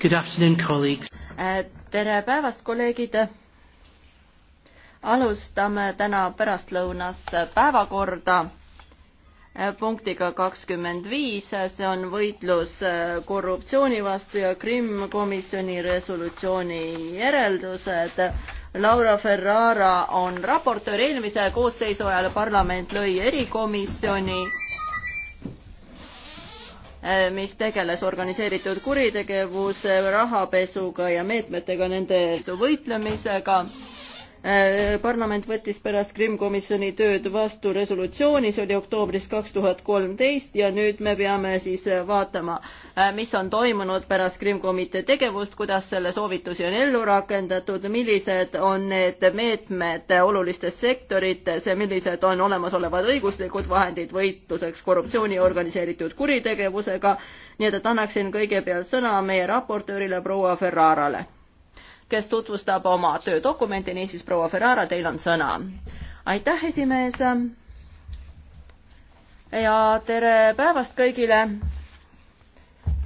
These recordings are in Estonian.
Good afternoon, colleagues. Äh, tere päevast, kolleegid. alustame täna pärastlõunast päevakorda äh, punktiga kakskümmend viis, see on võitlus äh, korruptsiooni vastu ja Krimm komisjoni resolutsiooni järeldused. Laura Ferrara on raportöör, eelmise koosseisu ajal parlament lõi erikomisjoni Äh, mis tegeles organiseeritud kuritegevuse, rahapesuga ja meetmetega nende võitlemisega Äh, parlament võttis pärast Krimm komisjoni tööd vastu resolutsiooni, see oli oktoobris kaks tuhat kolmteist ja nüüd me peame siis vaatama, äh, mis on toimunud pärast Krimm komitee tegevust, kuidas selle soovitusi on ellu rakendatud, millised on need meetmed olulistes sektorites ja millised on olemasolevad õiguslikud vahendid võitluseks korruptsiooni ja organiseeritud kuritegevusega. nii et, et annaksin kõigepealt sõna meie raportöörile proua Ferrarale kes tutvustab oma töödokumenti, niisiis proua Ferrara, teil on sõna. aitäh, esimees. ja tere päevast kõigile.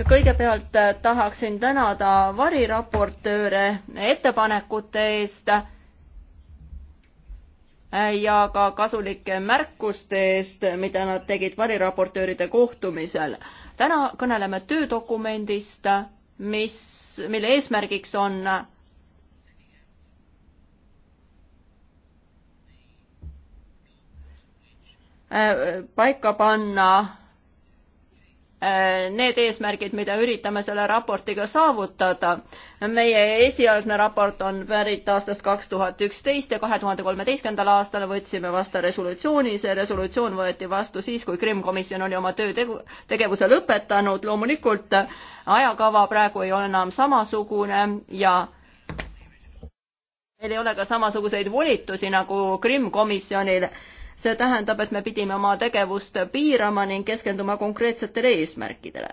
kõigepealt tahaksin tänada variraportööre ettepanekute eest ja ka kasulike märkuste eest, mida nad tegid variraportööride kohtumisel. täna kõneleme töödokumendist, mis, mille eesmärgiks on Äh, paika panna äh, need eesmärgid, mida üritame selle raportiga saavutada. meie esialgne raport on pärit aastast kaks tuhat üksteist ja kahe tuhande kolmeteistkümnendal aastal võtsime vastu resolutsiooni, see resolutsioon võeti vastu siis, kui Krimm komisjon oli oma töö tegu-, tegevuse lõpetanud, loomulikult ajakava praegu ei ole enam samasugune ja meil ei ole ka samasuguseid volitusi nagu Krimm komisjonil see tähendab, et me pidime oma tegevust piirama ning keskenduma konkreetsetele eesmärkidele.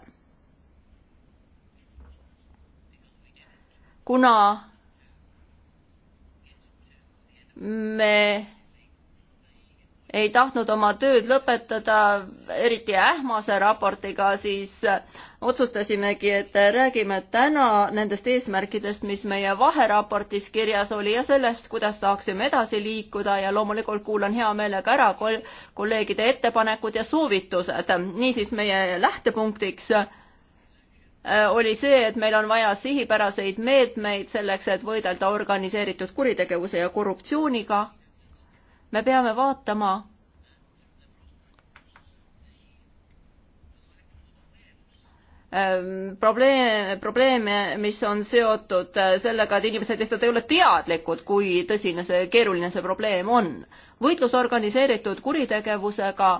kuna me ei tahtnud oma tööd lõpetada, eriti ähmase raportiga, siis otsustasimegi, et räägime täna nendest eesmärkidest, mis meie vaheraportis kirjas oli ja sellest, kuidas saaksime edasi liikuda ja loomulikult kuulan hea meelega ära kol-, kolleegide ettepanekud ja soovitused. niisiis meie lähtepunktiks äh, oli see, et meil on vaja sihipäraseid meetmeid selleks, et võidelda organiseeritud kuritegevuse ja korruptsiooniga me peame vaatama, ähm, probleem, probleeme, mis on seotud äh, sellega, et inimesed lihtsalt ei ole teadlikud, kui tõsine see, keeruline see probleem on. võitlus organiseeritud kuritegevusega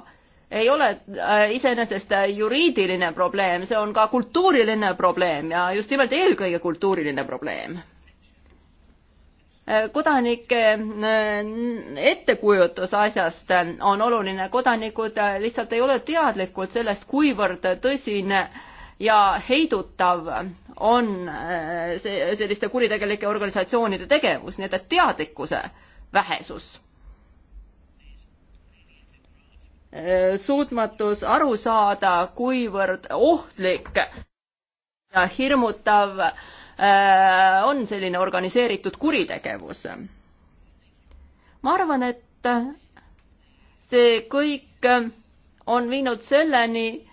ei ole äh, iseenesest äh, juriidiline probleem, see on ka kultuuriline probleem ja just nimelt eelkõige kultuuriline probleem kodanike äh, ettekujutus asjast on oluline, kodanikud äh, lihtsalt ei ole teadlikud sellest, kuivõrd tõsine ja heidutav on äh, see, selliste kuritegelike organisatsioonide tegevus, nii et, et teadlikkuse vähesus. suutmatus aru saada, kuivõrd ohtlik ja hirmutav äh, Äh, on selline organiseeritud kuritegevus. ma arvan, et see kõik on viinud selleni,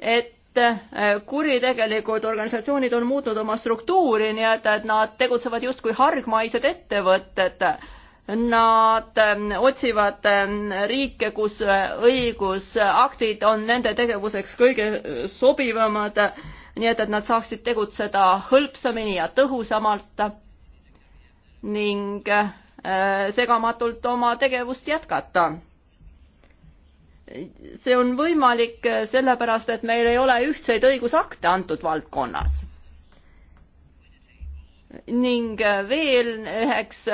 et äh, kuritegelikud organisatsioonid on muutnud oma struktuuri, nii et, et nad tegutsevad justkui hargmaised ettevõtted nad ähm, otsivad ähm, riike, kus äh, õigusaktid on nende tegevuseks kõige sobivamad nii et, et nad saaksid tegutseda hõlpsamini ja tõhusamalt ning äh, segamatult oma tegevust jätkata. see on võimalik äh, sellepärast, et meil ei ole ühtseid õigusakte antud valdkonnas. ning äh, veel üheks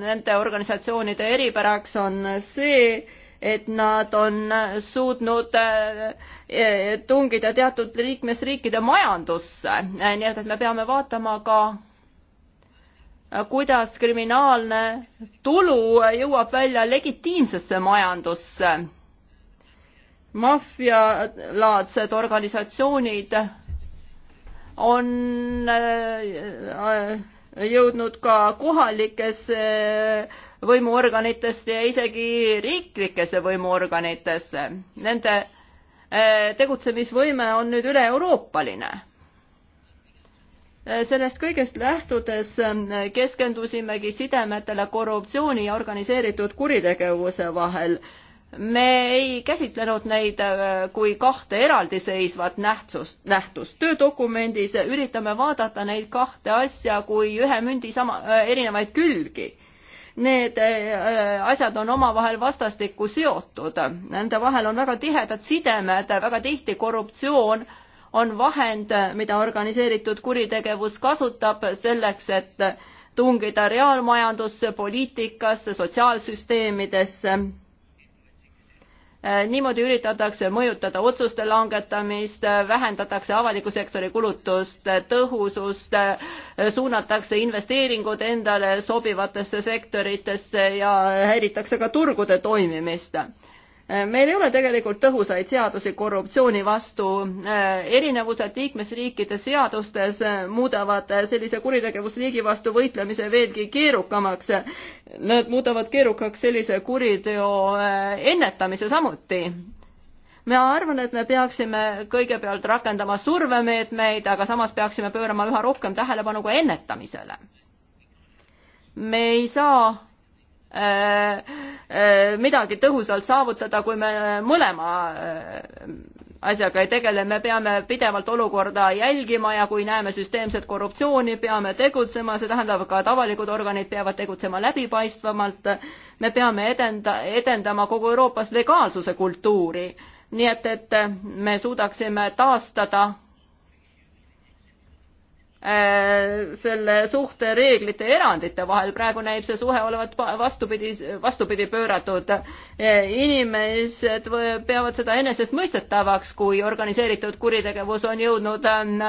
nende organisatsioonide eripäraks on see, et nad on suutnud eh, eh, tungida teatud liikmesriikide majandusse, nii et, et me peame vaatama ka, kuidas kriminaalne tulu jõuab välja legitiimsesse majandusse. maffialaadsed organisatsioonid on eh, jõudnud ka kohalikesse võimuorganitesse ja isegi riiklikesse võimuorganitesse. Nende eh, tegutsemisvõime on nüüd üle-euroopaline. Eh, sellest kõigest lähtudes eh, keskendusimegi sidemetele korruptsiooni ja organiseeritud kuritegevuse vahel. me ei käsitlenud neid kui kahte eraldiseisvat nähtsust, nähtust. töödokumendis üritame vaadata neid kahte asja kui ühe mündi sama, erinevaid külgi need äh, äh, asjad on omavahel vastastikku seotud. Nende vahel on väga tihedad sidemed, väga tihti korruptsioon on vahend, mida organiseeritud kuritegevus kasutab selleks, et tungida reaalmajandusse, poliitikasse, sotsiaalsüsteemidesse Äh, niimoodi üritatakse mõjutada otsuste langetamist, äh, vähendatakse avaliku sektori kulutust, äh, tõhusust, suunatakse investeeringud endale sobivatesse sektoritesse ja häiritakse ka turgude toimimist Äh, meil ei ole tegelikult tõhusaid seadusi korruptsiooni vastu. Äh, erinevused liikmesriikide seadustes äh, muudavad sellise kuritegevusliigi vastu võitlemise veelgi keerukamaks. Nad muudavad keerukaks sellise kuriteo ennetamise samuti ma arvan, et me peaksime kõigepealt rakendama survemeetmeid, aga samas peaksime pöörama üha rohkem tähelepanu ka ennetamisele. me ei saa äh, Äh, midagi tõhusalt saavutada, kui me mõlema äh, asjaga ei tegele, me peame pidevalt olukorda jälgima ja kui näeme süsteemset korruptsiooni, peame tegutsema, see tähendab ka, et avalikud organid peavad tegutsema läbipaistvamalt. me peame edenda, edendama kogu Euroopas legaalsuse kultuuri, nii et, et me suudaksime taastada Äh, selle suhte reeglite ja erandite vahel, praegu näib see suhe olevat vastupidi, vastupidi pööratud. Äh, inimesed peavad seda enesestmõistetavaks, kui organiseeritud kuritegevus on jõudnud ähm,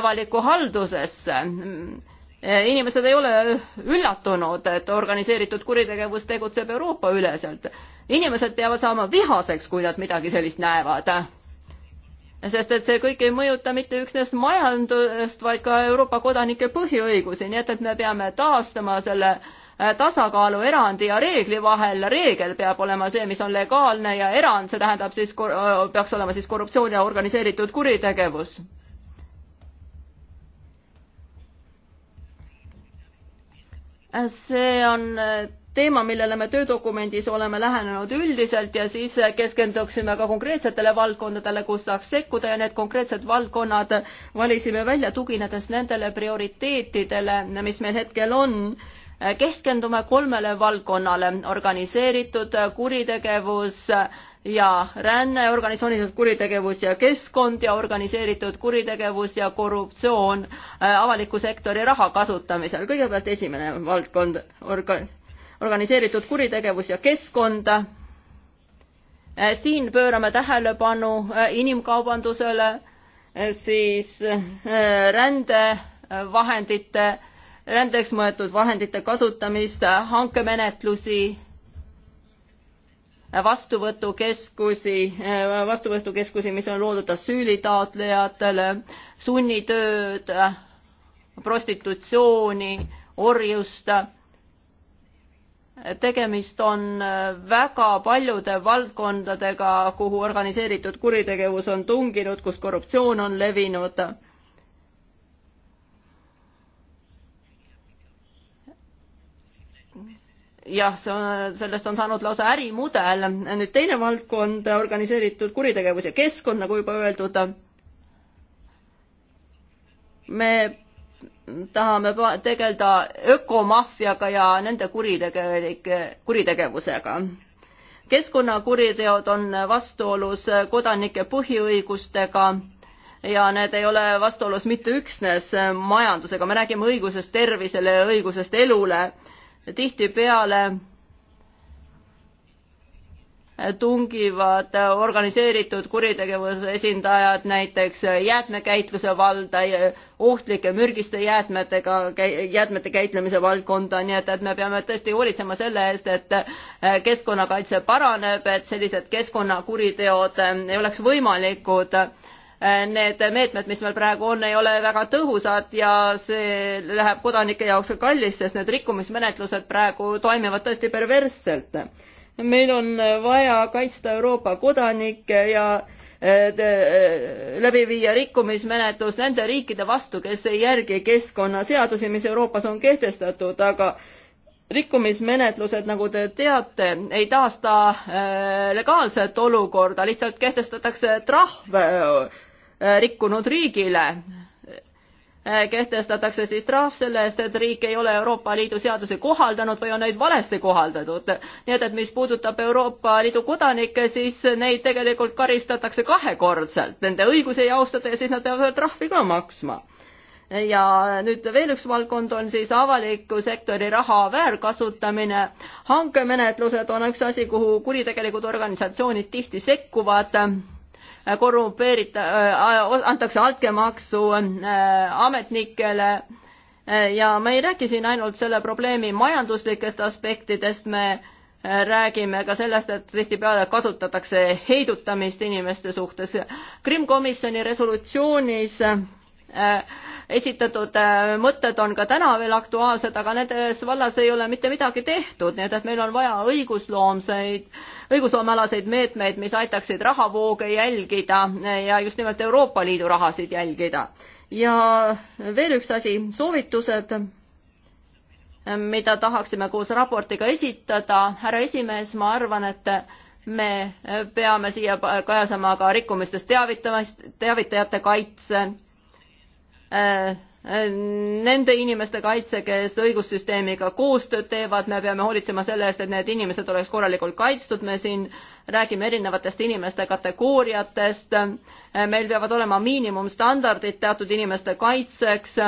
avalikku haldusesse. Äh, inimesed ei ole üllatunud, et organiseeritud kuritegevus tegutseb Euroopa üleselt. inimesed peavad saama vihaseks, kui nad midagi sellist näevad sest et see kõik ei mõjuta mitte üksnes majandust, vaid ka Euroopa kodanike põhiõigusi, nii et, et me peame taastama selle äh, tasakaalu erandi ja reegli vahel, reegel peab olema see, mis on legaalne ja erand, see tähendab siis, äh, peaks olema siis korruptsioon ja organiseeritud kuritegevus. Äh, see on teema, millele me töödokumendis oleme lähenenud üldiselt ja siis keskenduksime ka konkreetsetele valdkondadele, kus saaks sekkuda ja need konkreetsed valdkonnad valisime välja, tuginedes nendele prioriteetidele, mis meil hetkel on. keskendume kolmele valdkonnale, organiseeritud kuritegevus ja ränne, organiseeritud kuritegevus ja keskkond ja organiseeritud kuritegevus ja korruptsioon avaliku sektori raha kasutamisel. kõigepealt esimene valdkond, orga-, organiseeritud kuritegevus ja keskkond. Äh, siin pöörame tähelepanu äh, inimkaubandusele, äh, siis rändevahendite, rändeks mõeldud vahendite kasutamist, hankemenetlusi vastuvõtukeskusi, vastuvõtukeskusi, mis on loodud asüülitaotlejatele, sunnitööd, prostitutsiooni, orjust tegemist on äh, väga paljude valdkondadega, kuhu organiseeritud kuritegevus on tunginud, kus korruptsioon on levinud. jah, see on, sellest on saanud lausa ärimudel. nüüd teine valdkond, organiseeritud kuritegevus ja keskkond, nagu juba öeldud. me tahame tegeleda ökomaffiaga ja nende kuritegelike, kuritegevusega. keskkonnakuriteod on vastuolus kodanike põhiõigustega ja need ei ole vastuolus mitte üksnes majandusega, me räägime õigusest tervisele ja õigusest elule. tihtipeale tungivad organiseeritud kuritegevuse esindajad näiteks jäätmekäitluse valda, ohtlike mürgiste jäätmetega, jäätmete käitlemise valdkonda, nii et, et me peame tõesti hoolitsema selle eest, et keskkonnakaitse paraneb, et sellised keskkonnakuriteod ei oleks võimalikud need meetmed, mis meil praegu on, ei ole väga tõhusad ja see läheb kodanike jaoks ka kallis, sest need rikkumismenetlused praegu toimivad tõesti perversselt meil on vaja kaitsta Euroopa kodanikke ja eh, eh, läbi viia rikkumismenetlus nende riikide vastu, kes ei järgi keskkonnaseadusi, mis Euroopas on kehtestatud, aga rikkumismenetlused, nagu te teate, ei taasta eh, legaalset olukorda, lihtsalt kehtestatakse trahv rikkunud riigile Eh, kehtestatakse siis trahv selle eest, et riik ei ole Euroopa Liidu seadusi kohaldanud või on neid valesti kohaldatud. nii et, et mis puudutab Euroopa Liidu kodanikke, siis neid tegelikult karistatakse kahekordselt, nende õigusi ei austata ja siis nad peavad veel trahvi ka maksma ja nüüd veel üks valdkond on siis avaliku sektori raha väärkasutamine. hankemenetlused on üks asi, kuhu kuritegelikud organisatsioonid tihti sekkuvad Äh, korrumpeerita-, äh, antakse altkäemaksu äh, ametnikele ja me ei räägi siin ainult selle probleemi majanduslikest aspektidest, me räägime ka sellest, et tihtipeale kasutatakse heidutamist inimeste suhtes. Krimm komisjoni resolutsioonis äh, esitatud äh, mõtted on ka täna veel aktuaalsed, aga nendes vallas ei ole mitte midagi tehtud, nii et, et meil on vaja õigusloomseid, õigusloomealaseid meetmeid, mis aitaksid rahavooge jälgida ja just nimelt Euroopa Liidu rahasid jälgida. ja veel üks asi, soovitused mida tahaksime koos raportiga esitada. härra esimees, ma arvan, et me peame siia kajasama ka rikkumistest teavitamist, teavitajate kaitse Äh, äh, nende inimeste kaitse, kes õigussüsteemiga koostööd teevad, me peame hoolitsema selle eest, et need inimesed oleks korralikult kaitstud, me siin räägime erinevatest inimeste kategooriatest, äh, meil peavad olema miinimumstandardid teatud inimeste kaitseks,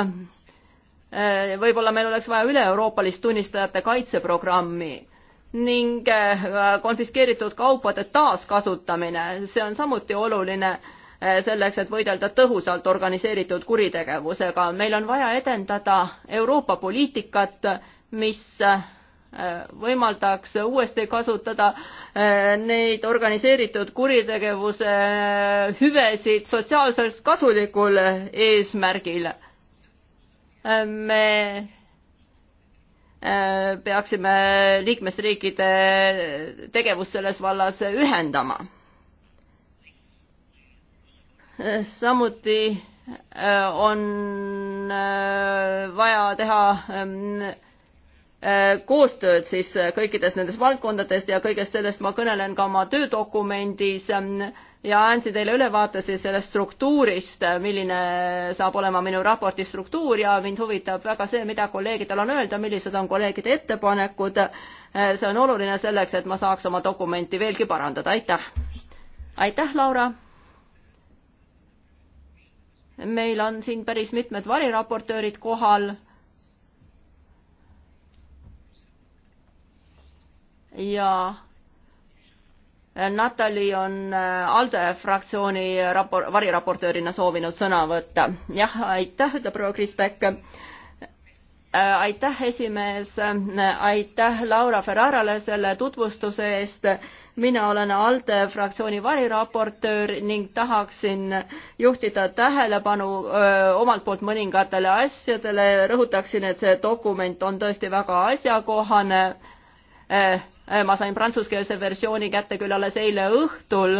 võib-olla meil oleks vaja üle-euroopalist tunnistajate kaitseprogrammi ning konfiskeeritud kaupade taaskasutamine, see on samuti oluline Eh, selleks, et võidelda tõhusalt organiseeritud kuritegevusega. meil on vaja edendada Euroopa poliitikat, mis eh, võimaldaks uuesti kasutada eh, neid organiseeritud kuritegevuse hüvesid sotsiaalselt kasulikul eesmärgil. me peaksime liikmesriikide tegevust selles vallas ühendama samuti äh, on äh, vaja teha ähm, äh, koostööd siis kõikides nendes valdkondades ja kõigest sellest ma kõnelen ka oma töödokumendis ähm, ja andsin teile ülevaate siis sellest struktuurist, milline saab olema minu raporti struktuur ja mind huvitab väga see, mida kolleegidel on öelda, millised on kolleegide ettepanekud. see on oluline selleks, et ma saaks oma dokumenti veelgi parandada, aitäh. aitäh, Laura meil on siin päris mitmed variraportöörid kohal. ja Natali on äh, ALDE fraktsiooni rapor-, variraportöörina soovinud sõna võtta. jah, aitäh, ütleb proua Kriis Päkk Äh, aitäh, esimees, äh, aitäh Laura Ferrarale selle tutvustuse eest. mina olen ALDE fraktsiooni variraportöör ning tahaksin juhtida tähelepanu öö, äh, omalt poolt mõningatele asjadele. rõhutaksin, et see dokument on tõesti väga asjakohane. ma sain prantsuskeelse versiooni kätte küll alles eile õhtul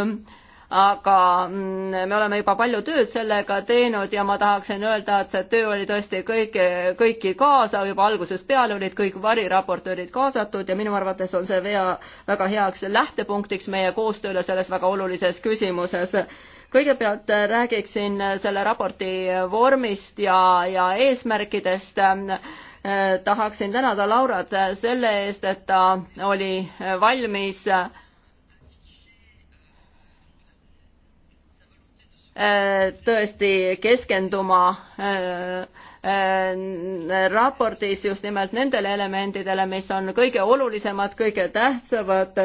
aga mm, me oleme juba palju tööd sellega teinud ja ma tahaksin öelda, et see töö oli tõesti kõiki, kõiki kaasav, juba algusest peale olid kõik variraportöörid kaasatud ja minu arvates on see vea väga heaks lähtepunktiks meie koostööle selles väga olulises küsimuses kõigepealt räägiksin selle raporti vormist ja, ja eesmärkidest tahaksin tänada Laurat selle eest, et ta oli valmis Äh, tõesti keskenduma äh, äh, raportis just nimelt nendele elementidele, mis on kõige olulisemad, kõige tähtsamad.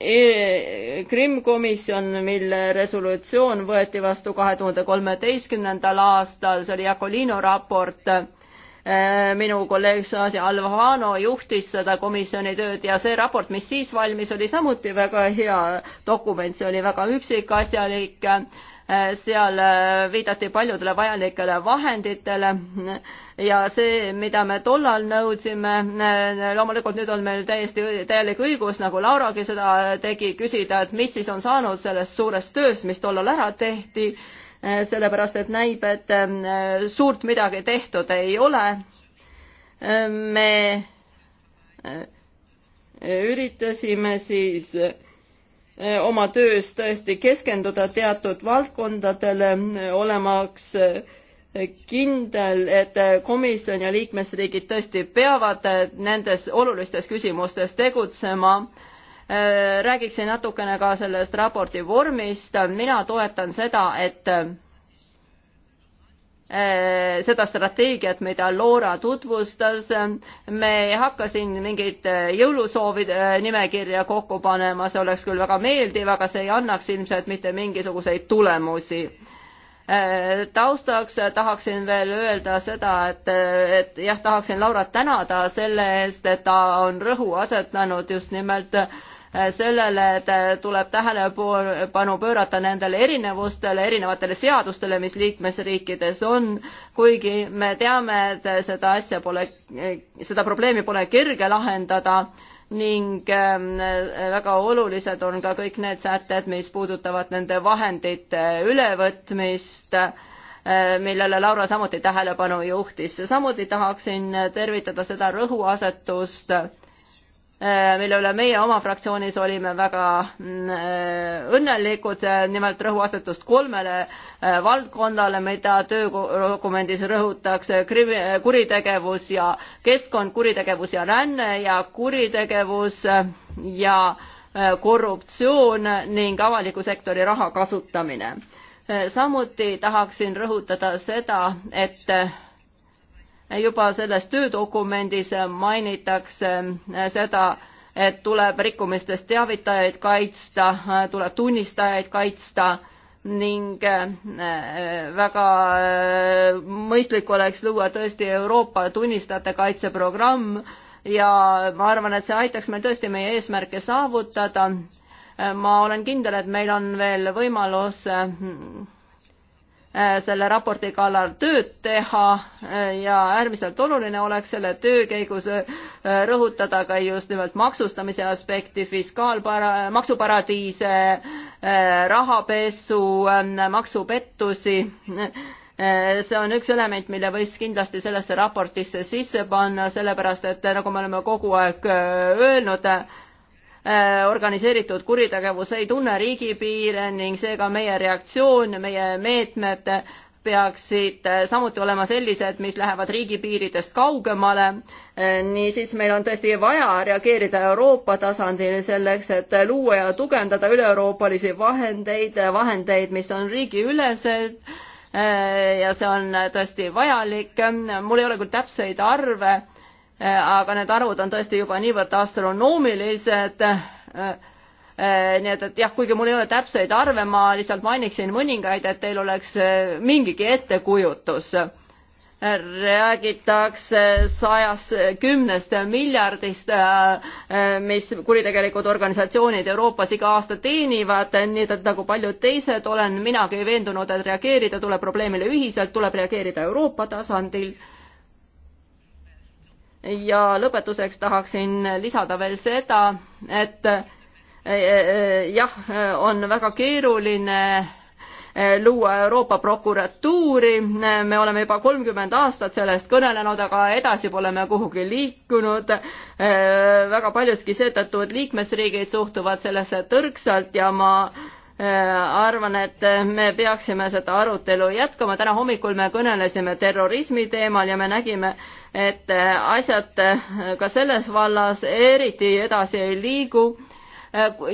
E, Krimm komisjon, mille resolutsioon võeti vastu kahe tuhande kolmeteistkümnendal aastal, see oli Jakolino raport Äh, minu kolleeg Saadja Alvano juhtis seda komisjoni tööd ja see raport, mis siis valmis, oli samuti väga hea dokument, see oli väga üksikasjalik, äh, seal äh, viidati paljudele vajalikele vahenditele ja see, mida me tollal nõudsime, loomulikult nüüd on meil täiesti täielik õigus, nagu Lauragi seda tegi, küsida, et mis siis on saanud sellest suurest tööst, mis tollal ära tehti Eh, sellepärast et näib, et eh, suurt midagi tehtud ei ole. Eh, me üritasime siis oma töös tõesti keskenduda teatud valdkondadele, olemaks kindel, et komisjon ja liikmesriigid tõesti peavad nendes olulistes küsimustes tegutsema Äh, räägiksin natukene ka sellest raporti vormist. mina toetan seda, et äh, seda strateegiat, mida Loora tutvustas. me ei hakka siin mingeid äh, jõulusoovide nimekirja kokku panema, see oleks küll väga meeldiv, aga see ei annaks ilmselt mitte mingisuguseid tulemusi taustaks tahaksin veel öelda seda, et, et jah, tahaksin Laurat tänada selle eest, et ta on rõhu asetanud just nimelt äh, Äh, sellele, et äh, tuleb tähelepanu pöörata nendele erinevustele, erinevatele seadustele, mis liikmesriikides on, kuigi me teame, et seda asja pole, seda probleemi pole kerge lahendada ning ähm, väga olulised on ka kõik need sätted, mis puudutavad nende vahendite ülevõtmist, äh, millele Laura samuti tähelepanu juhtis. samuti tahaksin tervitada seda rõhuasetust, Äh, mille üle meie oma fraktsioonis olime väga mm, äh, õnnelikud, äh, nimelt rõhuasetust kolmele valdkonnale, mida töödokumendis rõhutakse, kuritegevus ja keskkond, kuritegevus ja ränne ja kuritegevus ja korruptsioon ning avaliku sektori raha kasutamine samuti tahaksin rõhutada seda, et juba selles töödokumendis mainitakse äh, seda, et tuleb rikkumistest teavitajaid kaitsta, äh, tuleb tunnistajaid kaitsta ning äh, väga mõistlik oleks luua tõesti Euroopa tunnistajate kaitseprogramm ja ma arvan, et see aitaks meil tõesti meie eesmärke saavutada. ma olen kindel, et meil on veel võimalus Äh, selle raporti kallal tööd teha äh, ja äärmiselt oluline oleks selle töö käigus äh, rõhutada ka just nimelt maksustamise aspekti, fiskaalpara-, maksuparadiise, rahapesu, maksupettusi. see on üks element, mille võiks kindlasti sellesse raportisse sisse panna, sellepärast et nagu me oleme kogu aeg öelnud, Äh, organiseeritud kuritegevus ei tunne riigipiire ning seega meie reaktsioon, meie meetmed peaksid äh, samuti olema sellised, mis lähevad riigipiiridest kaugemale. Äh, niisiis meil on tõesti vaja reageerida Euroopa tasandil selleks, et luua ja tugevdada üleeuroopalisi vahendeid, vahendeid, mis on riigiülesed ja see on tõesti vajalik. mul ei ole küll täpseid arve aga need arvud on tõesti juba niivõrd astronoomilised, äh, äh, nii et, et jah, kuigi mul ei ole täpseid arve, ma lihtsalt mainiksin mõningaid, et teil oleks äh, mingigi ettekujutus. räägitakse sajast kümnest miljardist, mis kuritegelikud organisatsioonid Euroopas iga aasta teenivad, nii et, et nagu paljud teised olen minagi veendunud, et reageerida tuleb probleemile ühiselt, tuleb reageerida Euroopa tasandil ja lõpetuseks tahaksin lisada veel seda, et eh, eh, jah, on väga keeruline eh, luua Euroopa prokuratuuri, me oleme juba kolmkümmend aastat sellest kõnelenud, aga edasi pole me kuhugi liikunud. väga paljuski seetõttu, et liikmesriigid suhtuvad sellesse tõrksalt ja ma Äh, arvan, et äh, me peaksime seda arutelu jätkama, täna hommikul me kõnelesime terrorismi teemal ja me nägime, et äh, asjad ka selles vallas eriti edasi ei liigu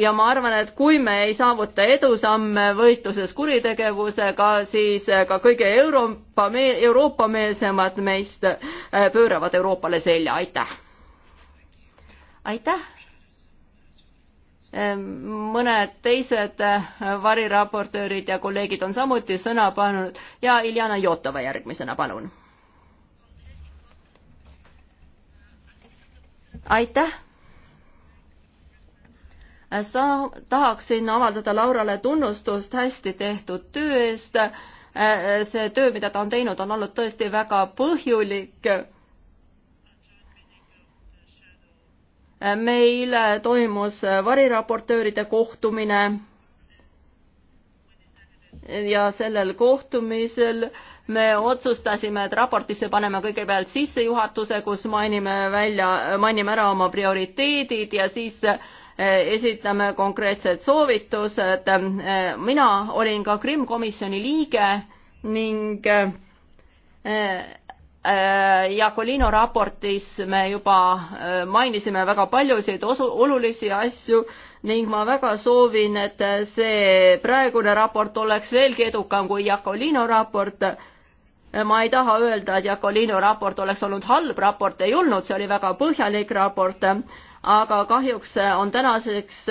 ja ma arvan, et kui me ei saavuta edusamme võitluses kuritegevusega, siis ka kõige Euroopa, Euroopa-meelsemad meist pööravad Euroopale selja, aitäh! aitäh! Ehm, mõned teised eh, variraportöörid ja kolleegid on samuti sõna pannud ja Iljana Jotova järgmisena, palun. aitäh. sa, tahaksin avaldada Laurale tunnustust hästi tehtud töö eest. Eh, eh, see töö, mida ta on teinud, on olnud tõesti väga põhjulik meil toimus variraportööride kohtumine ja sellel kohtumisel me otsustasime, et raportisse paneme kõigepealt sissejuhatuse, kus mainime välja, mainime ära oma prioriteedid ja siis eh, esitame konkreetsed soovitused. Eh, mina olin ka Krimm komisjoni liige ning eh, Äh, Jakolino raportis me juba äh, mainisime väga paljusid osu-, olulisi asju ning ma väga soovin, et äh, see praegune raport oleks veelgi edukam kui Jakolino raport. ma ei taha öelda, et Jakolino raport oleks olnud halb raport, ei olnud, see oli väga põhjalik raport, aga kahjuks on tänaseks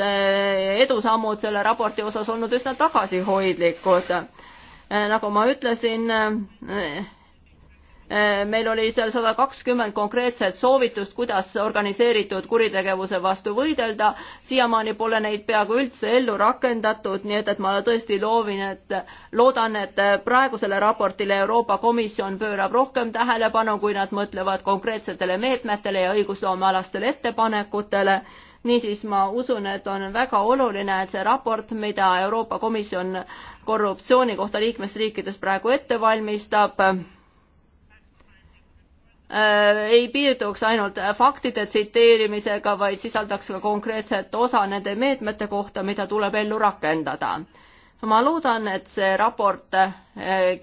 edusammud selle raporti osas olnud üsna tagasihoidlikud. nagu ma ütlesin, Äh, meil oli seal sada kakskümmend konkreetset soovitust, kuidas organiseeritud kuritegevuse vastu võidelda. siiamaani pole neid peaaegu üldse ellu rakendatud, nii et, et ma tõesti loovin, et loodan, et praegusele raportile Euroopa Komisjon pöörab rohkem tähelepanu, kui nad mõtlevad konkreetsetele meetmetele ja õigusloomealastele ettepanekutele niisiis ma usun, et on väga oluline, et see raport, mida Euroopa Komisjon korruptsiooni kohta liikmesriikides praegu ette valmistab, Äh, ei piirduks ainult faktide tsiteerimisega, vaid sisaldaks ka konkreetset osa nende meetmete kohta, mida tuleb ellu rakendada. ma loodan, et see raport äh,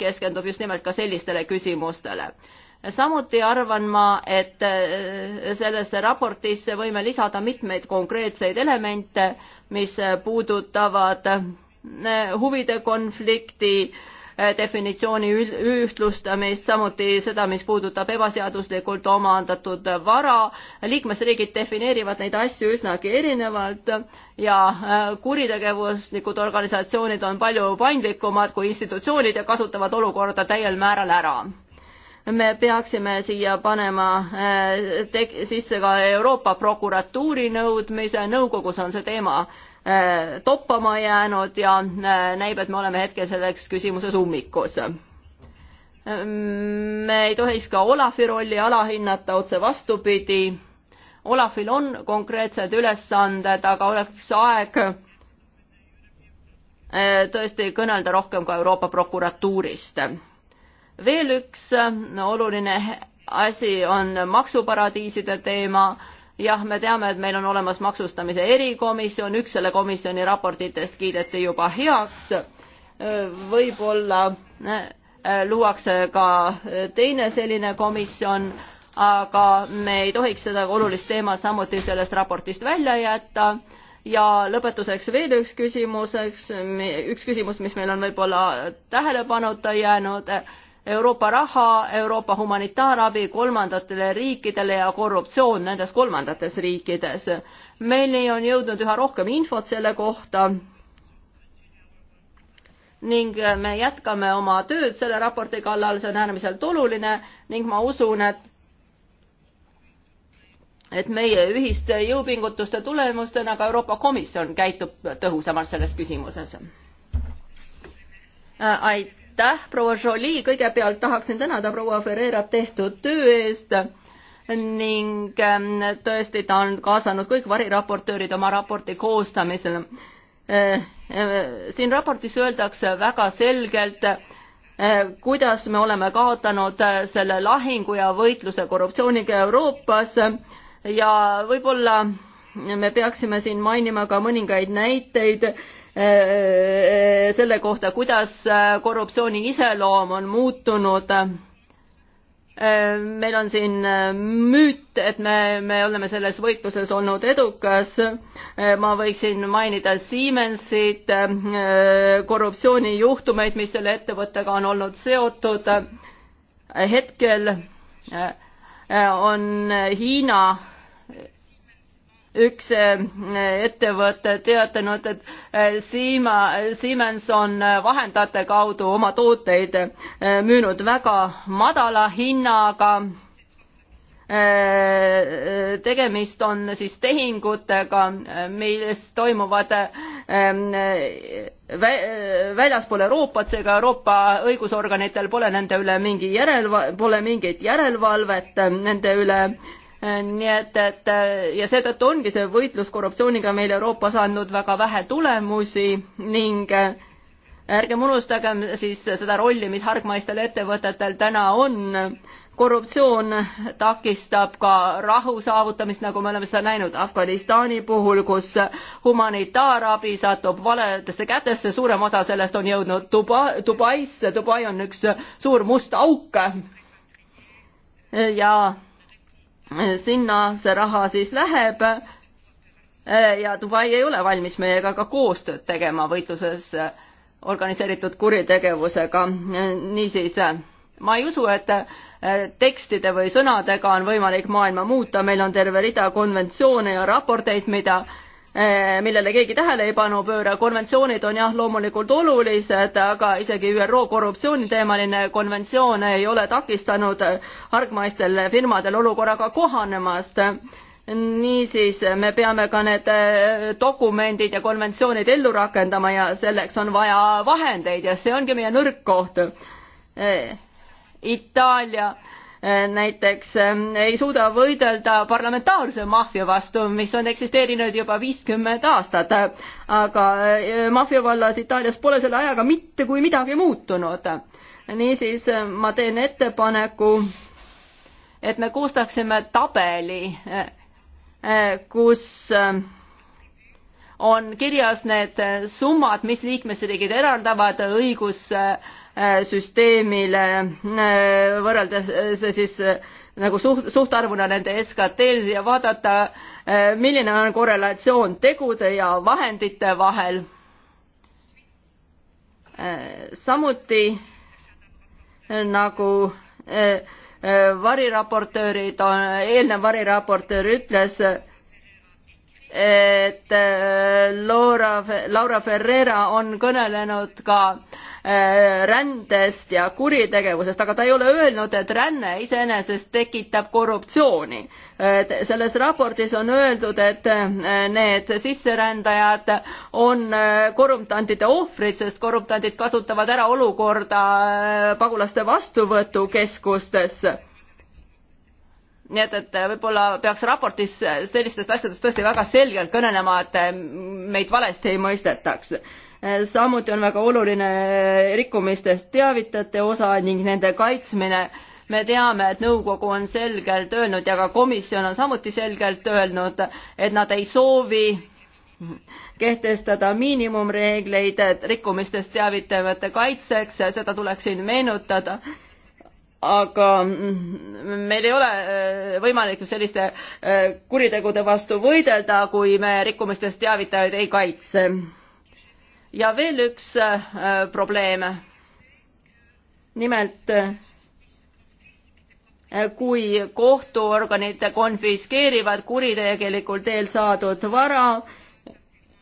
keskendub just nimelt ka sellistele küsimustele. samuti arvan ma, et äh, sellesse raportisse võime lisada mitmeid konkreetseid elemente, mis puudutavad huvide konflikti äh, Äh, definitsiooni ühtlustamist, samuti seda, mis puudutab ebaseaduslikult omandatud vara. liikmesriigid defineerivad neid asju üsnagi erinevalt ja äh, kuritegevuslikud organisatsioonid on palju paindlikumad kui institutsioonid ja kasutavad olukorda täiel määral ära me peaksime siia panema äh, sisse ka Euroopa prokuratuuri nõudmise, nõukogus on see teema Äh, toppama jäänud ja äh, näib, et me oleme hetkel selles küsimuses ummikus. Mm, me ei tohiks ka Olafi rolli alahinnata, otse vastupidi. Olafil on konkreetsed ülesanded, aga oleks aeg äh, tõesti kõnelda rohkem ka Euroopa prokuratuurist. veel üks oluline asi on maksuparadiiside teema jah, me teame, et meil on olemas maksustamise erikomisjon, üks selle komisjoni raportitest kiideti juba heaks. Äh, võib-olla äh, luuakse ka teine selline komisjon, aga me ei tohiks seda olulist teemat samuti sellest raportist välja jätta. ja lõpetuseks veel üks küsimuseks, üks küsimus, mis meil on võib-olla tähelepanuta jäänud Euroopa raha, Euroopa humanitaarabi kolmandatele riikidele ja korruptsioon nendes kolmandates riikides. meini on jõudnud üha rohkem infot selle kohta ning me jätkame oma tööd selle raporti kallal, see on äärmiselt oluline ning ma usun, et et meie ühiste jõupingutuste tulemustena ka Euroopa Komisjon käitub tõhusamalt selles küsimuses. Äh, aitäh aitäh, proua Jolie, kõigepealt tahaksin tänada proua Ferreirat tehtud töö eest ning ähm, tõesti, ta on kaasanud kõik variraportöörid oma raporti koostamisel. Äh, äh, siin raportis öeldakse väga selgelt, äh, kuidas me oleme kaotanud selle lahingu ja võitluse korruptsiooniga Euroopas ja võib-olla me peaksime siin mainima ka mõningaid näiteid Äh, äh, selle kohta, kuidas äh, korruptsiooni iseloom on muutunud. meil on siin müüt, et me, me oleme selles võitluses olnud edukas. ma võiksin mainida Siemensit, korruptsioonijuhtumeid, mis selle ettevõttega on olnud seotud. hetkel on Hiina üks äh, ettevõte teatanud, et äh, Siima, Siemens on äh, vahendajate kaudu oma tooteid müünud väga madala hinnaga. tegemist on siis tehingutega, mis toimuvad väljaspool Euroopat, seega Euroopa õigusorganitel pole nende üle mingi järelva-, pole mingit järelevalvet nende üle nii et, et ja seetõttu ongi see võitlus korruptsiooniga meil Euroopas andnud väga vähe tulemusi ning ärgem unustagem siis seda rolli, mis hargmaistel ettevõtetel täna on. korruptsioon takistab ka rahu saavutamist, nagu me oleme seda näinud Afganistani puhul, kus humanitaarabi satub valedesse kätesse, suurem osa sellest on jõudnud Dubai, Dubaisse, Dubai on üks suur must auk. ja sinna see raha siis läheb eh, ja Dubai ei ole valmis meiega ka koostööd tegema võitluses eh, organiseeritud kuritegevusega. Eh, niisiis, ma ei usu, et tekstide või sõnadega on võimalik maailma muuta, meil on terve rida konventsioone ja raporteid, mida Eh, millele keegi tähele ei panu pööra. konventsioonid on jah, loomulikult olulised, aga isegi ÜRO korruptsiooniteemaline konventsioon ei ole takistanud hargmaistel firmadel olukorraga kohanemast niisiis me peame ka need eh, dokumendid ja konventsioonid ellu rakendama ja selleks on vaja vahendeid ja see ongi meie nõrk koht. Eh, Itaalia äh, Äh, näiteks ähm, ei suuda võidelda parlamentaarse maffia vastu, mis on eksisteerinud juba viiskümmend aastat. aga äh, maffia vallas Itaalias pole selle ajaga mitte kui midagi muutunud. niisiis äh, ma teen ettepaneku, et me koostaksime tabeli, kus on kirjas need summad, mis liikmesriigid eraldavad õigus Äh, süsteemile, äh, võrreldes äh, see siis nagu suht, suhtarvuna nende SKT-l ja vaadata, milline on korrelatsioon tegude ja vahendite vahel. samuti nagu variraportöörid on, eelnev variraportöör ütles, et Laura, Laura Ferreira on kõnelenud ka äh, Äh, rändest ja kuritegevusest, aga ta ei ole öelnud, et ränne iseenesest tekitab korruptsiooni. selles raportis on öeldud, et äh, need sisserändajad on äh, korruptantide ohvrid, sest korruptandid kasutavad ära olukorda pagulaste vastuvõtukeskustes nii et, et võib-olla peaks raportis sellistest asjadest tõesti väga selgelt kõnelema, et meid valesti ei mõistetaks Eh, samuti on väga oluline eh, rikkumistest teavitajate osa ning nende kaitsmine. me teame, et nõukogu on selgelt öelnud ja ka komisjon on samuti selgelt öelnud, et nad ei soovi kehtestada miinimumreegleid rikkumistest teavitajate kaitseks, seda tuleks siin meenutada aga mm, meil ei ole eh, võimalik ju selliste kuritegude vastu võidelda, kui me rikkumistest teavitajaid ei kaitse ja veel üks äh, probleem. nimelt äh, kui kohtuorganid konfiskeerivad kuritegelikul teel saadud vara,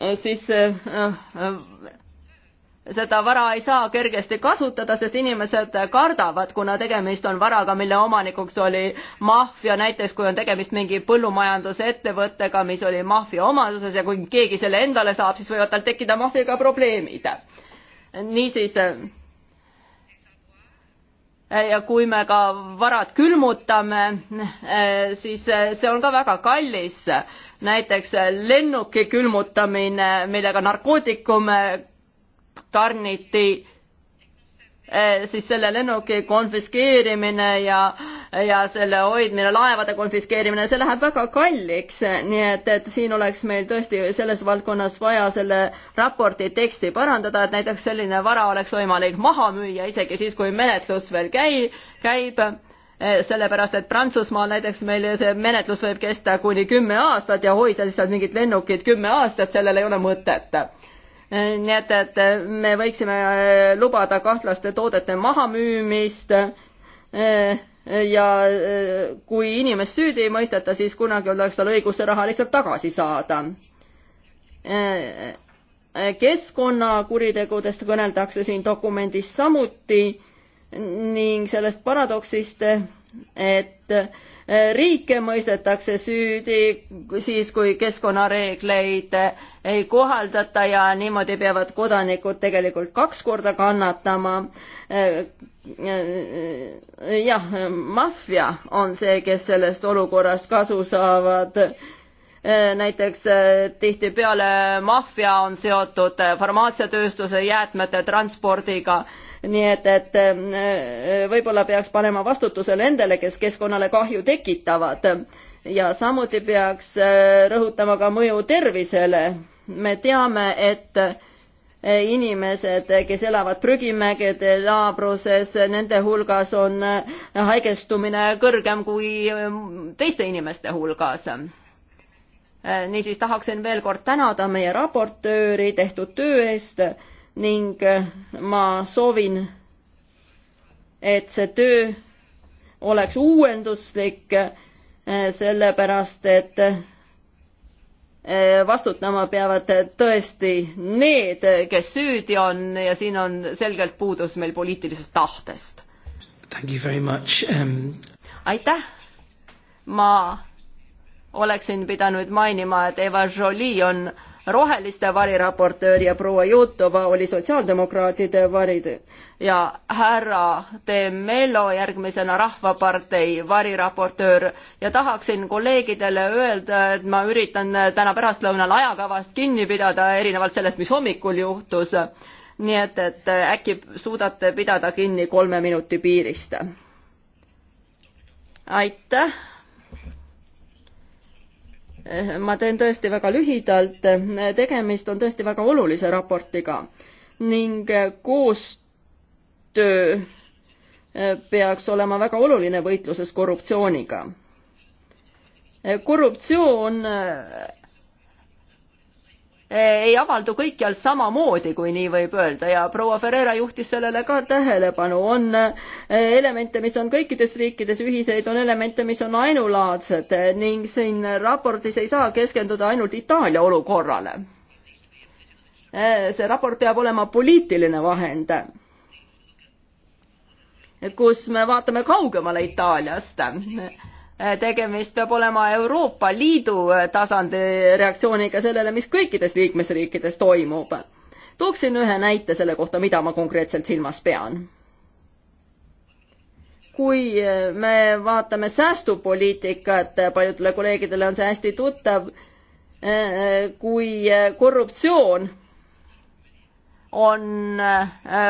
äh, siis seda vara ei saa kergesti kasutada, sest inimesed kardavad, kuna tegemist on varaga, mille omanikuks oli maffia, näiteks kui on tegemist mingi põllumajandusettevõttega, mis oli maffia omanduses ja kui keegi selle endale saab, siis võivad tal tekkida maffiaga probleemid. niisiis ja kui me ka varad külmutame, siis see on ka väga kallis. näiteks lennuki külmutamine, millega narkootikume tarniti eh, siis selle lennuki konfiskeerimine ja, ja selle hoidmine, laevade konfiskeerimine, see läheb väga kalliks, nii et, et siin oleks meil tõesti selles valdkonnas vaja selle raporti teksti parandada, et näiteks selline vara oleks võimalik maha müüa, isegi siis, kui menetlus veel käi-, käib, eh, sellepärast et Prantsusmaal näiteks meil see menetlus võib kesta kuni kümme aastat ja hoida lihtsalt mingit lennukit kümme aastat, sellel ei ole mõtet nii et, et me võiksime äh, lubada kahtlaste toodete mahamüümist äh, ja äh, kui inimest süüdi ei mõisteta, siis kunagi oleks tal õigus see raha lihtsalt tagasi saada. keskkonnakuritegudest kõneldakse siin dokumendis samuti ning sellest paradoksist, et riike mõistetakse süüdi siis, kui keskkonnareegleid ei kohaldata ja niimoodi peavad kodanikud tegelikult kaks korda kannatama. jah, maffia on see, kes sellest olukorrast kasu saavad näiteks tihtipeale maffia on seotud farmaatsiatööstuse jäätmete transpordiga nii et, et äh, äh, võib-olla peaks panema vastutuse nendele, kes keskkonnale kahju tekitavad ja samuti peaks äh, rõhutama ka mõju tervisele. me teame, et inimesed, kes elavad prügimägede laabruses, nende hulgas on haigestumine kõrgem kui ähm, teiste inimeste hulgas niisiis tahaksin veel kord tänada meie raportööri tehtud töö eest ning eh, ma soovin, et see töö oleks uuenduslik, eh, sellepärast et eh, vastutama peavad tõesti need, kes süüdi on ja siin on selgelt puudus meil poliitilisest tahtest. Um... aitäh, ma oleksin pidanud mainima, et Eva Jolie on roheliste variraportöör ja proua Jutova oli sotsiaaldemokraatide varid ja härra De Mello järgmisena Rahvapartei variraportöör ja tahaksin kolleegidele öelda, et ma üritan täna pärastlõunal ajakavast kinni pidada, erinevalt sellest, mis hommikul juhtus. nii et, et äkki suudate pidada kinni kolme minuti piirist. aitäh ma teen tõesti väga lühidalt, tegemist on tõesti väga olulise raportiga ning koostöö peaks olema väga oluline võitluses korruptsiooniga korruptsioon Eh, ei avaldu kõikjal samamoodi, kui nii võib öelda ja proua Ferreira juhtis sellele ka tähelepanu, on eh, elemente, mis on kõikides riikides ühiseid, on elemente, mis on ainulaadsed eh, ning siin raportis ei saa keskenduda ainult Itaalia olukorrale. see raport peab olema poliitiline vahend, kus me vaatame kaugemale Itaaliast Äh, tegemist peab olema Euroopa Liidu äh, tasandi äh, reaktsiooniga sellele, mis kõikides liikmesriikides toimub. tooksin ühe näite selle kohta, mida ma konkreetselt silmas pean. kui me vaatame säästupoliitikat, paljudele kolleegidele on see hästi tuttav, kui korruptsioon on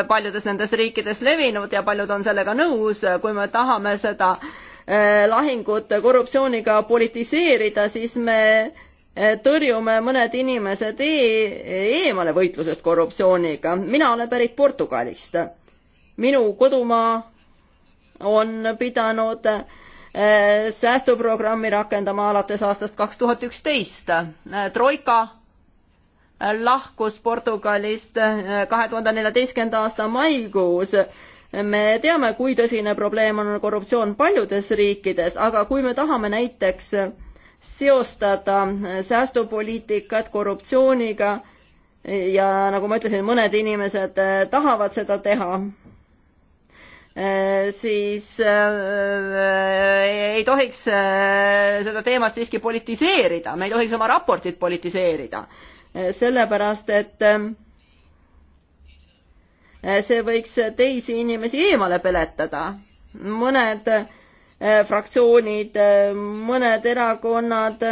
paljudes nendes riikides levinud ja paljud on sellega nõus, kui me tahame seda äh, Äh, lahingut korruptsiooniga politiseerida, siis me äh, tõrjume mõned inimesed e eemale võitlusest korruptsiooniga. mina olen pärit Portugalist. minu kodumaa on pidanud äh, säästuprogrammi rakendama alates aastast kaks tuhat üksteist. troika lahkus Portugalist kahe tuhande neljateistkümnenda aasta maikuus me teame, kui tõsine probleem on korruptsioon paljudes riikides, aga kui me tahame näiteks seostada säästupoliitikat korruptsiooniga ja nagu ma ütlesin, mõned inimesed tahavad seda teha, siis eh, ei tohiks eh, seda teemat siiski politiseerida, me ei tohiks oma raportit politiseerida, sellepärast et Eh, see võiks teisi inimesi eemale peletada. mõned eh, fraktsioonid, eh, mõned erakonnad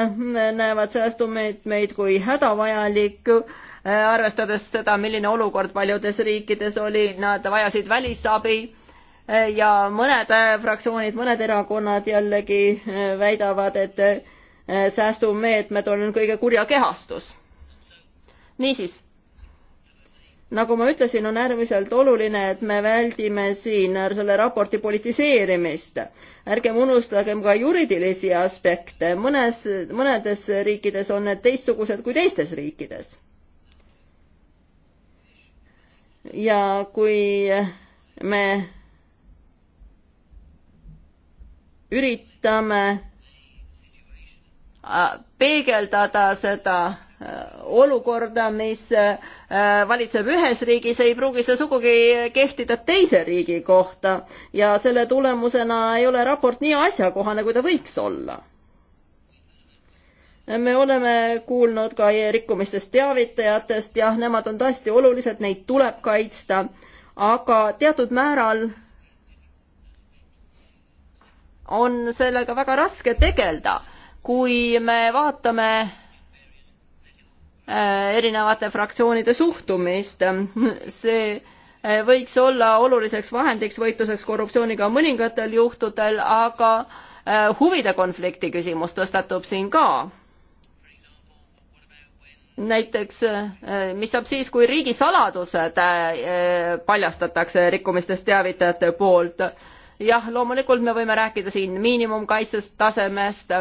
näevad säästumeetmeid kui hädavajalikku, arvestades seda, milline olukord paljudes riikides oli, nad vajasid välisabi ja mõned fraktsioonid, mõned erakonnad jällegi väidavad, et säästumeetmed on kõige kurja kehastus. niisiis nagu ma ütlesin, on äärmiselt oluline, et me väldime siin selle raporti politiseerimist. ärgem unustagem ka juriidilisi aspekte, mõnes, mõnedes riikides on need teistsugused kui teistes riikides. ja kui me üritame äh, peegeldada seda Äh, olukorda, mis äh, valitseb ühes riigis, ei pruugi see sugugi kehtida teise riigi kohta ja selle tulemusena ei ole raport nii asjakohane, kui ta võiks olla. me oleme kuulnud ka rikkumistest teavitajatest, jah, nemad on tõesti olulised, neid tuleb kaitsta, aga teatud määral on sellega väga raske tegeleda, kui me vaatame Äh, erinevate fraktsioonide suhtumist. see äh, võiks olla oluliseks vahendiks võitluseks korruptsiooniga mõningatel juhtudel, aga äh, huvide konflikti küsimus tõstatub siin ka. näiteks, mis saab siis, kui riigisaladused paljastatakse rikkumistest teavitajate poolt jah, loomulikult me võime rääkida siin miinimumkaitsest tasemest,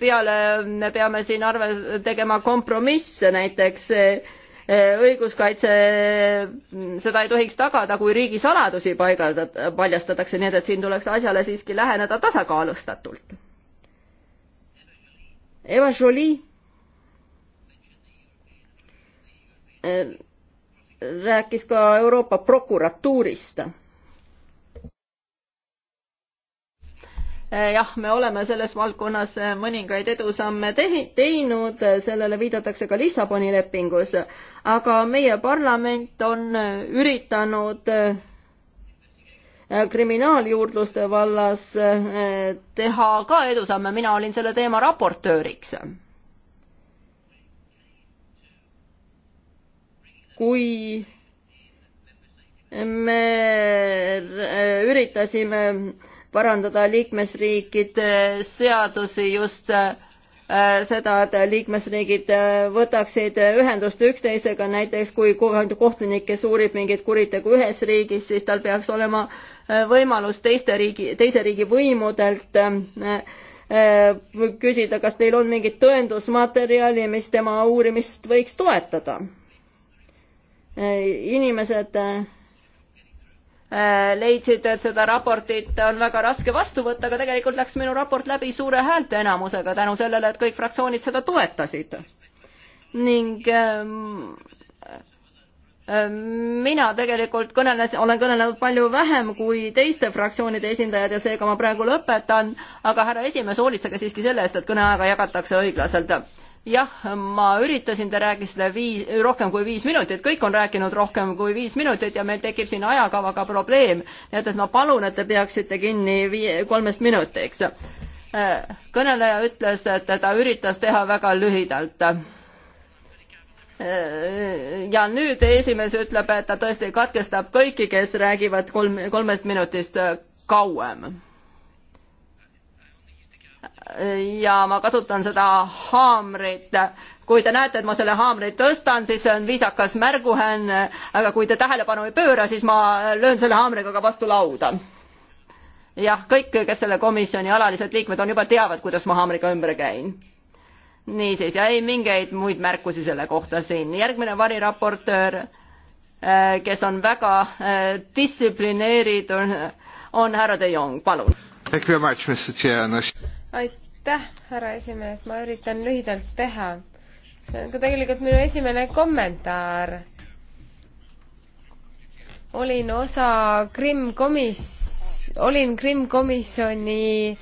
peale me peame siin arve tegema kompromisse, näiteks eh, õiguskaitse, seda ei tohiks tagada, kui riigisaladusi paigaldad, paljastatakse, nii et, et siin tuleks asjale siiski läheneda tasakaalustatult. Eva Jolie eh, rääkis ka Euroopa prokuratuurist Eh, jah, me oleme selles valdkonnas eh, mõningaid edusamme tehi, teinud, eh, sellele viidatakse ka Lissaboni lepingus, aga meie parlament on üritanud kriminaaljuurdluste vallas teha ka edusamme, mina olin selle teema raportööriks. kui me üritasime parandada liikmesriikide seadusi just äh, seda, et liikmesriigid äh, võtaksid ühendust üksteisega, näiteks kui kohtunik, kes uurib mingit kuritegu ühes riigis, siis tal peaks olema äh, võimalus teiste riigi, teise riigi võimudelt küsida, kas teil on mingit tõendusmaterjali, mis tema uurimist võiks toetada. inimesed Äh, leidsid, et seda raportit on väga raske vastu võtta, aga tegelikult läks minu raport läbi suure häälteenamusega tänu sellele, et kõik fraktsioonid seda toetasid. ning ähm, äh, mina tegelikult kõneles, olen kõnelenud palju vähem kui teiste fraktsioonide esindajad ja seega ma praegu lõpetan, aga härra esimees, hoolitsege siiski selle eest, et kõneaega jagatakse õiglaselt jah, ma üritasin, te rääkisite viis, rohkem kui viis minutit, kõik on rääkinud rohkem kui viis minutit ja meil tekib siin ajakavaga probleem. nii et, et ma palun, et te peaksite kinni viie, kolmest minutiks. kõneleja ütles, et ta üritas teha väga lühidalt. ja nüüd esimees ütleb, et ta tõesti katkestab kõiki, kes räägivad kolm, kolmest minutist kauem ja ma kasutan seda haamrit. kui te näete, et ma selle haamri tõstan, siis see on viisakas märguhänn, aga kui te tähelepanu ei pööra, siis ma löön selle haamriga ka vastu lauda. jah, kõik, kes selle komisjoni alalised liikmed on, juba teavad, kuidas ma haamriga ümber käin niisiis, ja ei mingeid muid märkusi selle kohta siin. järgmine variraportöör, kes on väga eh, distsiplineeritud, on härra De Jong, palun aitäh, härra esimees, ma üritan lühidalt teha. see on ka tegelikult minu esimene kommentaar. olin osa Krimm komis-, olin Krimm komisjoni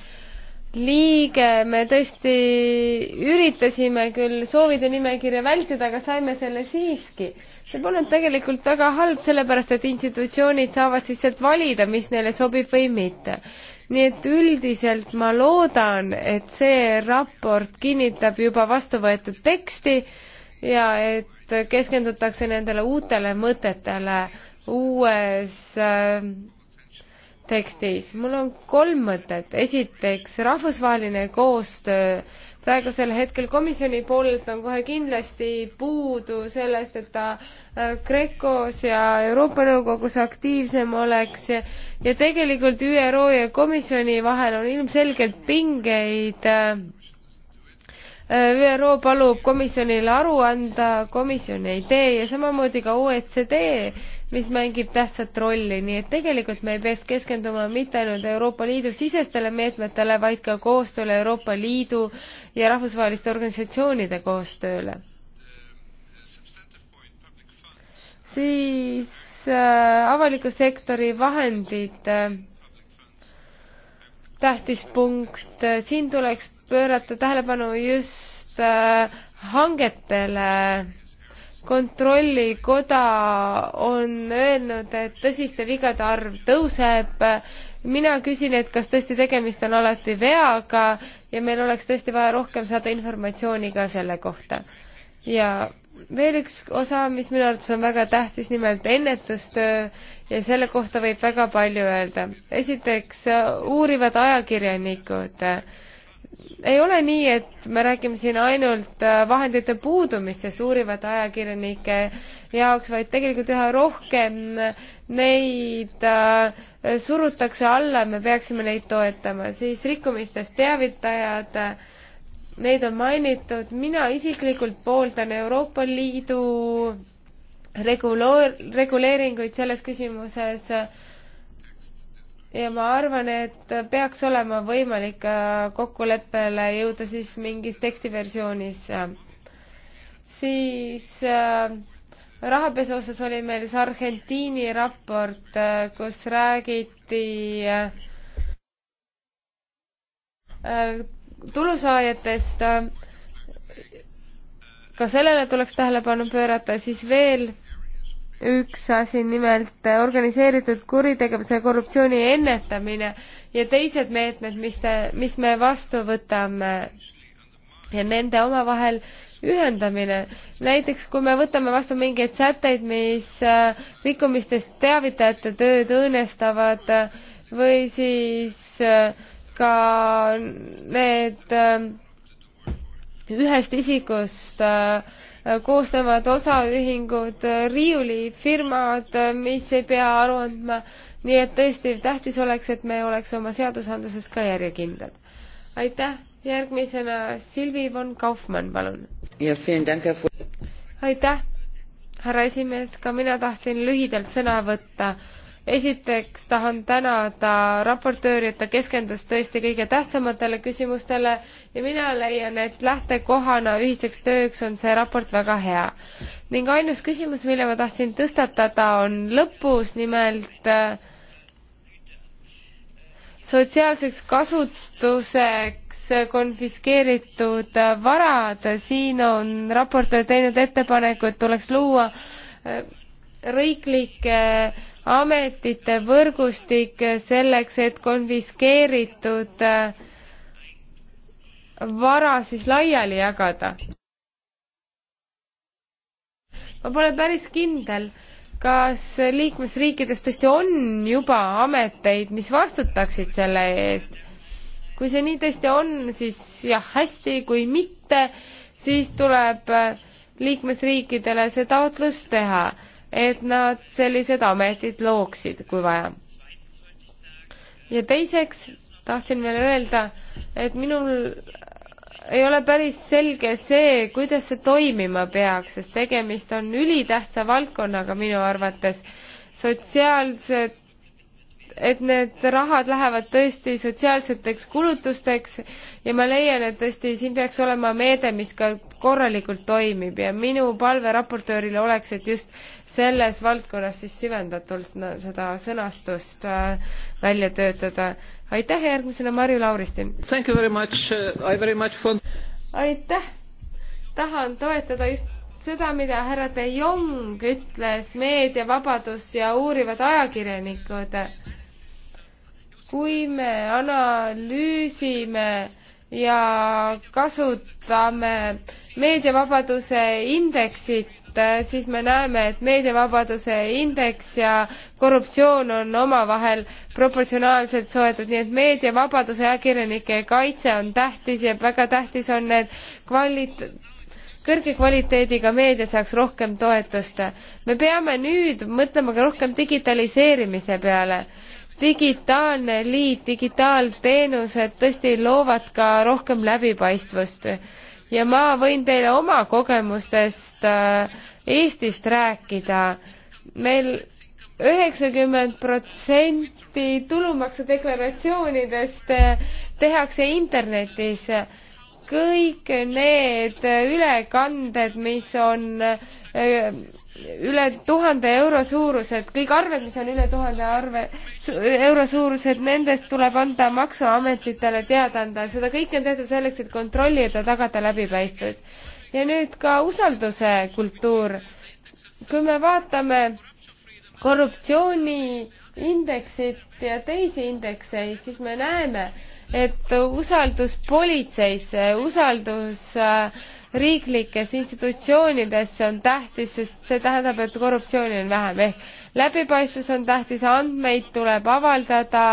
liige, me tõesti üritasime küll soovide nimekirja vältida, aga saime selle siiski. see polnud tegelikult väga halb, sellepärast et institutsioonid saavad siis sealt valida, mis neile sobib või mitte nii et üldiselt ma loodan, et see raport kinnitab juba vastu võetud teksti ja et keskendutakse nendele uutele mõtetele uues ähm, tekstis. mul on kolm mõtet. esiteks, rahvusvaheline koostöö praegusel hetkel komisjoni poolelt on kohe kindlasti puudu sellest, et ta äh, GRECO-s ja Euroopa Nõukogus aktiivsem oleks ja, ja tegelikult ÜRO ja komisjoni vahel on ilmselgelt pingeid. Äh, ÜRO palub komisjonile aru anda, komisjon ei tee ja samamoodi ka OECD mis mängib tähtsat rolli, nii et tegelikult me ei peaks keskenduma mitte ainult Euroopa Liidu sisestele meetmetele, vaid ka koostööle Euroopa Liidu ja rahvusvaheliste organisatsioonide koostööle. siis äh, avaliku sektori vahendid äh,, tähtis punkt äh,, siin tuleks pöörata tähelepanu just äh, hangetele äh, kontrollikoda on öelnud, et tõsiste vigade arv tõuseb. mina küsin, et kas tõesti tegemist on alati veaga ja meil oleks tõesti vaja rohkem saada informatsiooni ka selle kohta. ja veel üks osa, mis minu arvates on väga tähtis, nimelt ennetustöö ja selle kohta võib väga palju öelda. esiteks uurivad ajakirjanikud ei ole nii, et me räägime siin ainult äh, vahendite puudumistest uurivate ajakirjanike jaoks, vaid tegelikult üha rohkem neid äh, surutakse alla, me peaksime neid toetama, siis rikkumistest teavitajad, neid on mainitud, mina isiklikult pooldan Euroopa Liidu reguloor-, reguleeringuid selles küsimuses äh, ja ma arvan, et peaks olema võimalik äh, kokkuleppele jõuda siis mingis tekstiversioonis. siis äh, rahapesu osas oli meil see Argentiini raport, äh, kus räägiti tulusaajatest. ka sellele tuleks tähelepanu pöörata, siis veel üks asi, nimelt eh, organiseeritud kuritegevuse ja korruptsiooni ennetamine ja teised meetmed, mis te, mis me vastu võtame ja nende omavahel ühendamine. näiteks kui me võtame vastu mingeid sätteid, mis eh, rikkumistest teavitajate tööd õõnestavad eh, või siis ka need ühest isikust äh, koostavad osaühingud, äh, riiulifirmad, äh, mis ei pea aru andma. nii et tõesti tähtis oleks, et me oleks oma seadusandluses ka järjekindlad. aitäh, järgmisena Silvi von Kaufmann, palun. aitäh, härra esimees, ka mina tahtsin lühidalt sõna võtta esiteks tahan tänada raportööri, et ta keskendus tõesti kõige tähtsamatele küsimustele ja mina leian, et lähtekohana ühiseks tööks on see raport väga hea. ning ainus küsimus, mille ma tahtsin tõstatada, on lõpus, nimelt äh, sotsiaalseks kasutuseks konfiskeeritud varad, siin on raportöör teinud ettepaneku, et tuleks luua äh, riiklike äh, ametite võrgustik selleks, et konfiskeeritud äh, vara siis laiali jagada. ma pole päris kindel, kas liikmesriikides tõesti on juba ameteid, mis vastutaksid selle eest. kui see nii tõesti on, siis jah, hästi, kui mitte, siis tuleb äh, liikmesriikidele see taotlus teha et nad sellised ametid looksid, kui vaja. ja teiseks tahtsin veel öelda, et minul ei ole päris selge see, kuidas see toimima peaks, sest tegemist on ülitähtsa valdkonnaga minu arvates. sotsiaalsed, et need rahad lähevad tõesti sotsiaalseteks kulutusteks ja ma leian, et tõesti siin peaks olema meede, mis ka korralikult toimib ja minu palve raportöörile oleks, et just selles valdkonnas siis süvendatult seda sõnastust äh, välja töötada. aitäh, järgmisena Marju Lauristin! Uh, aitäh! tahan toetada just seda, mida härra De Jong ütles, meediavabadus ja uurivad ajakirjanikud. kui me analüüsime ja kasutame meediavabaduse indeksit, Äh, siis me näeme, et meediavabaduse indeks ja korruptsioon on omavahel proportsionaalselt soetud, nii et meediavabaduse ja ajakirjanike kaitse on tähtis ja väga tähtis on, et kvalit-, kõrge kvaliteediga meedia saaks rohkem toetust. me peame nüüd mõtlema ka rohkem digitaliseerimise peale digitaalne liit, digitaalteenused tõesti loovad ka rohkem läbipaistvust ja ma võin teile oma kogemustest äh, Eestist rääkida meil. meil üheksakümmend protsenti tulumaksudeklaratsioonidest äh, tehakse internetis. kõik need äh, ülekanded, mis on Äh, üle tuhande euro suurused, kõik arved, mis on üle tuhande arve su,, euro suurused, nendest tuleb anda Maksuametitele teada anda, seda kõike on tehtud selleks, et kontrollida, tagada läbipaistvus. ja nüüd ka usalduse kultuur. kui me vaatame korruptsiooniindeksit ja teisi indekseid, siis me näeme, et usaldus politseisse, usaldus äh, riiklikes institutsioonides on tähtis, sest see tähendab, et korruptsiooni on vähem ehk läbipaistvus on tähtis, andmeid tuleb avaldada,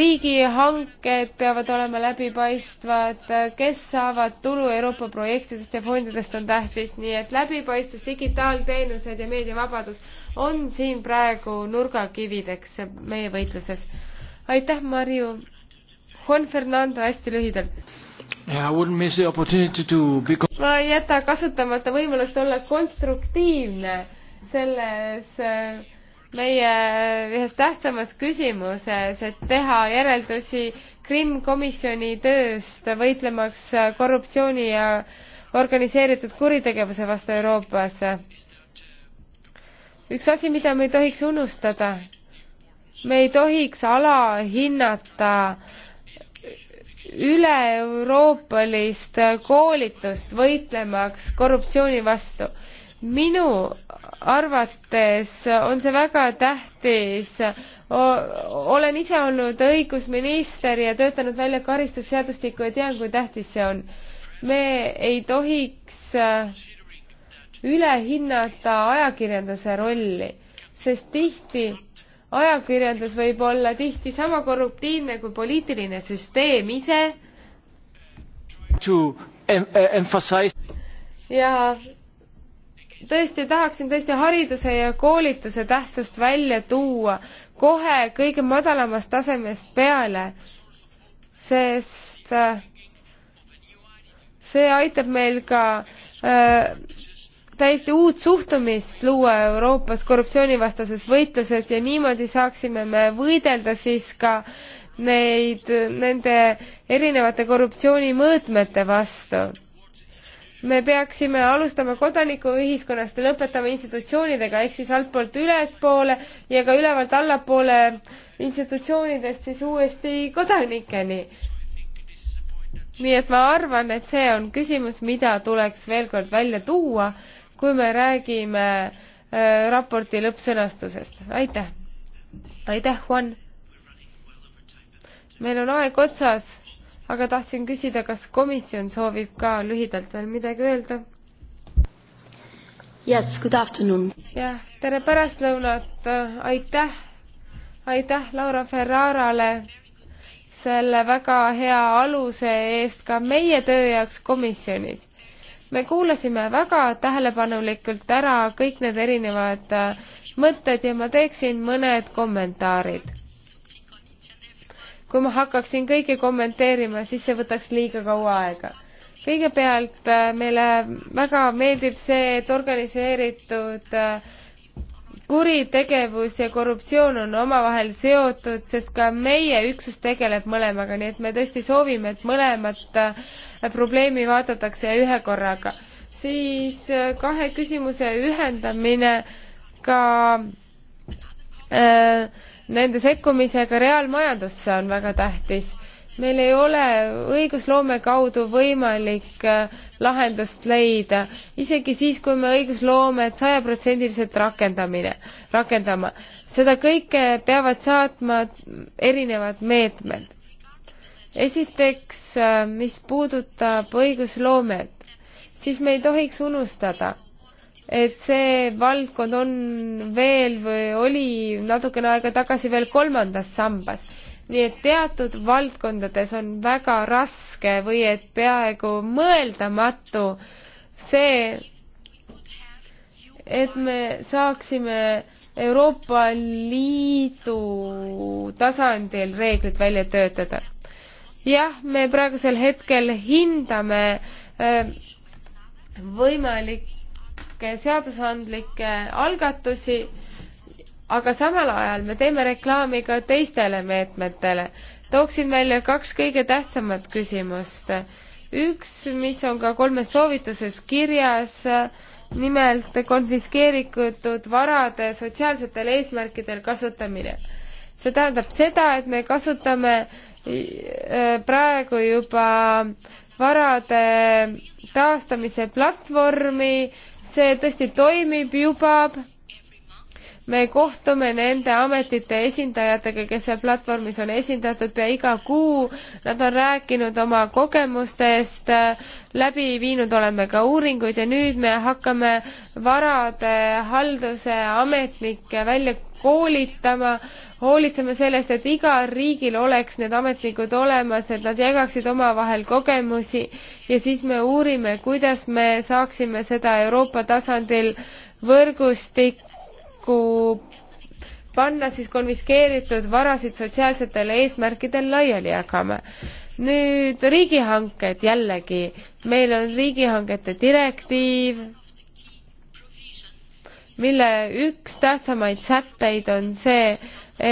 riigihanked peavad olema läbipaistvad, kes saavad tulu Euroopa projektidest ja fondidest on tähtis, nii et läbipaistvus, digitaalteenused ja meediavabadus on siin praegu nurgakivideks meie võitluses. aitäh, Marju! Juan Fernando, hästi lühidalt ma ei jäta kasutamata võimalust olla konstruktiivne selles äh, meie äh, ühes tähtsamas küsimuses, et teha järeldusi Krimm komisjoni tööst võitlemaks äh, korruptsiooni ja organiseeritud kuritegevuse vastu Euroopas. üks asi, mida me ei tohiks unustada, me ei tohiks alahinnata üle-euroopalist koolitust võitlemaks korruptsiooni vastu. minu arvates on see väga tähtis. olen ise olnud õigusminister ja töötanud välja karistusseadustikku ja tean, kui tähtis see on. me ei tohiks äh, üle hinnata ajakirjanduse rolli, sest tihti ajakirjandus võib olla tihti sama korruptiivne kui poliitiline süsteem ise. Eh, ja tõesti tahaksin tõesti hariduse ja koolituse tähtsust välja tuua kohe kõige madalamast tasemest peale, sest eh, see aitab meil ka äh, täiesti uut suhtumist luua Euroopas korruptsioonivastases võitluses ja niimoodi saaksime me võidelda siis ka neid, nende erinevate korruptsioonimõõtmete vastu. me peaksime alustama kodanikuühiskonnast ja lõpetama institutsioonidega, ehk siis altpoolt ülespoole ja ka ülevalt allapoole institutsioonidest siis uuesti kodanikeni nii et ma arvan, et see on küsimus, mida tuleks veel kord välja tuua kui me räägime äh, raporti lõppsõnastusest. aitäh! aitäh, Juan! meil on aeg otsas, aga tahtsin küsida, kas komisjon soovib ka lühidalt veel midagi öelda? Yes, good afternoon. jah, tere pärastlõunat, aitäh, aitäh Laura Ferrarale selle väga hea aluse eest ka meie töö jaoks komisjonis me kuulasime väga tähelepanulikult ära kõik need erinevad äh, mõtted ja ma teeksin mõned kommentaarid. kui ma hakkaksin kõike kommenteerima, siis see võtaks liiga kaua aega. kõigepealt äh, meile väga meeldib see, et organiseeritud äh, kuritegevus ja korruptsioon on omavahel seotud, sest ka meie üksus tegeleb mõlemaga, nii et me tõesti soovime, et mõlemat äh, probleemi vaadatakse ühe korraga. siis äh, kahe küsimuse ühendamine ka äh, nende sekkumisega reaalmajandusse on väga tähtis meil ei ole õigusloome kaudu võimalik äh, lahendust leida, isegi siis, kui me õigusloomet sajaprotsendiliselt rakendamine, rakendama. seda kõike peavad saatma erinevad meetmed. esiteks, äh, mis puudutab õigusloomet, siis me ei tohiks unustada, et see valdkond on veel või oli natukene aega tagasi veel kolmandas sambas nii et teatud valdkondades on väga raske või et peaaegu mõeldamatu see, et me saaksime Euroopa Liidu tasandil reeglid välja töötada. jah, me praegusel hetkel hindame äh, võimalikke seadusandlikke algatusi aga samal ajal me teeme reklaami ka teistele meetmetele. tooksin välja kaks kõige tähtsamat küsimust. üks, mis on ka kolmes soovituses kirjas, nimelt konfiskeeritud varade sotsiaalsetel eesmärkidel kasutamine. see tähendab seda, et me kasutame äh, praegu juba varade taastamise platvormi, see tõesti toimib juba me kohtume nende ametite esindajatega, kes seal platvormis on esindatud pea iga kuu. Nad on rääkinud oma kogemustest, läbi viinud oleme ka uuringuid ja nüüd me hakkame varade halduse ametnikke välja koolitama, hoolitseme sellest, et igal riigil oleks need ametnikud olemas, et nad jagaksid omavahel kogemusi ja siis me uurime, kuidas me saaksime seda Euroopa tasandil võrgustik kokku panna siis konfiskeeritud varasid sotsiaalsetel eesmärkidel laiali jagama. nüüd riigihanked jällegi, meil on riigihangete direktiiv, mille üks tähtsamaid sätteid on see,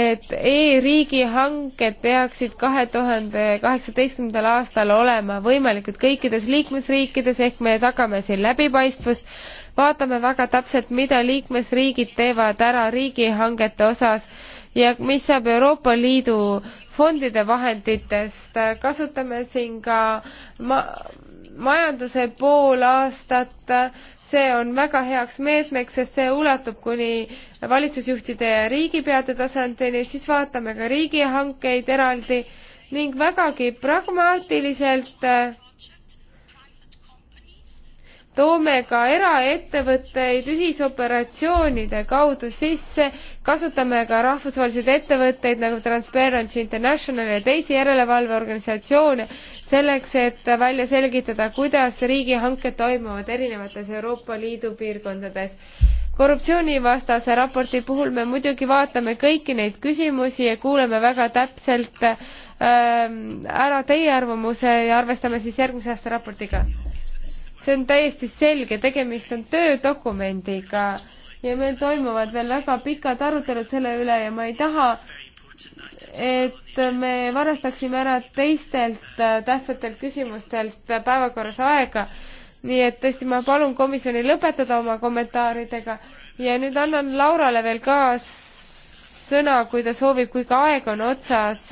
et e-riigihanked peaksid kahe tuhande kaheksateistkümnendal aastal olema võimalikud kõikides liikmesriikides, ehk me tagame siin läbipaistvust vaatame väga täpselt, mida liikmesriigid teevad ära riigihangete osas ja mis saab Euroopa Liidu fondide vahenditest. kasutame siin ka ma majanduse pool aastat, see on väga heaks meetmeks, sest see ulatub kuni valitsusjuhtide ja riigipeade tasandini, siis vaatame ka riigihankeid eraldi ning vägagi pragmaatiliselt toome ka eraettevõtteid ühisoperatsioonide kaudu sisse, kasutame ka rahvusvahelisi ettevõtteid nagu Transparency International ja teisi järelevalveorganisatsioone selleks, et välja selgitada, kuidas riigihanked toimuvad erinevates Euroopa Liidu piirkondades. korruptsioonivastase raporti puhul me muidugi vaatame kõiki neid küsimusi ja kuuleme väga täpselt ähm, ära teie arvamuse ja arvestame siis järgmise aasta raportiga see on täiesti selge, tegemist on töödokumendiga ja meil toimuvad veel väga pikad arutelud selle üle ja ma ei taha, et me varastaksime ära teistelt äh, tähtsatelt küsimustelt päevakorras aega. nii et tõesti, ma palun komisjoni lõpetada oma kommentaaridega ja nüüd annan Laurale veel ka sõna, kui ta soovib, kui ka aeg on otsas.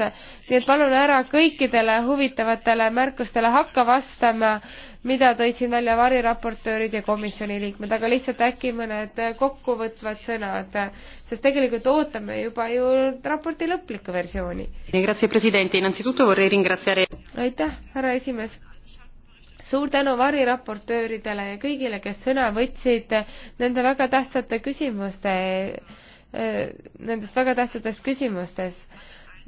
nii et palun ära kõikidele huvitavatele märkustele hakka vastama mida tõid siin välja variraportöörid ja komisjoni liikmed, aga lihtsalt äkki mõned kokkuvõtvad sõnad, sest tegelikult ootame juba ju raporti lõplikku versiooni. aitäh, härra esimees! suur tänu variraportööridele ja kõigile, kes sõna võtsid nende väga tähtsate küsimuste, nendest väga tähtsates küsimustes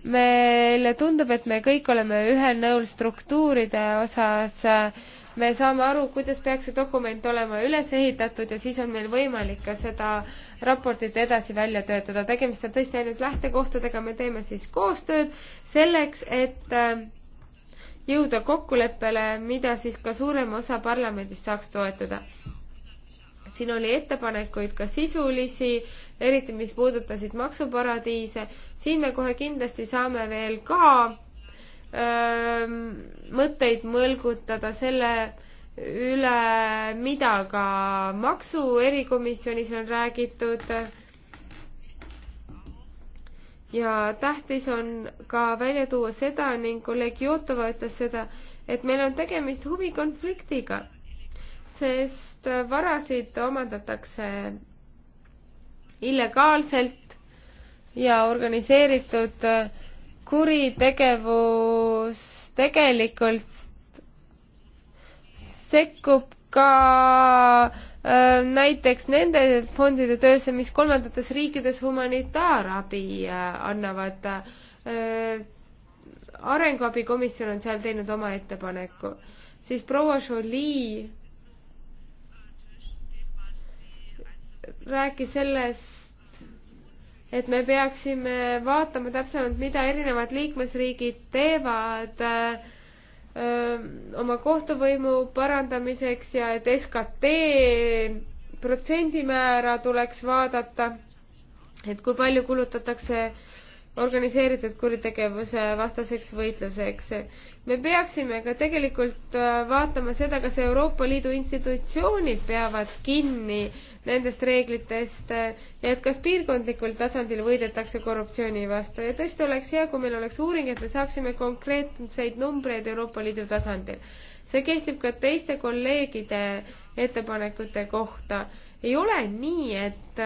meile tundub, et me kõik oleme ühel nõul struktuuride osas äh, me saame aru, kuidas peaks see dokument olema üles ehitatud ja siis on meil võimalik ka seda raportit edasi välja töötada. tegemist on tõesti ainult lähtekohtadega, me teeme siis koostööd selleks, et äh, jõuda kokkuleppele, mida siis ka suurem osa parlamendist saaks toetada. siin oli ettepanekuid ka sisulisi, eriti mis puudutasid maksuparadiise. siin me kohe kindlasti saame veel ka mõtteid mõlgutada selle üle, mida ka maksu erikomisjonis on räägitud. ja tähtis on ka välja tuua seda ning kolleeg Jutova ütles seda, et meil on tegemist huvikonfliktiga, sest varasid omandatakse illegaalselt ja organiseeritud äh, kuritegevus tegelikult sekkub ka äh, näiteks nende fondide töösse, mis kolmandates riikides humanitaarabi äh, annavad äh,. arenguabikomisjon on seal teinud oma ettepaneku, siis proua Jolie rääkis sellest, et me peaksime vaatama täpsemalt, mida erinevad liikmesriigid teevad äh, oma kohtuvõimu parandamiseks ja et SKT protsendimäära tuleks vaadata, et kui palju kulutatakse organiseeritud kuritegevuse vastaseks võitluseks. me peaksime ka tegelikult vaatama seda, kas Euroopa Liidu institutsioonid peavad kinni äh, nendest reeglitest ja et kas piirkondlikul tasandil võidetakse korruptsiooni vastu ja tõesti oleks hea, kui meil oleks uuring, et me saaksime konkreetseid numbreid Euroopa Liidu tasandil. see kehtib ka teiste kolleegide ettepanekute kohta. ei ole nii, et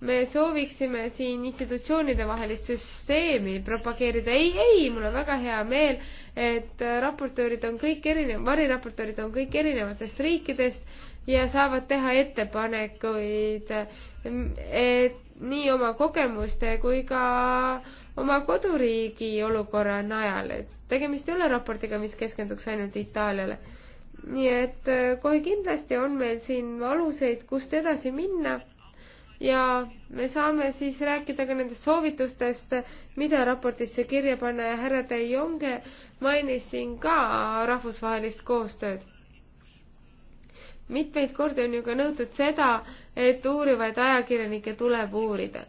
me sooviksime siin institutsioonide vahelist süsteemi propageerida. ei, ei, mul on väga hea meel, et raportöörid on kõik erinev, variraportöörid on kõik erinevatest riikidest ja saavad teha ettepanekuid, et nii oma kogemuste kui ka oma koduriigi olukorra najal, et tegemist ei ole raportiga, mis keskenduks ainult Itaaliale. nii et äh, kohe kindlasti on meil siin aluseid, kust edasi minna ja me saame siis rääkida ka nendest soovitustest, mida raportisse kirja panna ja härra De Jonge mainis siin ka rahvusvahelist koostööd mitmeid kordi on ju ka nõutud seda, et uurivaid ajakirjanikke tuleb uurida.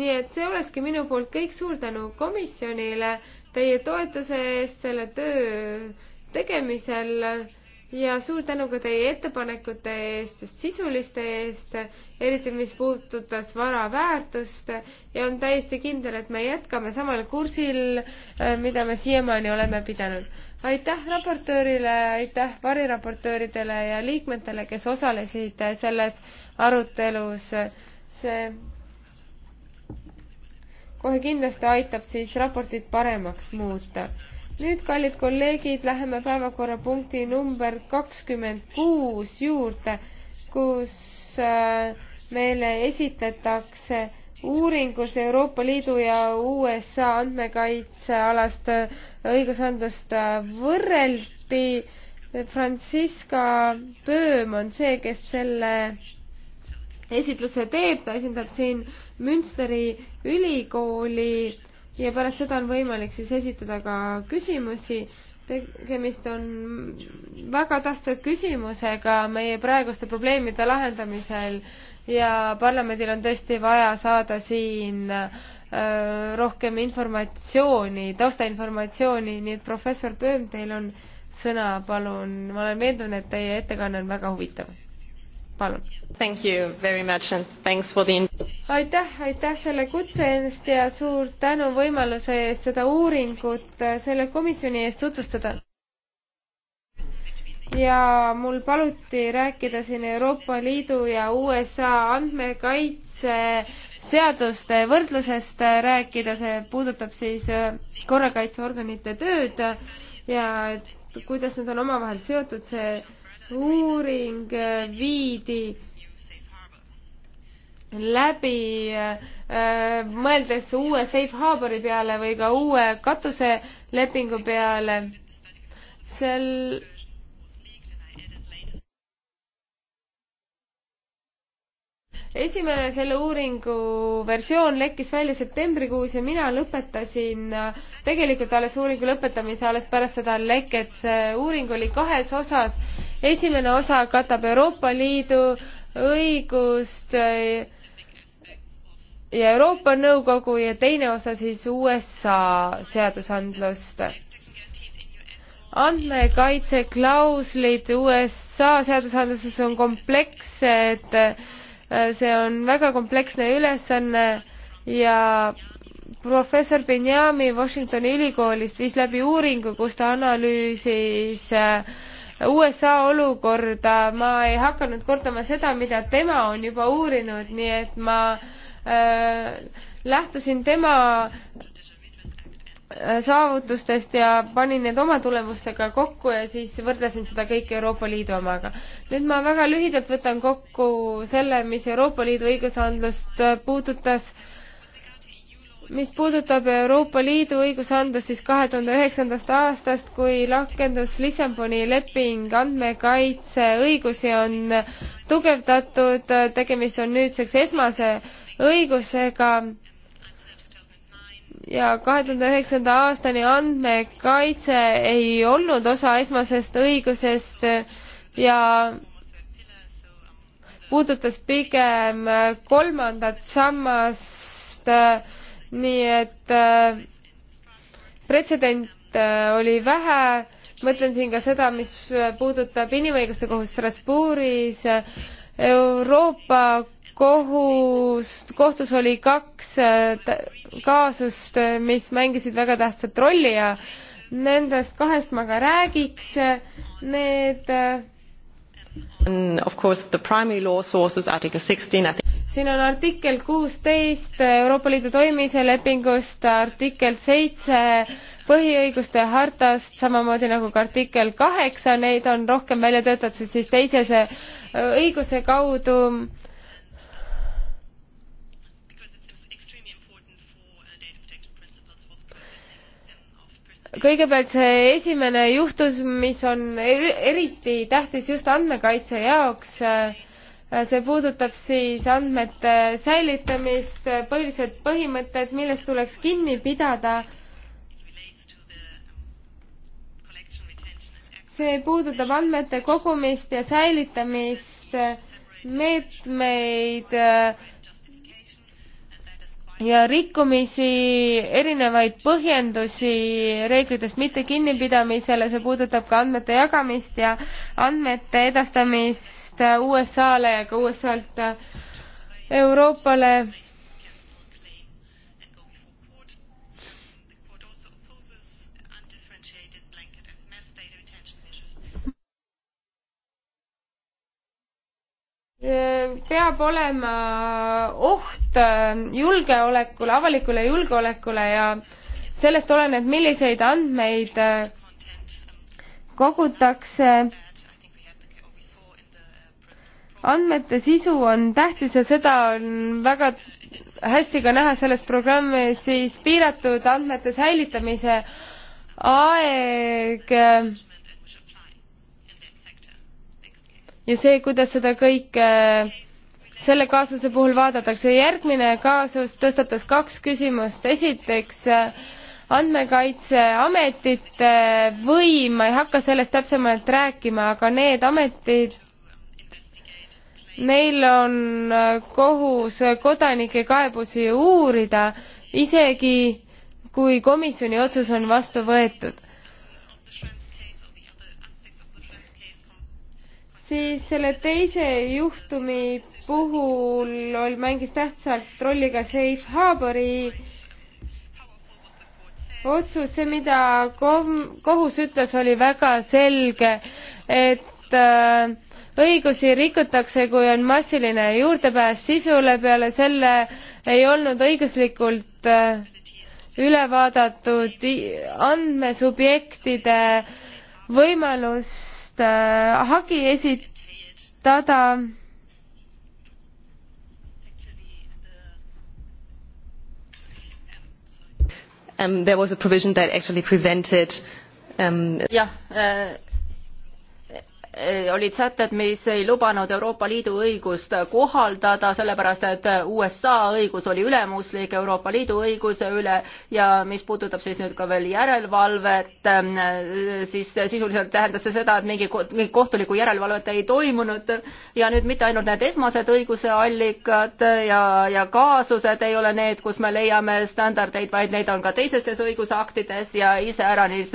nii et see olekski minu poolt kõik, suur tänu komisjonile teie toetuse eest selle töö tegemisel ja suur tänu ka teie ettepanekute eest, sest sisuliste eest, eriti mis puudutas vara väärtust ja on täiesti kindel, et me jätkame samal kursil, äh, mida me siiamaani oleme pidanud. aitäh raportöörile, aitäh variraportööridele ja liikmetele, kes osalesid selles arutelus. see kohe kindlasti aitab siis raportit paremaks muuta nüüd, kallid kolleegid, läheme päevakorrapunkti number kakskümmend kuus juurde, kus äh, meile esitletakse uuringus Euroopa Liidu ja USA andmekaitsealast äh, õigusandlust äh, võrreldi. Franziska Pööm on see, kes selle esitluse teeb, ta esindab siin Münsteri ülikooli ja pärast seda on võimalik siis esitada ka küsimusi. tegemist on väga tähtsa küsimusega meie praeguste probleemide lahendamisel ja parlamendil on tõesti vaja saada siin äh, rohkem informatsiooni, taustainformatsiooni, nii et professor Pööm, teil on sõna, palun, ma olen veendunud, et teie ettekanne on väga huvitav palun. The... aitäh, aitäh selle kutse eest ja suur tänu võimaluse eest seda uuringut äh, selle komisjoni eest tutvustada. ja mul paluti rääkida siin Euroopa Liidu ja USA andmekaitse seaduste võrdlusest rääkida, see puudutab siis äh, korrakaitseorganite tööd ja et kuidas nad on omavahel seotud, see uuring äh, viidi läbi äh, mõeldes uue safe harbori peale või ka uue katuselepingu peale. seal esimene selle uuringu versioon lekkis välja septembrikuus ja mina lõpetasin äh, tegelikult alles uuringu lõpetamise alles pärast seda leket. see uuring oli kahes osas esimene osa katab Euroopa Liidu õigust eh, ja Euroopa Nõukogu ja teine osa siis USA seadusandlust. andmekaitseklauslid USA seadusandluses on komplekssed, eh, see on väga kompleksne ülesanne ja professor Benjami Washingtoni ülikoolist viis läbi uuringu, kus ta analüüsis äh, USA olukorda, ma ei hakanud kordama seda, mida tema on juba uurinud, nii et ma äh, lähtusin tema äh, saavutustest ja panin need oma tulemustega kokku ja siis võrdlesin seda kõike Euroopa Liidu omaga. nüüd ma väga lühidalt võtan kokku selle, mis Euroopa Liidu õigusandlust äh, puudutas äh, mis puudutab Euroopa Liidu õigusandlust, siis kahe tuhande üheksandast aastast, kui rakendus Lissaboni leping, andmekaitseõigusi on tugevdatud, tegemist on nüüdseks esmase õigusega ja kahe tuhande üheksanda aastani andmekaitse ei olnud osa esmasest õigusest ja puudutas pigem kolmandat sammast äh, nii et äh, pretsedente äh, oli vähe, mõtlen siin ka seda, mis puudutab inimõiguste kohust Strasbourgis, Euroopa kohus, kohtus oli kaks äh, kaasust, mis mängisid väga tähtsat rolli ja nendest kahest ma ka räägiks, need äh, And of course the primary law sources article 16 I think siin on artikkel kuusteist Euroopa Liidu toimimise lepingust, artikkel seitse põhiõiguste hartast, samamoodi nagu ka artikkel kaheksa, neid on rohkem välja töötatud siis teise äh, õiguse kaudu. kõigepealt see esimene juhtus, mis on e-, eriti tähtis just andmekaitse jaoks äh, Äh, see puudutab siis andmete säilitamist, äh, põhilised põhimõtted, millest tuleks kinni pidada. see puudutab andmete kogumist ja säilitamist, äh, meetmeid ja rikkumisi, erinevaid põhjendusi reeglitest mitte kinnipidamisele, see puudutab ka andmete jagamist ja andmete edastamist Hiinast USA-le ja ka USA-lt Euroopale. peab olema oht julgeolekule, avalikule julgeolekule ja sellest oleneb, milliseid andmeid kogutakse andmete sisu on tähtis ja seda on väga hästi ka näha selles programmis, siis piiratud andmete säilitamise aeg ja see, kuidas seda kõike selle kaasuse puhul vaadatakse. järgmine kaasus tõstatas kaks küsimust. esiteks andmekaitseametite võim, ma ei hakka sellest täpsemalt rääkima, aga need ametid meil on äh, kohus kodanike kaebusi uurida, isegi kui komisjoni otsus on vastu võetud. siis selle teise juhtumi puhul mängis tähtsalt rolli ka Safe Harbori otsus, see, mida kohus ütles, oli väga selge, et äh, õigusi rikutakse, kui on massiline juurdepääs sisule, peale selle ei olnud õiguslikult äh, üle vaadatud andmesubjektide võimalust äh, hagi esitada um, there was a provision that actually prevented um, yeah, uh, äh, Eh, olid sätted, mis ei lubanud Euroopa Liidu õigust kohaldada, sellepärast et USA õigus oli ülemuslik Euroopa Liidu õiguse üle ja mis puudutab siis nüüd ka veel järelevalvet, eh, siis sisuliselt tähendas see seda, et mingi kohtulikku järelevalvet ei toimunud ja nüüd mitte ainult need esmased õiguse allikad ja, ja kaasused ei ole need, kus me leiame standardeid, vaid neid on ka teistes õigusaktides ja iseäranis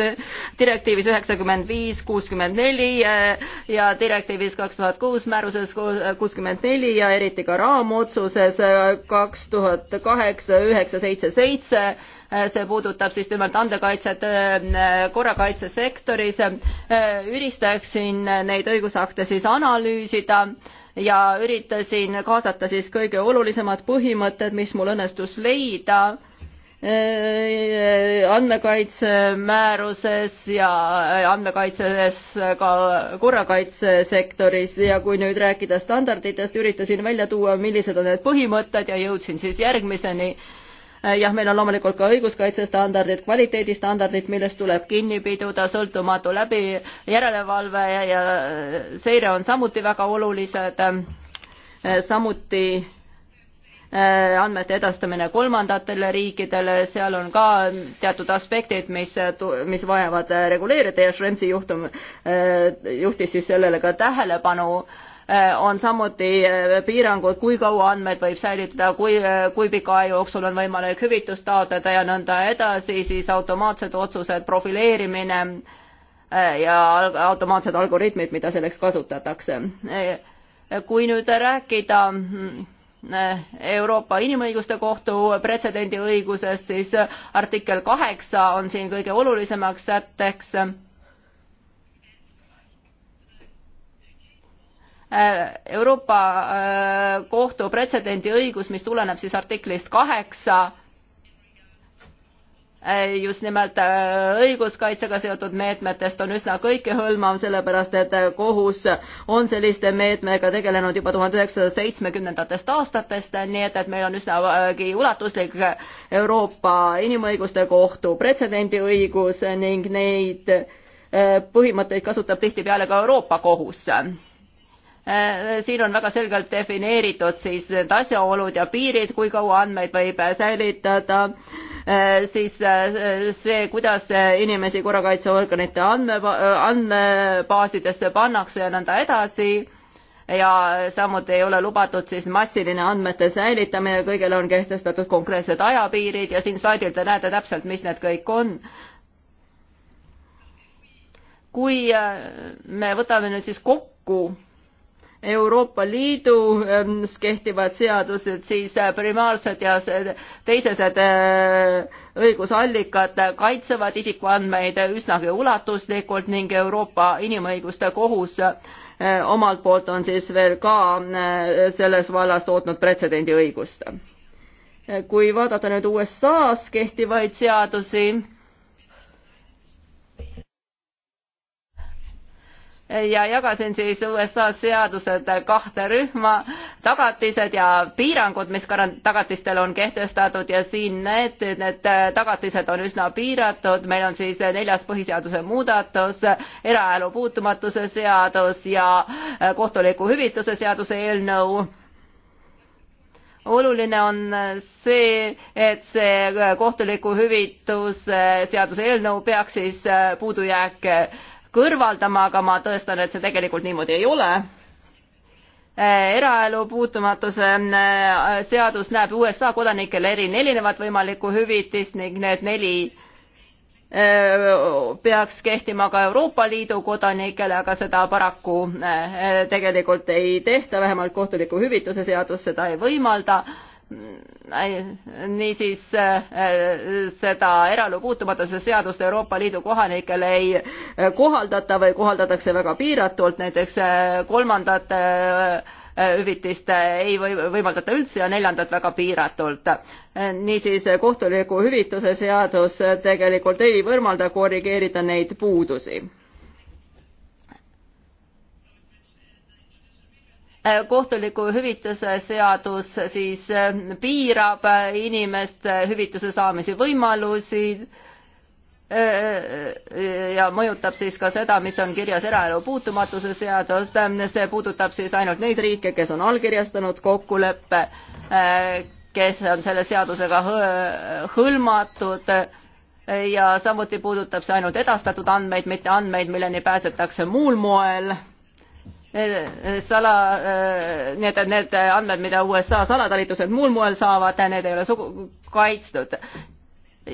direktiivis üheksakümmend viis, kuuskümmend neli eh, ja direktiivis kaks tuhat kuus, määruses kuuskümmend neli ja eriti ka raamotsuses äh, kaks tuhat kaheksa, üheksa, seitse, seitse, äh, see puudutab siis nimelt andekaitset äh, korrakaitsesektoris. üritaksin neid õigusakte siis analüüsida ja üritasin kaasata siis kõige olulisemad põhimõtted, mis mul õnnestus leida Äh, andmekaitsemääruses ja äh, andmekaitses ka korrakaitsesektoris ja kui nüüd rääkida standarditest, üritasin välja tuua, millised on need põhimõtted ja jõudsin siis järgmiseni. Äh, jah, meil on loomulikult ka õiguskaitsestandardid, kvaliteedistandardid, millest tuleb kinni piduda, sõltumatu läbi järelevalve ja, ja seire on samuti väga olulised. samuti Äh, andmete edastamine kolmandatele riikidele, seal on ka teatud aspektid, mis, mis vajavad äh, reguleerida ja Šremsi juhtum äh, juhtis siis sellele ka tähelepanu, on samuti piirangud, kui kaua andmeid võib säilitada, kui, kui pika aja jooksul on võimalik hüvitust taotleda ja nõnda edasi, siis automaatsed otsused, profileerimine ja automaatsed algoritmid, mida selleks kasutatakse. kui nüüd rääkida mm, Euroopa Inimõiguste Kohtu pretsedendi õiguses, siis artikkel kaheksa on siin kõige olulisemaks sätteks. Euroopa äh, Kohtu pretsedendi õigus, mis tuleneb siis artiklist kaheksa Äh, just nimelt äh, õiguskaitsega seotud meetmetest on üsna kõikehõlmav, sellepärast et äh, kohus on selliste meetmega tegelenud juba tuhande üheksasaja seitsmekümnendatest aastatest, nii et, et meil on üsnagi ulatuslik Euroopa Inimõiguste Kohtu pretsedendiõigus ning neid põhimõtteid kasutab tihtipeale ka Euroopa Kohus Äh, siin on väga selgelt defineeritud siis need asjaolud ja piirid, kui kaua andmeid võib säilitada, äh, siis äh, see, kuidas inimesi korrakaitseorganite andme, andmebaasidesse pannakse ja nõnda edasi ja samuti ei ole lubatud siis massiline andmete säilitamine, kõigele on kehtestatud konkreetsed ajapiirid ja siin slaidil te näete täpselt, mis need kõik on. kui me võtame nüüd siis kokku Euroopa Liidus ähm, kehtivad seadused, siis äh, primaarsed ja teisesed äh, õigusallikad kaitsevad isikuandmeid üsnagi ulatuslikult ning Euroopa Inimõiguste Kohus äh, omalt poolt on siis veel ka selles vallas tootnud pretsedendiõigust. kui vaadata nüüd USA-s kehtivaid seadusi, ja jagasin siis USA seadused kahte rühma, tagatised ja piirangud, mis tagatistele on kehtestatud ja siin näete, need tagatised on üsna piiratud, meil on siis neljas põhiseaduse muudatus, eraelu puutumatuse seadus ja kohtuliku hüvituse seaduse eelnõu oluline on see, et see kohtuliku hüvituse seaduse eelnõu peaks siis puudujääke kõrvaldama, aga ma tõestan, et see tegelikult niimoodi ei ole. Eh, eraelu puutumatuse eh, seadus näeb USA kodanikele eri erinevat võimalikku hüvitist ning need neli eh, peaks kehtima ka Euroopa Liidu kodanikele, aga seda paraku tegelikult ei tehta, vähemalt kohtuliku hüvituse seadus seda ei võimalda niisiis äh, seda eraelu puutumatuse seadust Euroopa Liidu kohanikele ei äh, kohaldata või kohaldatakse väga piiratult, näiteks äh, kolmandate hüvitist ei või, võimaldata üldse ja neljandat väga piiratult. niisiis kohtuliku hüvituse seadus tegelikult ei võimalda korrigeerida neid puudusi Äh, kohtuliku hüvitise seadus siis äh, piirab äh, inimeste hüvitise saamise võimalusi ja mõjutab siis ka seda, mis on kirjas eraelu puutumatuse seadus, see puudutab siis ainult neid riike, kes on allkirjastanud kokkuleppe, kes on selle seadusega hõlmatud ja samuti puudutab see ainult edastatud andmeid, mitte andmeid, milleni pääsetakse muul moel Eh, sala, eh, need, need andmed, mida USA salatalitused muul moel saavad, need ei ole sugu-, kaitstud.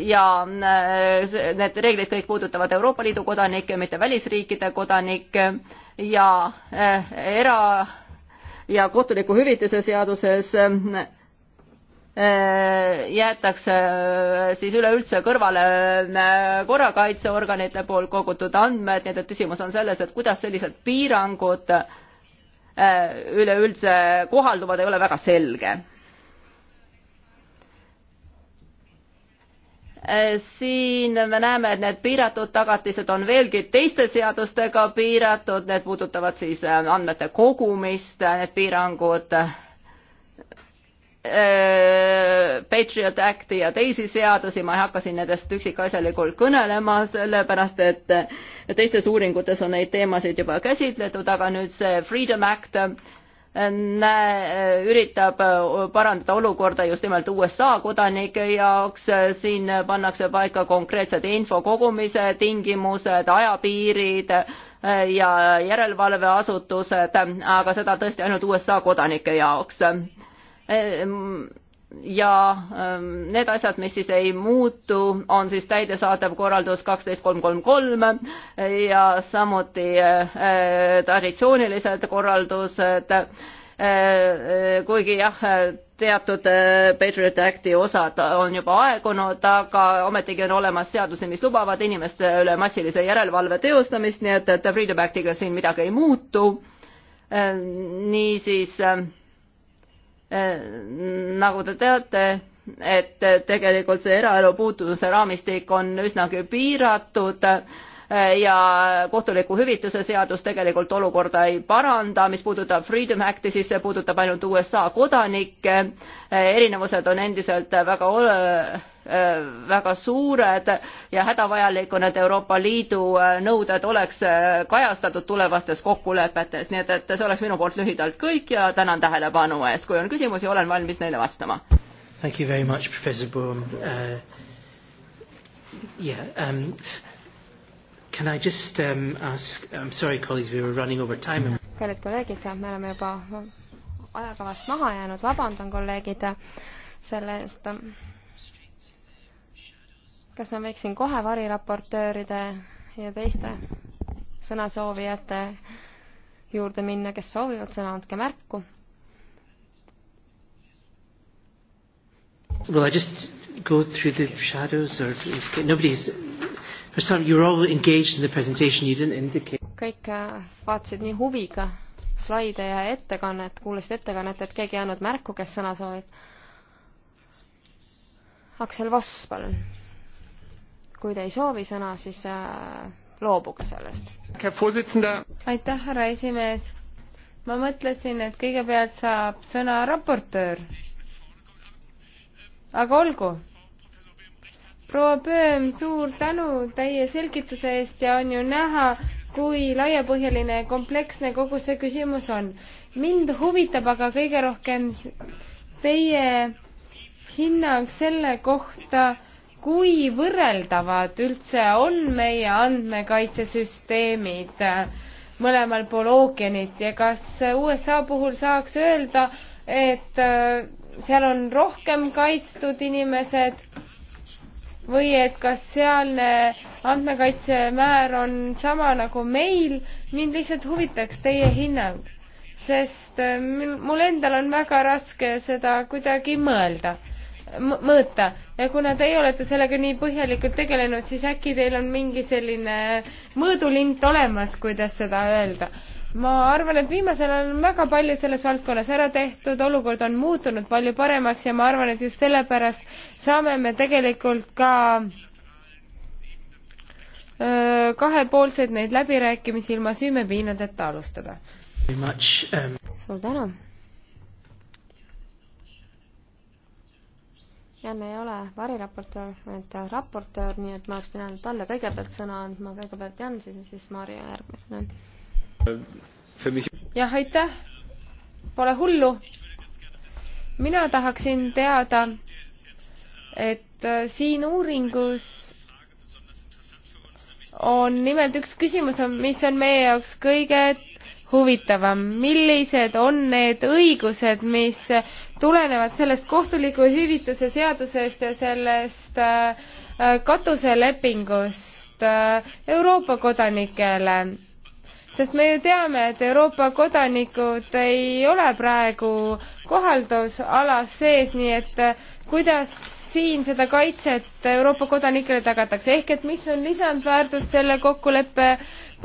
ja eh, need reeglid kõik puudutavad Euroopa Liidu kodanikke, mitte välisriikide kodanikke ja era- ja kohtuniku hüvitise seaduses Äh, jäetakse äh, siis üleüldse kõrvale äh, korrakaitseorganite poolt kogutud andmed, nii et küsimus on selles, et kuidas sellised piirangud üleüldse kohalduvad, ei ole väga selge siin me näeme, et need piiratud tagatised on veelgi teiste seadustega piiratud, need puudutavad siis andmete kogumist, need piirangud Äh, Patriot Acti ja teisi seadusi, ma ei hakka siin nendest üksikasjalikult kõnelema, sellepärast et äh, teistes uuringutes on neid teemasid juba käsitletud, aga nüüd see Freedom Act äh, näe, üritab parandada olukorda just nimelt USA kodanike jaoks, siin pannakse paika konkreetsed infokogumise tingimused, ajapiirid ja järelevalveasutused, aga seda tõesti ainult USA kodanike jaoks Ehm, ja ehm, need asjad, mis siis ei muutu, on siis täidesaatev korraldus kaksteist kolm kolm kolm ja samuti eh, traditsioonilised korraldused, eh, eh, kuigi jah, teatud Patriot Acti osad on juba aegunud, aga ometigi on olemas seadusi, mis lubavad inimeste üle massilise järelevalve teostamist, nii et, et Freedom Actiga siin midagi ei muutu. niisiis äh, Äh, nagu te teate, et tegelikult see eraelu puutumise raamistik on üsnagi piiratud äh, ja kohtuliku hüvitise seadus tegelikult olukorda ei paranda, mis puudutab Freedom Acti, siis see puudutab ainult USA kodanikke, äh, erinevused on endiselt väga ole-, Äh, väga suured ja hädavajalik on, et Euroopa Liidu äh, nõuded oleks äh, kajastatud tulevastes kokkulepetes, nii et, et see oleks minu poolt lühidalt kõik ja tänan tähelepanu eest, kui on küsimusi, olen valmis neile vastama. Thank you very much, professor Boom uh,. Yeah um,, can I just um, ask, I am sorry, colleagues, we were running over time. kallid kolleegid, me oleme juba ajakavast maha jäänud, vabandan kolleegid selle eest kas ma võiksin kohe variraportööride ja teiste sõnasoovijate juurde minna, kes soovivad sõna, andke märku. Will I just go through the shadows or nobody's for some you were all engaged in the presentation you didn't indicate kõik äh, vaatasid nii huviga slaide ja ettekannet, kuulasid ettekannet, et keegi ei andnud märku, kes sõna soovib. Aksel Voss, palun kui te ei soovi sõna, siis äh, loobuge sellest. aitäh, härra esimees. ma mõtlesin, et kõigepealt saab sõna raportöör. aga olgu. proua Pööm, suur tänu teie selgituse eest ja on ju näha, kui laiapõhjaline ja kompleksne kogu see küsimus on. mind huvitab aga kõige rohkem teie hinnang selle kohta, kui võrreldavad üldse on meie andmekaitsesüsteemid äh, mõlemal pool ookeanit ja kas USA puhul saaks öelda, et äh, seal on rohkem kaitstud inimesed või et kas sealne andmekaitsemäär on sama nagu meil, mind lihtsalt huvitaks teie hinnang, sest äh, mul endal on väga raske seda kuidagi mõelda mõõta ja kuna teie olete sellega nii põhjalikult tegelenud, siis äkki teil on mingi selline mõõdulint olemas, kuidas seda öelda? ma arvan, et viimasel ajal on väga palju selles valdkonnas ära tehtud, olukord on muutunud palju paremaks ja ma arvan, et just sellepärast saame me tegelikult ka kahepoolseid neid läbirääkimisi ilma süümepiinadeta alustada. Um, suur tänu. ja me ei ole variraportöör, vaid raportöör, nii et ma oleks pidanud talle kõigepealt sõna andma, kõigepealt Jansis ja siis Maarja järgmisena. jah, aitäh. Pole hullu. mina tahaksin teada, et äh, siin uuringus on nimelt üks küsimus, mis on meie jaoks kõige huvitavam, millised on need õigused, mis tulenevad sellest kohtuliku hüvituse seadusest ja sellest äh, äh, katuselepingust äh, Euroopa kodanikele. sest me ju teame, et Euroopa kodanikud ei ole praegu kohaldusalas sees, nii et kuidas siin seda kaitset Euroopa kodanikele tagatakse, ehk et mis on lisandväärtus selle kokkuleppe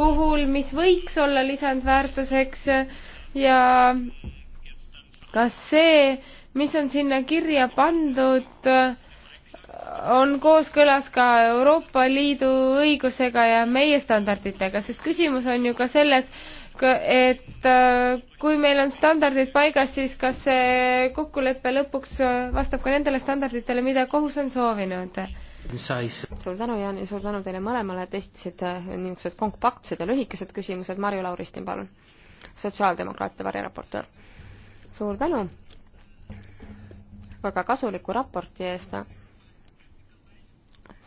puhul, mis võiks olla lisandväärtuseks ja kas see, mis on sinna kirja pandud, on kooskõlas ka Euroopa Liidu õigusega ja meie standarditega, sest küsimus on ju ka selles, et äh, kui meil on standardid paigas, siis kas see kokkulepe lõpuks äh, vastab ka nendele standarditele, mida kohus on soovinud? suur tänu, Jaan, ja suur tänu teile mõlemale, et esitasite äh, niisugused kompaktsed ja lühikesed küsimused. Marju Lauristin, palun, sotsiaaldemokraatide variraportöör suur tänu väga kasuliku raporti eest.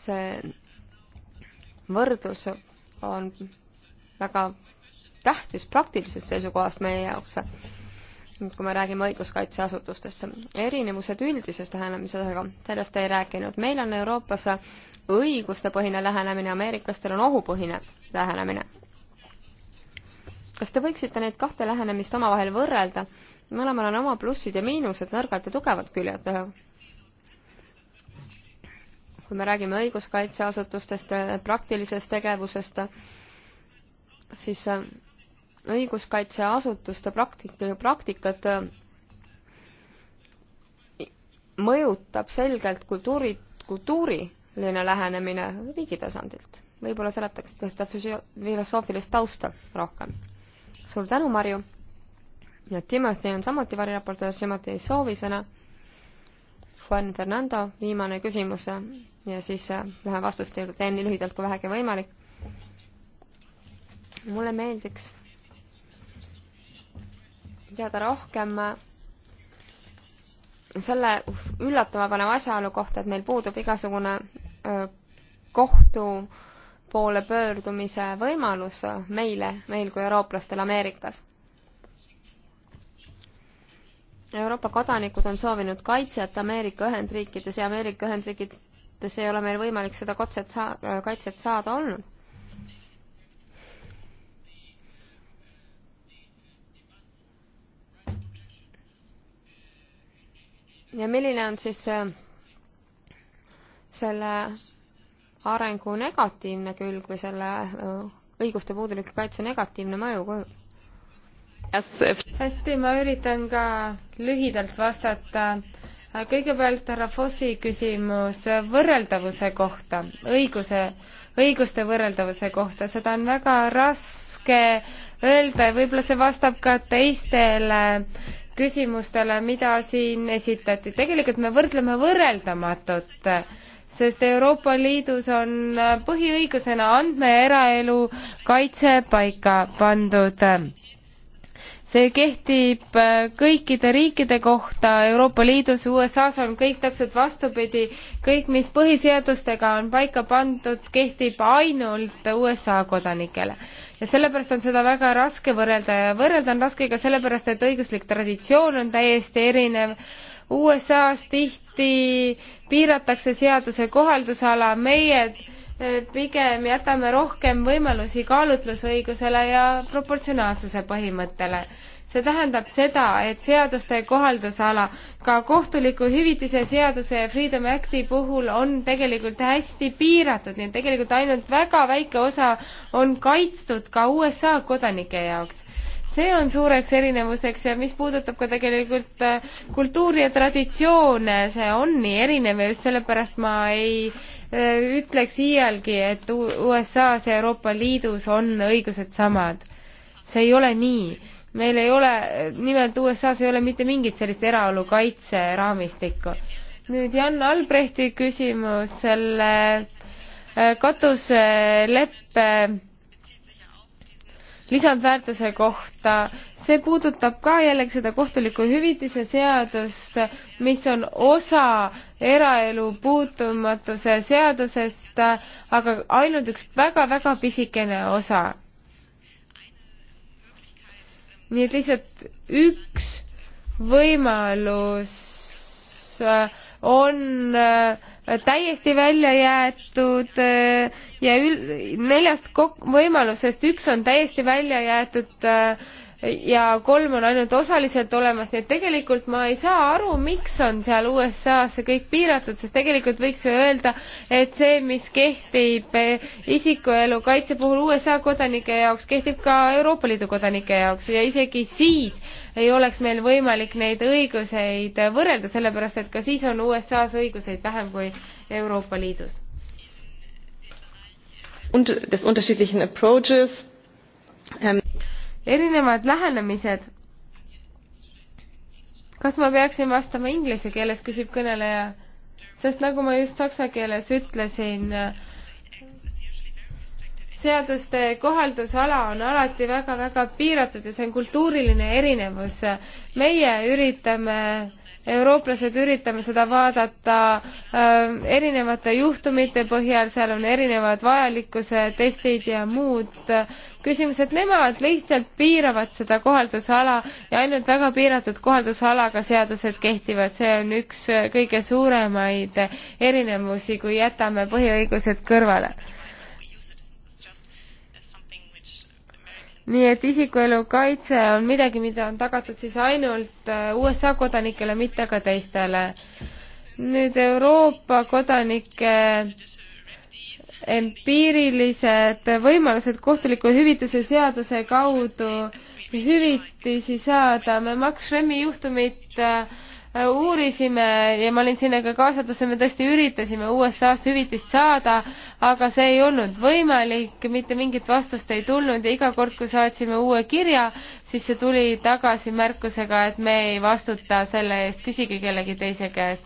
see võrdlus on väga tähtis praktilisest seisukohast meie jaoks, kui me räägime õiguskaitseasutustest. erinevused üldises lähenemises, sellest ei rääkinud. meil on Euroopas õigustepõhine lähenemine, ameeriklastel on ohupõhine lähenemine. kas te võiksite neid kahte lähenemist omavahel võrrelda? mõlemal on oma plussid ja miinused, nõrgad ja tugevad küljed. kui me räägime õiguskaitseasutustest, praktilisest tegevusest, siis õiguskaitseasutuste praktik-, praktikat äh, mõjutab selgelt kultuuri, kultuuriline lähenemine riigi tasandilt. võib-olla seletaksite seda füsio-, filosoofilist tausta rohkem. suur tänu, Marju! ja Timothy on samuti variraportöör, Timothy ei soovi sõna. Juan Fernando, viimane küsimus ja siis lähen vastuste juurde, teen nii lühidalt kui vähegi võimalik. mulle meeldiks teada rohkem äh, selle üllatama paneva asjaolu kohta, et meil puudub igasugune äh, kohtu poole pöördumise võimalus meile, meil kui eurooplastel Ameerikas. Euroopa kodanikud on soovinud kaitset Ameerika Ühendriikides ja Ameerika Ühendriikides ei ole meil võimalik seda kotset saa-, kaitset saada olnud. ja milline on siis äh, selle arengu negatiivne külg või selle äh, õiguste puuduliku kaitse negatiivne mõju, kui hästi, ma üritan ka lühidalt vastata. kõigepealt härra Fossi küsimus võrreldavuse kohta, õiguse, õiguste võrreldavuse kohta, seda on väga raske öelda ja võib-olla see vastab ka teistele küsimustele, mida siin esitati. tegelikult me võrdleme võrreldamatut, sest Euroopa Liidus on põhiõigusena andme ja eraelu kaitse paika pandud see kehtib äh, kõikide riikide kohta Euroopa Liidus, USA-s on kõik täpselt vastupidi, kõik, mis põhiseadustega on paika pandud, kehtib ainult USA kodanikele. ja sellepärast on seda väga raske võrrelda ja võrrelda on raske ka sellepärast, et õiguslik traditsioon on täiesti erinev, USA-s tihti piiratakse seaduse kohaldusala, meie pigem jätame rohkem võimalusi kaalutlusõigusele ja proportsionaalsuse põhimõttele. see tähendab seda, et seaduste kohaldusala ka kohtuliku hüvitise seaduse ja Freedom Acti puhul on tegelikult hästi piiratud, nii et tegelikult ainult väga väike osa on kaitstud ka USA kodanike jaoks see on suureks erinevuseks ja mis puudutab ka tegelikult äh, kultuuri ja traditsioone, see on nii erinev ja just sellepärast ma ei äh, Äh, ütleks iialgi, et USA-s ja Euroopa Liidus on õigused samad. see ei ole nii. meil ei ole, nimelt USA-s ei ole mitte mingit sellist eraolu kaitseraamistikku. nüüd Jan Albrechti küsimus selle äh, katuseleppe lisandväärtuse kohta see puudutab ka jällegi seda kohtuliku hüvitise seadust, mis on osa eraelu puutumatuse seadusest, aga ainult üks väga-väga pisikene osa. nii et lihtsalt üks võimalus äh, on äh, täiesti välja jäetud äh, ja ül-, neljast kok-, võimalusest üks on täiesti välja jäetud äh, ja kolm on ainult osaliselt olemas, nii et tegelikult ma ei saa aru, miks on seal USA-s see kõik piiratud, sest tegelikult võiks ju öelda, et see, mis kehtib eh, isikuelu kaitse puhul USA kodanike jaoks, kehtib ka Euroopa Liidu kodanike jaoks ja isegi siis ei oleks meil võimalik neid õiguseid võrrelda, sellepärast et ka siis on USA-s õiguseid vähem kui Euroopa Liidus. und des unterschiedlichen approaches ähm, erinevad lähenemised. kas ma peaksin vastama inglise keeles, küsib kõneleja, sest nagu ma just saksa keeles ütlesin, seaduste kohaldusala on alati väga-väga piiratud ja see on kultuuriline erinevus. meie üritame eurooplased üritame seda vaadata äh, erinevate juhtumite põhjal, seal on erinevad vajalikkuse testid ja muud äh, küsimused, nemad lihtsalt piiravad seda kohaldusala ja ainult väga piiratud kohaldusalaga seadused kehtivad, see on üks kõige suuremaid erinevusi, kui jätame põhiõigused kõrvale nii et isikuelu kaitse on midagi, mida on tagatud siis ainult äh, USA kodanikele, mitte ka teistele. nüüd Euroopa kodanike empiirilised võimalused kohtuliku hüvitise seaduse kaudu hüvitisi saada, me Max Remi juhtumit äh, uurisime ja ma olin sinna ka kaasatud, me tõesti üritasime USA-st hüvitist saada, aga see ei olnud võimalik, mitte mingit vastust ei tulnud ja iga kord, kui saatsime uue kirja, siis see tuli tagasi märkusega, et me ei vastuta selle eest, küsige kellegi teise käest.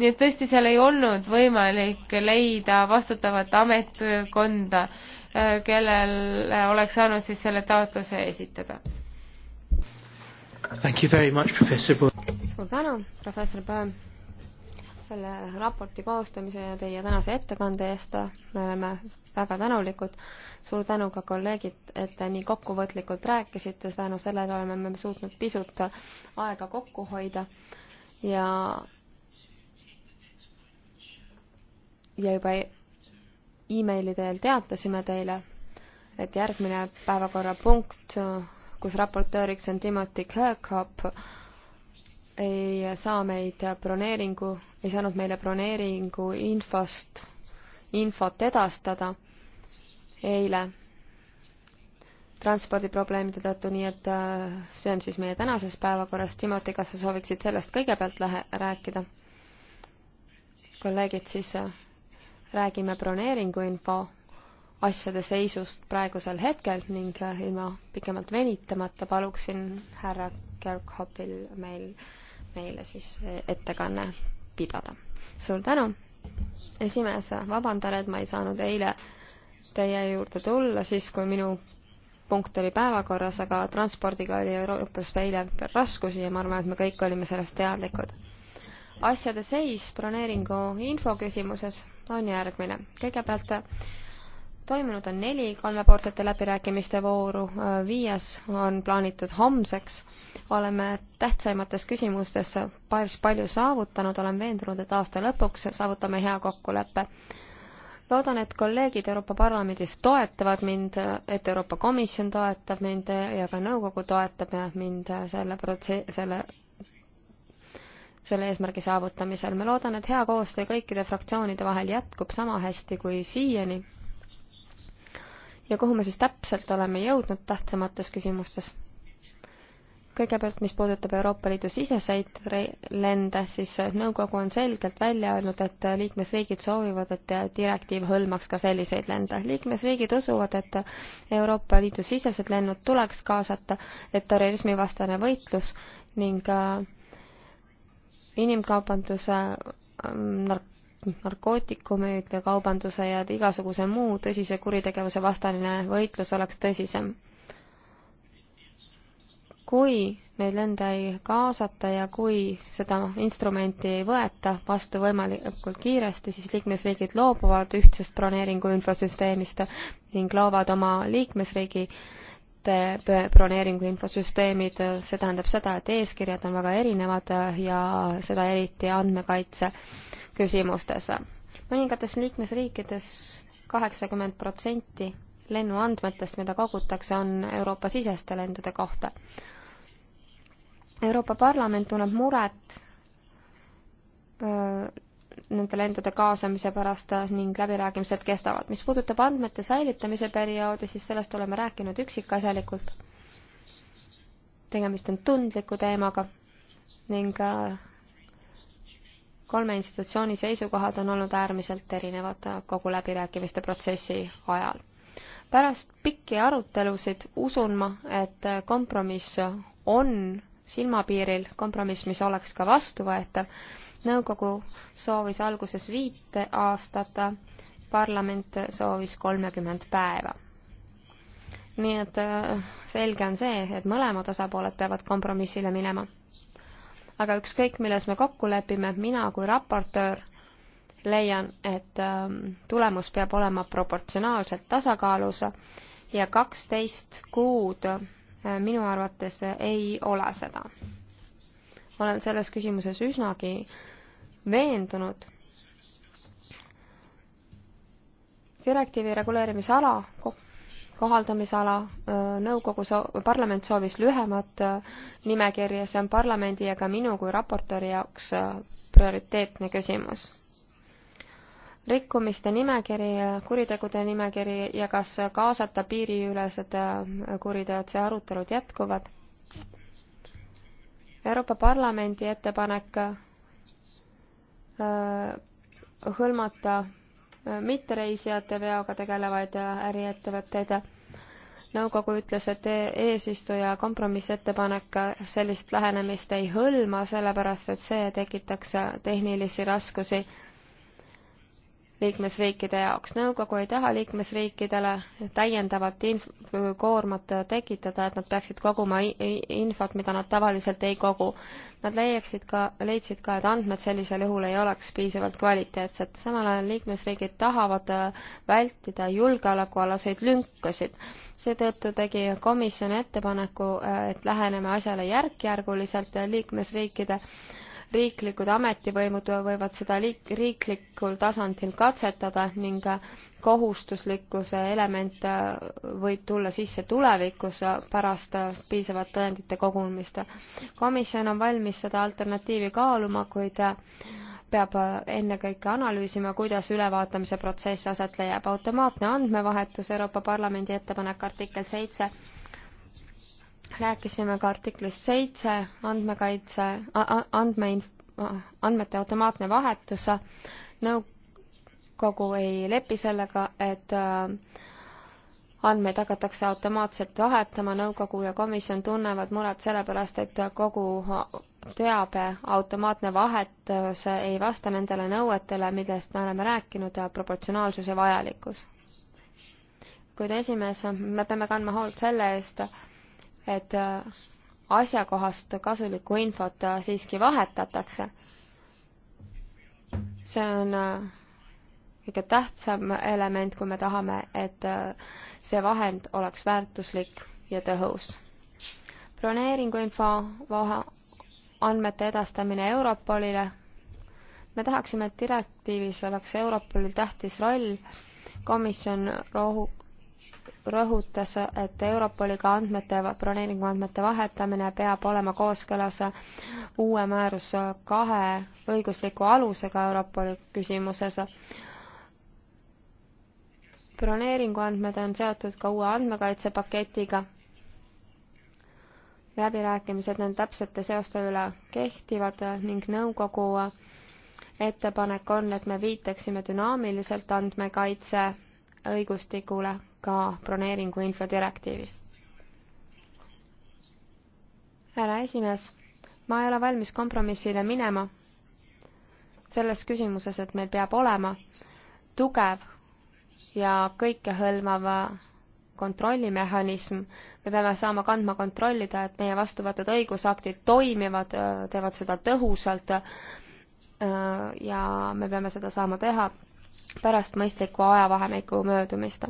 nii et tõesti seal ei olnud võimalik leida vastutavat ametkonda, äh, kellele oleks saanud siis selle taotluse esitada. Thank you very much, Professor Bo- suur tänu, professor Pöö, selle raporti koostamise ja teie tänase ettekande eest. me oleme väga tänulikud. suur tänu ka kolleegid, et te nii kokkuvõtlikult rääkisite, tänu sellele oleme me suutnud pisut aega kokku hoida ja ja juba emaili teel teatasime teile, et järgmine päevakorrapunkt, kus raportööriks on Timothy Kirkhope, ei saa meid broneeringu, ei saanud meile broneeringu infost, infot edastada eile transpordiprobleemide tõttu, nii et äh, see on siis meie tänases päevakorras. Timoti, kas sa sooviksid sellest kõigepealt lähe-, rääkida? kolleegid, siis äh, räägime broneeringuinfo asjade seisust praegusel hetkel ning äh, ilma pikemalt venitamata paluksin härra Kirkhopil meil meile siis eh, ettekanne pidada. suur tänu, esimees, vabandan, et ma ei saanud eile teie juurde tulla, siis kui minu punkt oli päevakorras, aga transpordiga oli Euroopas eile raskusi ja ma arvan, et me kõik olime sellest teadlikud. asjade seis broneeringu info küsimuses on järgmine. kõigepealt toimunud on neli kolmepoolsete läbirääkimiste vooru, viies on plaanitud homseks. oleme tähtsaimates küsimustes päris palju saavutanud, olen veendunud, et aasta lõpuks saavutame hea kokkuleppe. loodan, et kolleegid Euroopa Parlamendis toetavad mind, et Euroopa Komisjon toetab mind ja ka nõukogu toetab mind selle protse-, selle selle eesmärgi saavutamisel. ma loodan, et hea koostöö kõikide fraktsioonide vahel jätkub sama hästi kui siiani ja kuhu me siis täpselt oleme jõudnud tähtsamates küsimustes? kõigepealt, mis puudutab Euroopa Liidu siseseid lende, siis nõukogu on selgelt välja öelnud, et liikmesriigid soovivad, et direktiiv hõlmaks ka selliseid lende. liikmesriigid usuvad, et Euroopa Liidu sisesed lennud tuleks kaasata, et terrorismivastane võitlus ning äh, inimkaubanduse äh, nark-, narkootikumeid, kaubanduse ja igasuguse muu tõsise kuritegevuse vastaline võitlus oleks tõsisem. kui neid lende ei kaasata ja kui seda instrumenti ei võeta vastu võimalikult kiiresti, siis liikmesriigid loobuvad ühtsest broneeringu infosüsteemist ning loovad oma liikmesriigi ette broneeringu infosüsteemid, see tähendab seda, et eeskirjad on väga erinevad ja seda eriti andmekaitse küsimustes. mõningates liikmesriikides kaheksakümmend protsenti lennuandmetest, mida kogutakse, on Euroopa-siseste lendude kohta. Euroopa Parlament tunneb muret öö, nende lendude kaasamise pärast ning läbirääkimised kestavad. mis puudutab andmete säilitamise perioodi, siis sellest oleme rääkinud üksikasjalikult. tegemist on tundliku teemaga ning kolme institutsiooni seisukohad on olnud äärmiselt erinevad kogu läbirääkimiste protsessi ajal. pärast pikki arutelusid usun ma, et kompromiss on silmapiiril, kompromiss, mis oleks ka vastuvõetav. nõukogu soovis alguses viite aastat, parlament soovis kolmekümmend päeva. nii et äh, selge on see, et mõlemad osapooled peavad kompromissile minema aga ükskõik, milles me kokku lepime, mina kui raportöör leian, et ähm, tulemus peab olema proportsionaalselt tasakaalus ja kaksteist kuud äh, minu arvates ei ole seda. olen selles küsimuses üsnagi veendunud. direktiivi reguleerimisala kohaldamisala, nõukogu soo-, parlament soovis lühemat nimekirja, see on parlamendi ja ka minu kui raportööri jaoks prioriteetne küsimus. rikkumiste nimekiri, kuritegude nimekiri ja kas kaasata piiriülesed kuriteod, see arutelud jätkuvad. Euroopa Parlamendi ettepanek hõlmata mittereisijate veoga tegelevaid äriettevõtteid. nõukogu ütles, et eesistuja kompromissettepanek sellist lähenemist ei hõlma, sellepärast et see tekitaks tehnilisi raskusi liikmesriikide jaoks. nõukogu ei taha liikmesriikidele täiendavat inf-, koormat tekitada, et nad peaksid koguma infot, mida nad tavaliselt ei kogu. Nad leiaksid ka, leidsid ka, et andmed sellisel juhul ei oleks piisavalt kvaliteetsed. samal ajal liikmesriigid tahavad äh, vältida julgeolekualaseid lünkasid. seetõttu tegi komisjon ettepaneku, äh, et läheneme asjale järk-järguliselt liikmesriikide riiklikud ametivõimud võivad seda liik-, riiklikul tasandil katsetada ning kohustuslikkuse element äh, võib tulla sisse tulevikus pärast piisavat tõendite kogumist. komisjon on valmis seda alternatiivi kaaluma, kuid äh, peab äh, ennekõike analüüsima, kuidas ülevaatamise protsess aset leiab. automaatne andmevahetus, Euroopa Parlamendi ettepanek artikkel seitse rääkisime ka artiklist seitse andmekaitse, andme, andmete automaatne vahetus. nõukogu ei lepi sellega, et äh, andmeid hakatakse automaatselt vahetama, nõukogu ja komisjon tunnevad muret sellepärast, et kogu teabe automaatne vahetus ei vasta nendele nõuetele, millest me oleme rääkinud, proportsionaalsus ja vajalikkus. kuid esimees, me peame kandma hoolt selle eest, et äh, asjakohast kasulikku infot äh, siiski vahetatakse. see on äh, kõige tähtsam element, kui me tahame, et see vahend oleks väärtuslik ja tõhus. broneeringuinfo andmete edastamine Europolile. me tahaksime, et direktiivis oleks Europolil tähtis roll, komisjon rohu-, rõhutas, et Europoliga andmete, broneeringu andmete vahetamine peab olema kooskõlas uue määruse kahe õigusliku alusega Europoli küsimuses. broneeringu andmed on seotud ka uue andmekaitsepaketiga. läbirääkimised nende täpsete seoste üle kehtivad ning nõukogu ettepanek on, et me viitaksime dünaamiliselt andmekaitse õigustikule ka broneeringu infodirektiivis. härra esimees, ma ei ole valmis kompromissile minema selles küsimuses, et meil peab olema tugev ja kõikehõlmav kontrollimehhanism, me peame saama kandma kontrollida, et meie vastu võetud õigusaktid toimivad, teevad seda tõhusalt ja me peame seda saama teha pärast mõistliku ajavahemiku möödumist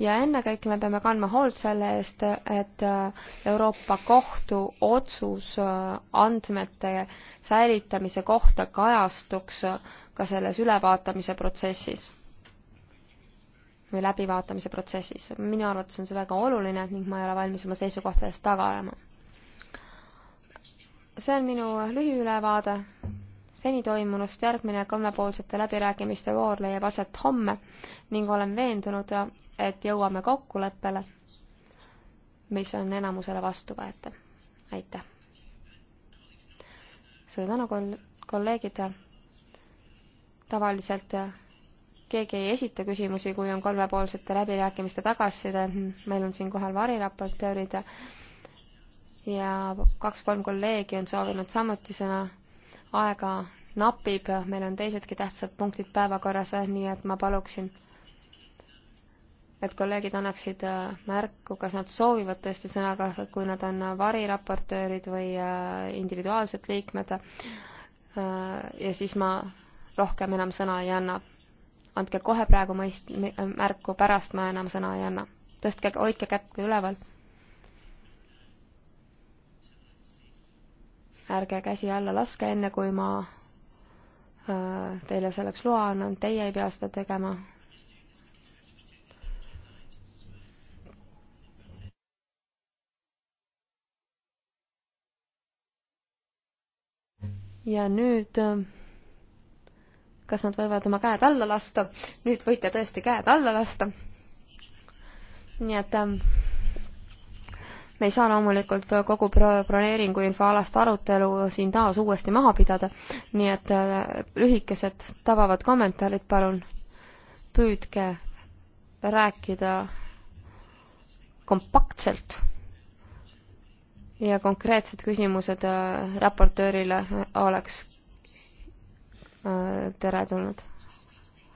ja ennekõike me peame kandma hoolt selle eest, et äh, Euroopa Kohtu otsus äh, andmete säilitamise kohta kajastuks äh, ka selles ülevaatamise protsessis või läbivaatamise protsessis. minu arvates on see väga oluline ning ma ei ole valmis oma seisukohtadest taga olema. see on minu lühiülevaade seni toimunust järgmine kolmepoolsete läbirääkimiste voor leiab aset homme ning olen veendunud, et jõuame kokkuleppele, mis on enamusele vastuvõetav. aitäh! suur tänu, kolleegid! tavaliselt keegi ei esita küsimusi, kui on kolmepoolsete läbirääkimiste tagasiside, meil on siinkohal variraportöörid ja kaks-kolm kolleegi on soovinud samuti sõna, aega napib, meil on teisedki tähtsad punktid päevakorras, nii et ma paluksin et kolleegid annaksid äh, märku, kas nad soovivad tõesti sõna kaasa, kui nad on äh, variraportöörid või äh, individuaalsed liikmed. ja siis ma rohkem enam sõna ei anna. andke kohe praegu mõist-, märku, pärast ma enam sõna ei anna. tõstke, hoidke kätt üleval. ärge käsi alla laske, enne kui ma teile selleks loa annan, teie ei pea seda tegema, ja nüüd, äh, kas nad võivad oma käed alla lasta? nüüd võite tõesti käed alla lasta. nii et ähm, me ei saa loomulikult kogu broneeringu infoalast arutelu siin taas uuesti maha pidada, nii et äh, lühikesed tabavad kommentaarid, palun püüdke rääkida kompaktselt ja konkreetsed küsimused äh, raportöörile äh, oleks äh, teretulnud.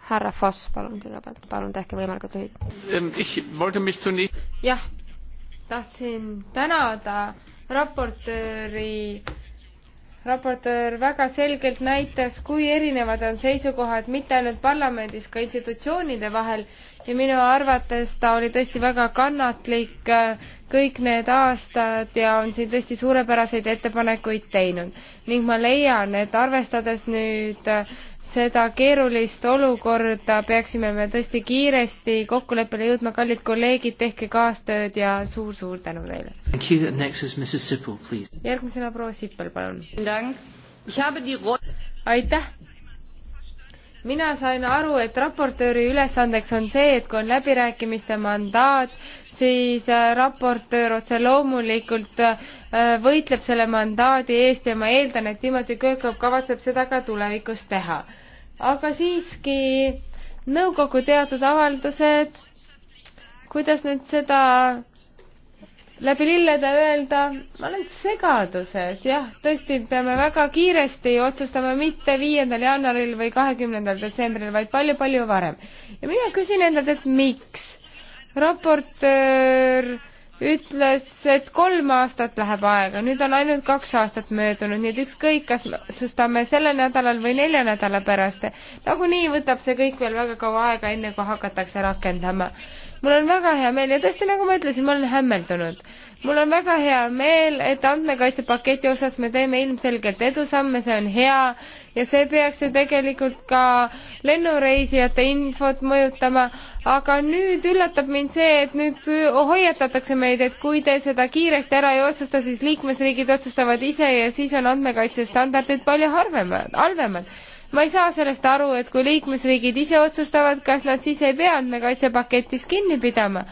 härra Foss, palun kõigepealt, palun tehke võimalikult lühidalt. Ähm, jah, tahtsin tänada raportööri raportöör väga selgelt näitas, kui erinevad on seisukohad mitte ainult parlamendis, ka institutsioonide vahel ja minu arvates ta oli tõesti väga kannatlik äh, kõik need aastad ja on siin tõesti suurepäraseid ettepanekuid teinud. ning ma leian, et arvestades nüüd äh, seda keerulist olukorda peaksime me tõesti kiiresti kokkuleppele jõudma, kallid kolleegid, tehke kaastööd ja suur-suur tänu teile. järgmisena proua Sippel, palun. aitäh mina sain aru, et raportööri ülesandeks on see, et kui on läbirääkimiste mandaat, siis äh, raportöör otse loomulikult äh, võitleb selle mandaadi eest ja ma eeldan, et Timothy Kirkhope kavatseb seda ka tulevikus teha. aga siiski nõukogu teatud avaldused, kuidas nüüd seda läbi lillede öelda, ma olen segaduses, jah, tõesti, peame väga kiiresti otsustama, mitte viiendal jaanuaril või kahekümnendal detsembril, vaid palju-palju varem. ja mina küsin endalt, et miks? raportöör ütles, et kolm aastat läheb aega, nüüd on ainult kaks aastat möödunud, nii et ükskõik, kas me otsustame sellel nädalal või nelja nädala pärast, nagunii võtab see kõik veel väga kaua aega, enne kui hakatakse rakendama mul on väga hea meel ja tõesti, nagu ma ütlesin, ma olen hämmeldunud. mul on väga hea meel, et andmekaitsepaketi osas me teeme ilmselgelt edusamme, see on hea ja see peaks ju tegelikult ka lennureisijate infot mõjutama, aga nüüd üllatab mind see, et nüüd hoiatatakse meid, et kui te seda kiiresti ära ei otsusta, siis liikmesriigid otsustavad ise ja siis on andmekaitsestandardid palju harvemad, halvemad ma ei saa sellest aru, et kui liikmesriigid ise otsustavad, kas nad siis ei pea andmekaitsepaketist kinni pidama.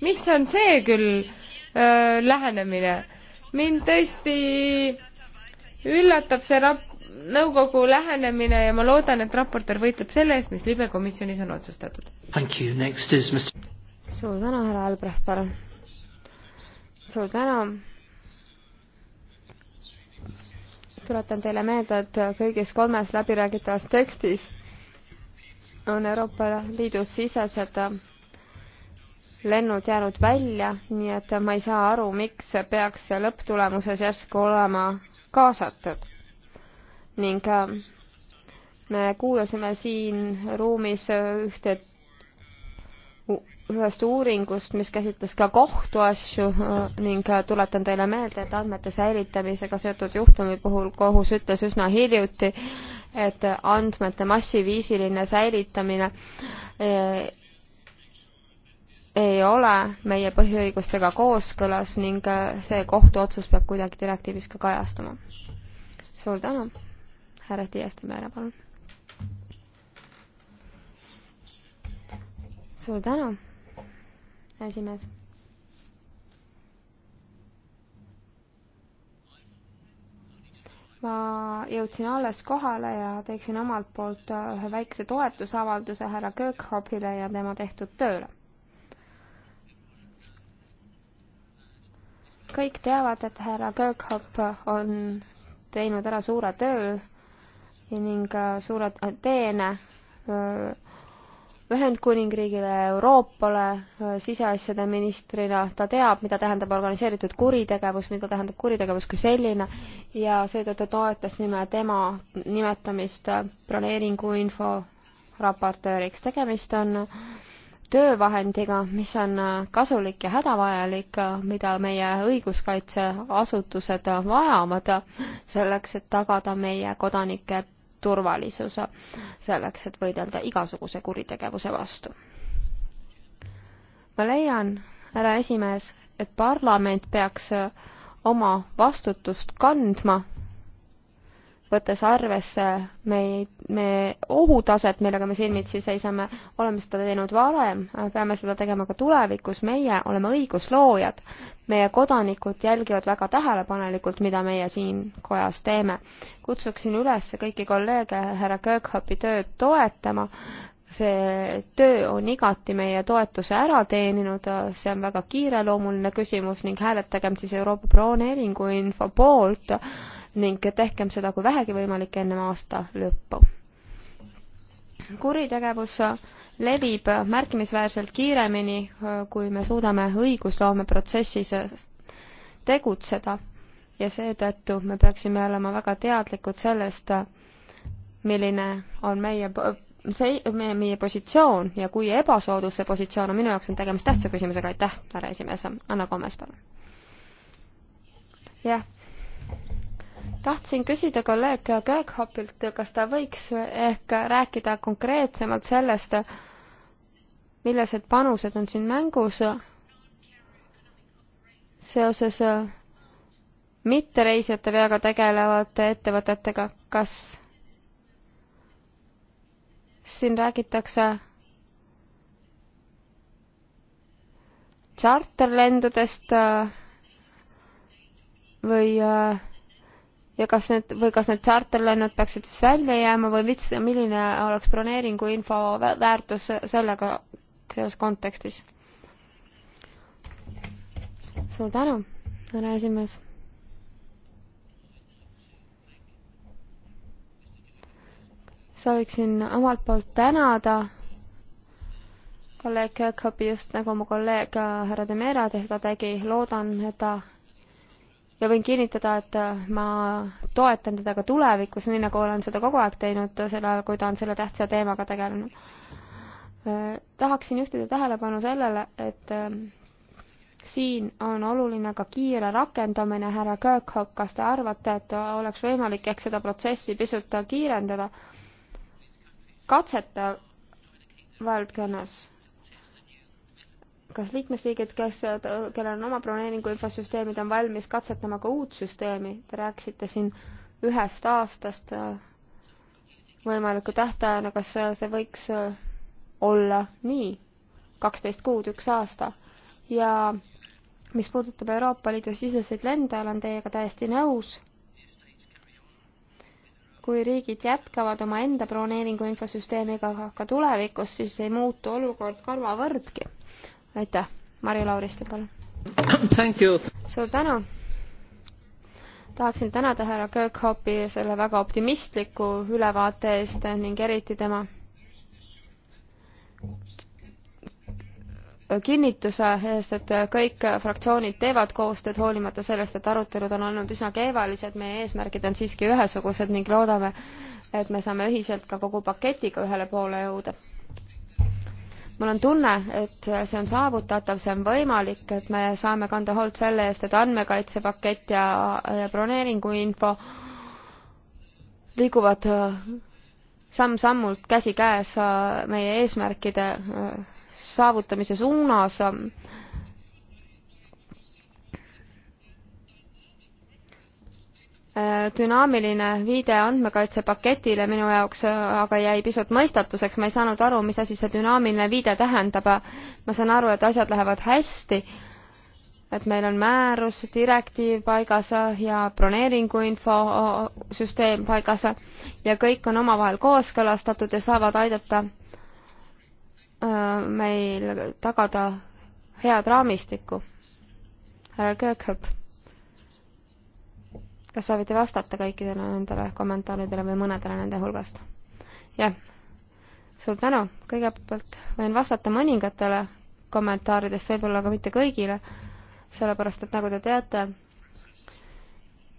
mis on see küll äh, lähenemine? mind tõesti üllatab see rap-, nõukogu lähenemine ja ma loodan, et raportöör võitleb selle eest, mis libe komisjonis on otsustatud. suur tänu, härra Albrecht, palun. suur tänu tuletan teile meelde, et kõigis kolmes läbiräägitavas tekstis on Euroopa Liidu sisesed lennud jäänud välja, nii et ma ei saa aru, miks peaks see lõpptulemuses järsku olema kaasatud. ning äh, me kuulasime siin ruumis ühte ühest uuringust, mis käsitles ka kohtuasju äh, ning äh, tuletan teile meelde, et andmete säilitamisega seotud juhtumi puhul kohus ütles üsna hiljuti, et andmete massiviisiline säilitamine äh, ei ole meie põhiõigustega kooskõlas ning see kohtuotsus peab kuidagi direktiivis ka kajastuma. suur tänu, härra Tiiestemäe, palun. suur tänu esimees. ma jõudsin alles kohale ja teeksin omalt poolt äh, ühe väikse toetusavalduse härra Kirkhopile ja tema tehtud tööle kõik teavad, et härra Kirkhope on teinud ära suure töö ning äh, suure teene äh, Ühendkuningriigile, Euroopale äh, siseasjade ministrina, ta teab, mida tähendab organiseeritud kuritegevus, mida tähendab kuritegevus kui selline ja seetõttu toetasime tema nimetamist äh, broneeringu info raportööriks. tegemist on äh, töövahendiga, mis on kasulik ja hädavajalik, mida meie õiguskaitseasutused vajavad selleks, et tagada meie kodanike turvalisus selleks, et võidelda igasuguse kuritegevuse vastu. ma leian, härra esimees, et parlament peaks oma vastutust kandma võttes arvesse meid, me ohutaset, millega me silmitsi seisame, oleme seda teinud varem, peame seda tegema ka tulevikus, meie oleme õigusloojad. meie kodanikud jälgivad väga tähelepanelikult, mida meie siin kojas teeme. kutsuksin üles kõiki kolleege härra Kirkhopi tööd toetama, see töö on igati meie toetuse ära teeninud, see on väga kiireloomuline küsimus ning hääletagem siis Euroopa broneeringu info poolt ning tehkem seda kui vähegi võimalik enne aasta lõppu. kuritegevus levib märkimisväärselt kiiremini, kui me suudame õigusloomeprotsessis tegutseda ja seetõttu me peaksime olema väga teadlikud sellest, milline on meie see, meie, meie positsioon ja kui ebasoodus see positsioon on, minu jaoks on tegemist tähtsa küsimusega, aitäh, härra esimees, Anna Komes, palun. jah, tahtsin küsida kolleeg Kirkhopilt, kas ta võiks ehk rääkida konkreetsemalt sellest, millised panused on siin mängus seoses mittereisijate veaga tegelevate ettevõtetega, kas siin räägitakse tšarterlendudest või ja kas need või kas need tšarterlennud peaksid siis välja jääma või mis, milline oleks broneeringu info väärtus sellega, selles kontekstis? suur tänu, härra esimees. sooviksin omalt poolt tänada kolleeg Jakobi, just nagu mu kolleeg äh, härra Demera te seda tegi, loodan, et ta ja võin kinnitada, et äh, ma toetan teda ka tulevikus, nii nagu olen seda kogu aeg teinud, sel ajal, kui ta on selle tähtsa teemaga tegelenud. Äh, tahaksin juhtida tähelepanu sellele, et äh, siin on oluline ka kiire rakendamine, härra Kirkhope, kas te arvate, et oleks võimalik ehk seda protsessi pisut kiirendada? katsete valdkonnas kas liikmesriigid, kes, kellel on oma broneeringu infosüsteemid, on valmis katsetama ka uut süsteemi? Te rääkisite siin ühest aastast võimaliku tähtajana, kas see võiks olla nii, kaksteist kuud, üks aasta? ja mis puudutab Euroopa Liidu siseseid lende, olen teiega täiesti nõus. kui riigid jätkavad omaenda broneeringu infosüsteemiga ka tulevikus, siis ei muutu olukord karvavõrdki aitäh, Marju Lauriste, palun. suur tänu. tahaksin tänada härra Kirkhopi selle väga optimistliku ülevaate eest ning eriti tema kinnituse eest, et kõik fraktsioonid teevad koostööd, hoolimata sellest, et arutelud on olnud üsna keevalised, meie eesmärgid on siiski ühesugused ning loodame, et me saame ühiselt ka kogu paketiga ühele poole jõuda mul on tunne, et see on saavutatav, see on võimalik, et me saame kanda hoolt selle eest, et andmekaitsepakett ja, ja broneeringuinfo liiguvad äh, samm-sammult käsikäes äh, meie eesmärkide äh, saavutamise suunas dünaamiline viide andmekaitsepaketile minu jaoks äh, aga jäi pisut mõistatuseks, ma ei saanud aru, mis asi see dünaamiline viide tähendab. ma saan aru, et asjad lähevad hästi, et meil on määrus, direktiiv paigas ja broneeringu infosüsteem paigas ja kõik on omavahel kooskõlastatud ja saavad aidata äh, meil tagada head raamistikku. härra Köökhõpp kas soovite vastata kõikidele nendele kommentaaridele või mõnedele nende hulgast? jah, suur tänu, kõigepealt võin vastata mõningatele kommentaaridest, võib-olla ka mitte kõigile, sellepärast et nagu te teate,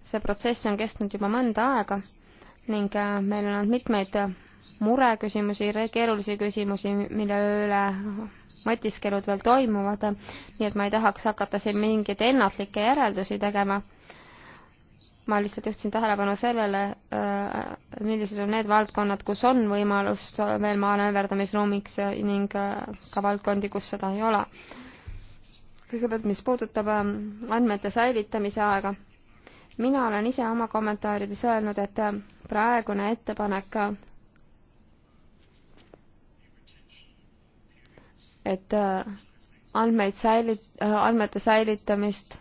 see protsess on kestnud juba mõnda aega ning äh, meil on olnud mitmeid mureküsimusi, keerulisi küsimusi, mille üle mõtiskelud veel toimuvad, nii et ma ei tahaks hakata siin mingeid ennatlikke järeldusi tegema ma lihtsalt juhtisin tähelepanu sellele, äh, millised on need valdkonnad, kus on võimalus äh, veel manööverdamisruumiks äh, ning ka valdkondi, kus seda ei ole. kõigepealt, mis puudutab ähm, andmete säilitamise aega, mina olen ise oma kommentaarides öelnud, et praegune ettepanek, et andmeid säilit-, andmete säilitamist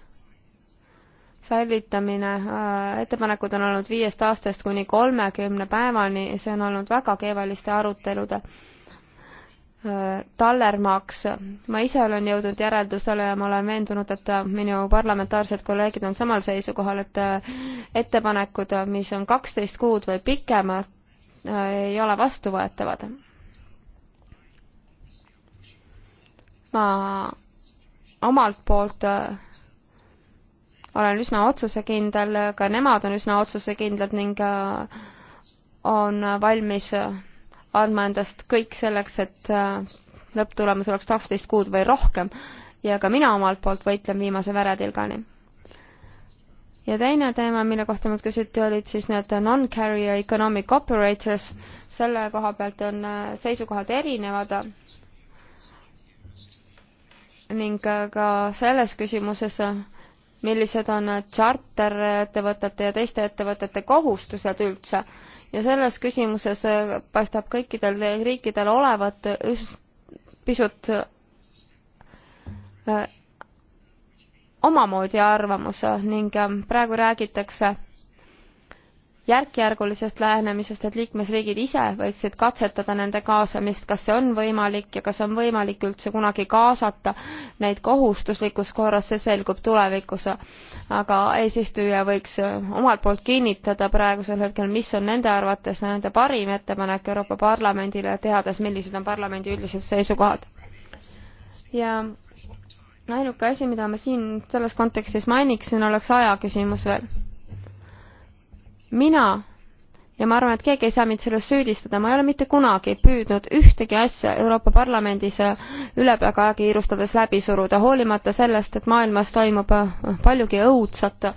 säilitamine, äh, ettepanekud on olnud viiest aastast kuni kolmekümne päevani, see on olnud väga keevaliste arutelude äh, tallermaks. ma ise olen jõudnud järeldusele ja ma olen veendunud, et minu parlamentaarsed kolleegid on samal seisukohal, et äh, ettepanekud, mis on kaksteist kuud või pikemad, ei ole vastuvõetavad. ma omalt poolt olen üsna otsusekindel, ka nemad on üsna otsusekindlad ning äh, on valmis äh, andma endast kõik selleks, et äh, lõpptulemus oleks kaksteist kuud või rohkem ja ka mina omalt poolt võitlen viimase veretilgani. ja teine teema, mille kohta mult küsiti, olid siis need non-carrier economic operators, selle koha pealt on seisukohad erinevad ning ka selles küsimuses millised on tšarterettevõtete ja teiste ettevõtete kohustused üldse ja selles küsimuses äh, paistab kõikidel riikidel olevat pisut äh, omamoodi arvamus ning äh, praegu räägitakse järk-järgulisest lähenemisest, et liikmesriigid ise võiksid katsetada nende kaasamist, kas see on võimalik ja kas on võimalik üldse kunagi kaasata neid kohustuslikus korras, see selgub tulevikus. aga eesistuja võiks omalt poolt kinnitada praegusel hetkel, mis on nende arvates nende parim ettepanek Euroopa Parlamendile, teades, millised on parlamendi üldised seisukohad. ja ainuke asi, mida ma siin selles kontekstis mainiksin, oleks aja küsimus veel mina ja ma arvan, et keegi ei saa mind selles süüdistada, ma ei ole mitte kunagi püüdnud ühtegi asja Euroopa Parlamendis ülepea kiirustades läbi suruda, hoolimata sellest, et maailmas toimub paljugi õudsat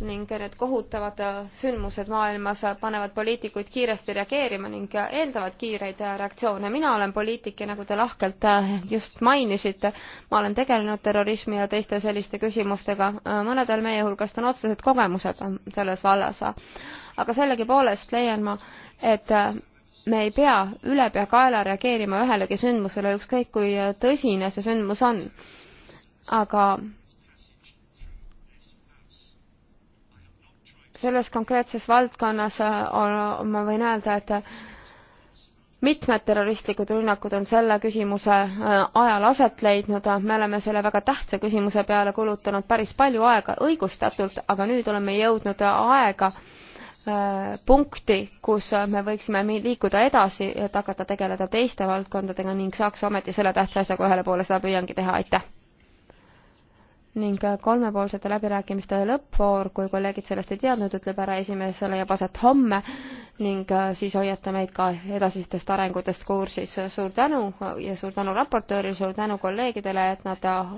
ning need kohutavad äh, sündmused maailmas äh, panevad poliitikuid kiiresti reageerima ning äh, eeldavad kiireid reaktsioone. mina olen poliitik ja nagu te lahkelt just mainisite, ma olen tegelenud terrorismi ja teiste selliste küsimustega. mõnedel meie hulgast on otsesed kogemused selles vallas. aga sellegipoolest leian ma, et me ei pea ülepeakaela reageerima ühelegi sündmusele, ükskõik kui tõsine see sündmus on. aga selles konkreetses valdkonnas äh, on, ma võin öelda, et äh, mitmed terroristlikud rünnakud on selle küsimuse äh, ajal aset leidnud, me oleme selle väga tähtsa küsimuse peale kulutanud päris palju aega õigustatult, aga nüüd oleme jõudnud aega, punkti, kus me võiksime liikuda edasi, et hakata tegeleda teiste valdkondadega ning saaks ometi selle tähtsa asjaga ühele poole, seda püüangi teha, aitäh! ning kolmepoolsete läbirääkimiste lõppvoor, kui kolleegid sellest ei teadnud, ütleb härra esimees, leiab aset homme ning äh, siis hoiate meid ka edasistest arengutest kursis. suur tänu ja suur tänu raportööril, suur tänu kolleegidele, et nad äh,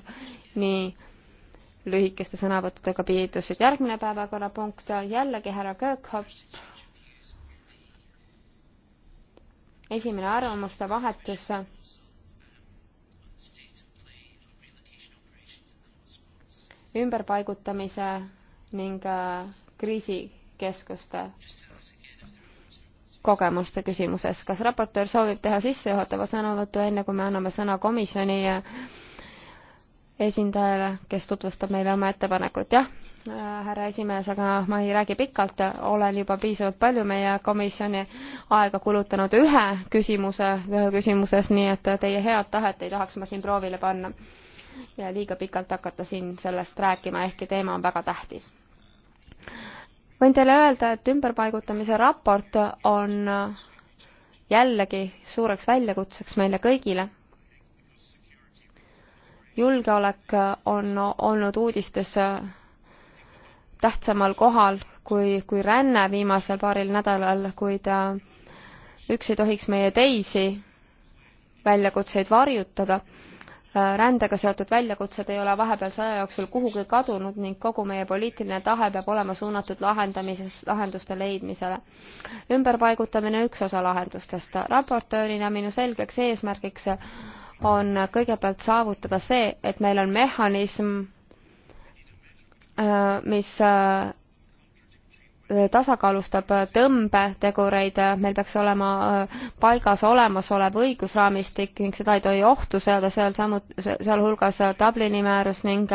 nii lühikeste sõnavõttudega piirdusid. järgmine päevakorrapunkt jällegi härra Kirkhoff. esimene arvamuste vahetus ümberpaigutamise ning äh, kriisikeskuste kogemuste küsimuses. kas raportöör soovib teha sissejuhatava sõnavõtu, enne kui me anname sõna komisjoni äh, esindajale, kes tutvustab meile oma ettepanekut, jah? Äh, härra esimees, aga ma ei räägi pikalt, olen juba piisavalt palju meie komisjoni aega kulutanud ühe küsimuse, küsimuses, nii et teie head tahet ei tahaks ma siin proovile panna ja liiga pikalt hakata siin sellest rääkima, ehkki teema on väga tähtis. võin teile öelda, et ümberpaigutamise raport on jällegi suureks väljakutseks meile kõigile. julgeolek on olnud uudistes tähtsamal kohal kui, kui ränne viimasel paaril nädalal, kuid üks ei tohiks meie teisi väljakutseid varjutada Äh, rändega seotud väljakutsed ei ole vahepealse aja jooksul kuhugi kadunud ning kogu meie poliitiline tahe peab olema suunatud lahendamises, lahenduste leidmisele. ümberpaigutamine on üks osa lahendustest. raportöörina minu selgeks eesmärgiks on kõigepealt saavutada see, et meil on mehhanism, äh, mis äh, Äh, tasakaalustab äh, tõmbetegureid, äh, meil peaks olema paigas olemasolev õigusraamistik ning seda ei tohi ohtu seada, seal samu-, sealhulgas Dublini määrus ning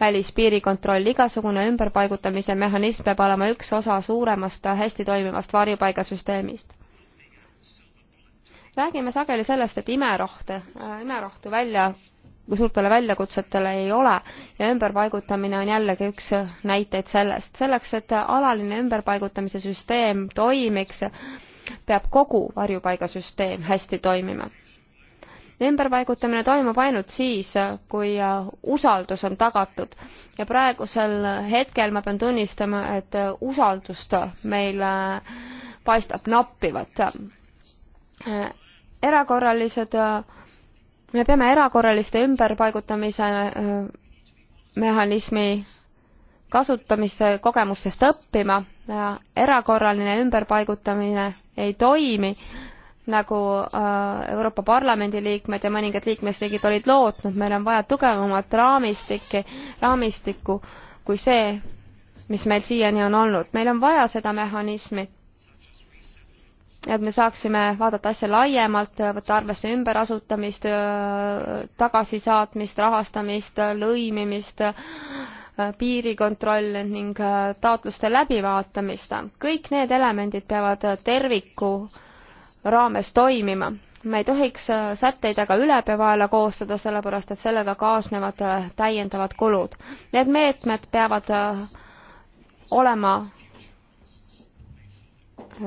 välispiirikontroll. igasugune ümberpaigutamise mehhanism peab olema üks osa suuremast hästi toimivast varjupaigasüsteemist räägime sageli sellest, et imerohte, imerohtu välja suurtele väljakutsetele ei ole ja ümberpaigutamine on jällegi üks näiteid sellest. selleks, et alaline ümberpaigutamise süsteem toimiks, peab kogu varjupaigasüsteem hästi toimima. ümberpaigutamine toimub ainult siis, kui usaldus on tagatud ja praegusel hetkel ma pean tunnistama, et usaldust meil paistab nappivat. erakorralised me peame erakorraliste ümberpaigutamise äh, mehhanismi kasutamisse kogemustest õppima. erakorraline ümberpaigutamine ei toimi, nagu äh, Euroopa Parlamendi liikmed ja mõningad liikmesriigid olid lootnud. meil on vaja tugevamat raamistikki, raamistikku kui see, mis meil siiani on olnud. meil on vaja seda mehhanismi et me saaksime vaadata asja laiemalt, võtta arvesse ümberasutamist, tagasisaatmist, rahastamist, lõimimist, piirikontrolle ning taotluste läbivaatamist. kõik need elemendid peavad terviku raames toimima. me ei tohiks sätteid aga ülepeavaela koostada, sellepärast et sellega kaasnevad täiendavad kulud. Need meetmed peavad olema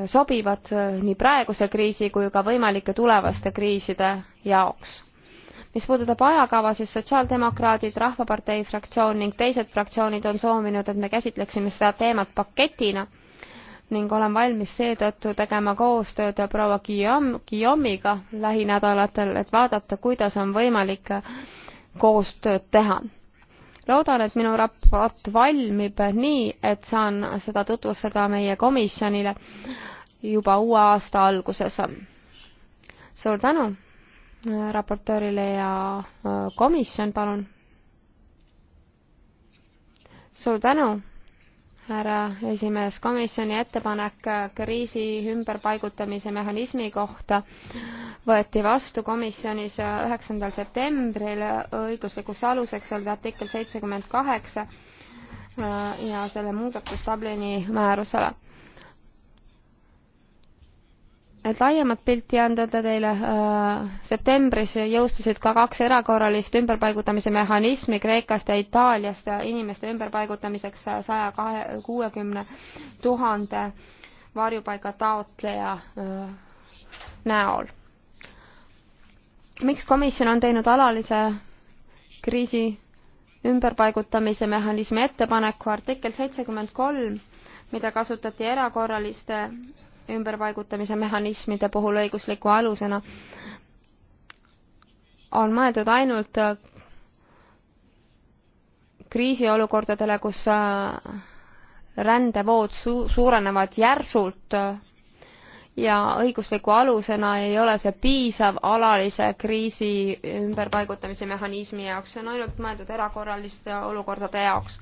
sobivad äh, nii praeguse kriisi kui ka võimalike tulevaste kriiside jaoks. mis puudutab ajakava, siis Sotsiaaldemokraadid, Rahvapartei fraktsioon ning teised fraktsioonid on soovinud, et me käsitleksime seda teemat paketina ning olen valmis seetõttu tegema koostööd proua Guillaume, Guillaume'iga lähinädalatel, et vaadata, kuidas on võimalik koostööd teha loodan, et minu raport valmib nii, et saan seda tutvustada meie komisjonile juba uue aasta alguses. suur tänu äh, raportöörile ja äh, komisjon, palun. suur tänu härra esimees, komisjoni ettepanek kriisi ümberpaigutamise mehhanismi kohta võeti vastu komisjonis üheksandal septembril, õiguslikuks aluseks oli artikkel seitsekümmend kaheksa äh, ja selle muudatus Dublini määrusele et laiemat pilti anda teile, äh, septembris jõustusid ka kaks erakorralist ümberpaigutamise mehhanismi Kreekast ja Itaaliast inimeste ümberpaigutamiseks äh, saja kahe, kuuekümne tuhande varjupaiga taotleja äh, näol. miks komisjon on teinud alalise kriisi ümberpaigutamise mehhanismi ettepaneku artikkel seitsekümmend kolm, mida kasutati erakorraliste ümberpaigutamise mehhanismide puhul õigusliku alusena on mõeldud ainult äh, kriisiolukordadele, kus äh, rändevood su-, suurenevad järsult äh, ja õigusliku alusena ei ole see piisav alalise kriisi ümberpaigutamise mehhanismi jaoks, see on ainult mõeldud erakorraliste olukordade jaoks.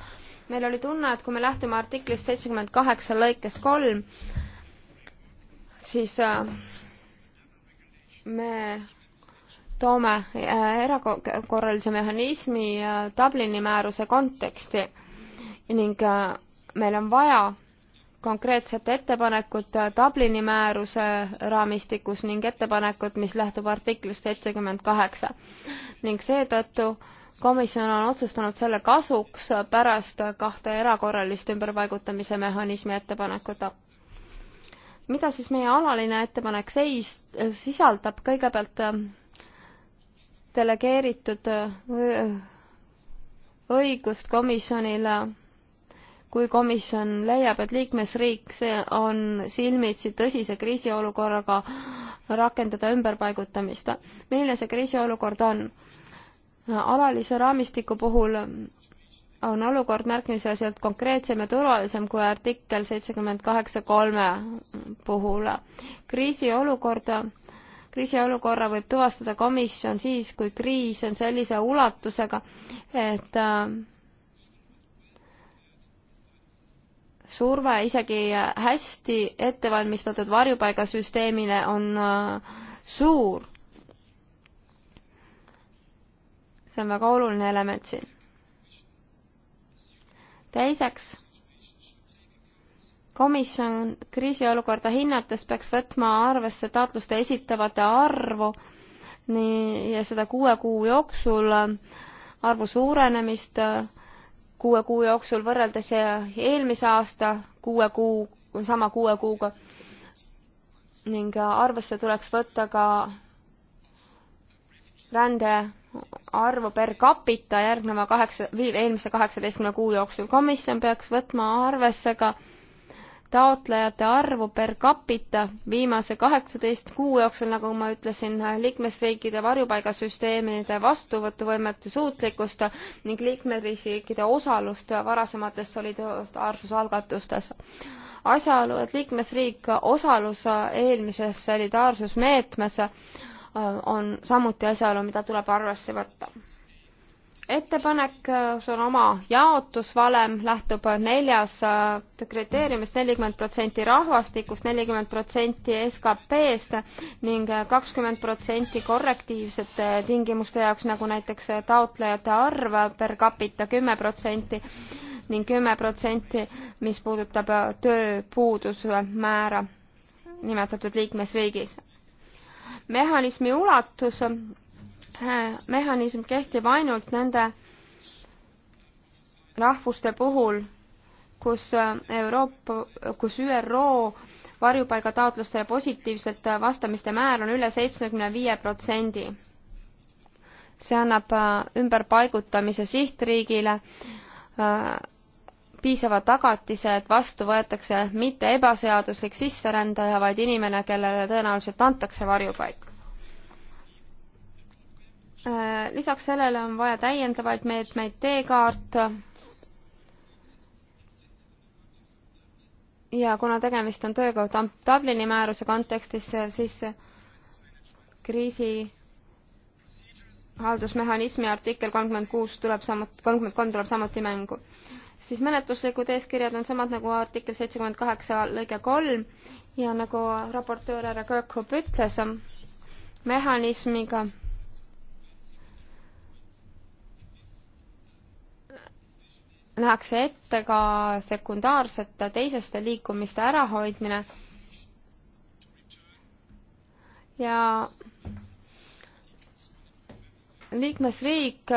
meil oli tunne, et kui me lähtume artiklist seitsekümmend kaheksa lõikest kolm, siis äh, me toome äh, erakorralise mehhanismi äh, Dublini määruse konteksti ning meil on vaja konkreetset ettepanekut Dublini määruse raamistikus ning ettepanekut, mis lähtub artiklist seitsekümmend kaheksa. ning seetõttu komisjon on otsustanud selle kasuks pärast kahte erakorralist ümberpaigutamise mehhanismi ettepanekut mida siis meie alaline ettepanek seis, sisaldab, kõigepealt ähm, delegeeritud äh, õigust komisjonile, kui komisjon leiab, et liikmesriik on silmitsi tõsise kriisiolukorraga, rakendada ümberpaigutamist. milline see kriisiolukord on? alalise raamistiku puhul on olukord märkimisväärselt konkreetsem ja turvalisem kui artikkel seitsekümmend kaheksa kolme puhul. kriisiolukorda, kriisiolukorra võib tuvastada komisjon siis, kui kriis on sellise ulatusega, et äh, surve isegi hästi ettevalmistatud varjupaigasüsteemile on äh, suur. see on väga oluline element siin teiseks, komisjon kriisiolukorda hinnates peaks võtma arvesse taotluste esitavate arvu nii ja seda kuue kuu jooksul, arvu suurenemist kuue kuu jooksul võrreldes eelmise aasta kuue kuu, sama kuue kuuga ning arvesse tuleks võtta ka rände arvu per capita järgneva kaheksa, eelmise kaheksateistkümne kuu jooksul. komisjon peaks võtma arvesse ka taotlejate arvu per capita viimase kaheksateist kuu jooksul, nagu ma ütlesin, liikmesriikide varjupaigasüsteemide vastuvõtuvõimete suutlikkust ning liikmesriikide osalust varasemates solidaarsusalgatustes. asjaolu, et liikmesriik osalus eelmises solidaarsusmeetmes Äh, on samuti asjaolu, mida tuleb arvesse võtta. ettepanek, äh, see on oma jaotusvalem, lähtub neljas äh, kriteeriumist, nelikümmend protsenti rahvastikust, nelikümmend protsenti SKP-st ning kakskümmend protsenti korrektiivsete tingimuste jaoks, nagu näiteks taotlejate arv per capita kümme protsenti ning kümme protsenti, mis puudutab tööpuuduse määra nimetatud liikmesriigis mehhanismi ulatus, mehhanism kehtib ainult nende rahvuste puhul, kus äh, Euroopa, kus ÜRO varjupaigataotlustele positiivselt vastamiste määr on üle seitsmekümne viie protsendi. see annab äh, ümberpaigutamise sihtriigile äh, piisava tagatise, et vastu võetakse mitte ebaseaduslik sisserändaja, vaid inimene, kellele tõenäoliselt antakse varjupaik. Äh, lisaks sellele on vaja täiendavaid meetmeid, teekaart. ja kuna tegemist on tööga Dublini määruse kontekstis, siis kriisi haldusmehhanismi artikkel kolmkümmend kuus tuleb samuti, kolmkümmend kolm tuleb samuti mängu siis menetluslikud eeskirjad on samad nagu artikkel seitsekümmend kaheksa lõige kolm ja nagu raportöör härra Kirkhope ütles, mehhanismiga nähakse ette ka sekundaarsete teiseste liikumiste ärahoidmine ja liikmesriik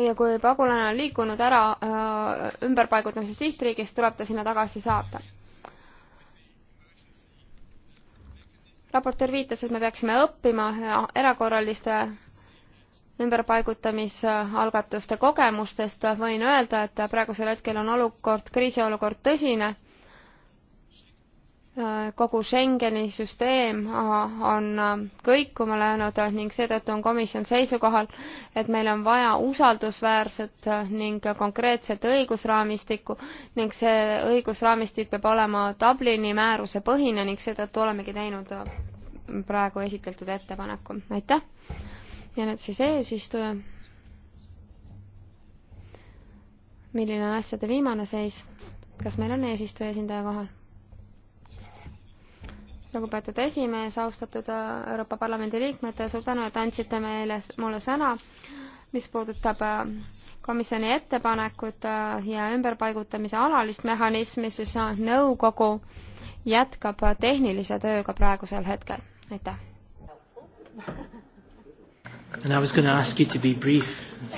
ja kui pagulane on liikunud ära äh, ümberpaigutamise sihtriigist, tuleb ta sinna tagasi saata. raportöör viitas, et me peaksime õppima äh, erakorraliste ümberpaigutamisalgatuste kogemustest. võin öelda, et praegusel hetkel on olukord, kriisiolukord tõsine kogu Schengeni süsteem on kõikuma löönud ning seetõttu on komisjon seisukohal, et meil on vaja usaldusväärset ning konkreetset õigusraamistikku ning see õigusraamistik peab olema Dublini määruse põhine ning seetõttu olemegi teinud praegu esitletud ettepaneku. aitäh! ja nüüd siis eesistuja. milline on asjade viimane seis? kas meil on eesistuja esindaja kohal? lugupeetud esimees, austatud äh, Euroopa Parlamendi liikmed, suur tänu, et andsite meile, mulle sõna, mis puudutab äh, komisjoni ettepanekut äh, ja ümberpaigutamise alalist mehhanismi, siis nõukogu jätkab tehnilise tööga praegusel hetkel. aitäh.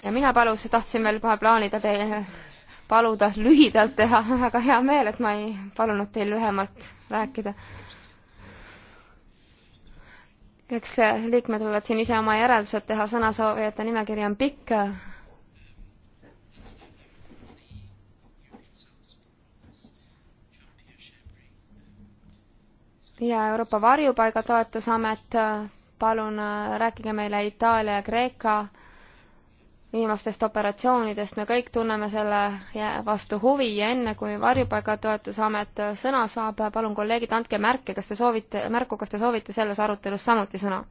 ja mina palus, tahtsin veel kohe plaanida teie, paluda lühidalt teha, väga hea meel, et ma ei palunud teil lühemalt rääkida eks liikmed võivad siin ise oma järeldused teha, sõnasoovijate nimekiri on pikk. ja Euroopa Varjupaigatoetusamet, palun rääkige meile Itaalia ja Kreeka viimastest operatsioonidest, me kõik tunneme selle vastu huvi ja enne, kui Varjupaigatoetusamet sõna saab, palun kolleegid, andke märke, kas te soovite, märku, kas te soovite selles arutelus samuti sõna.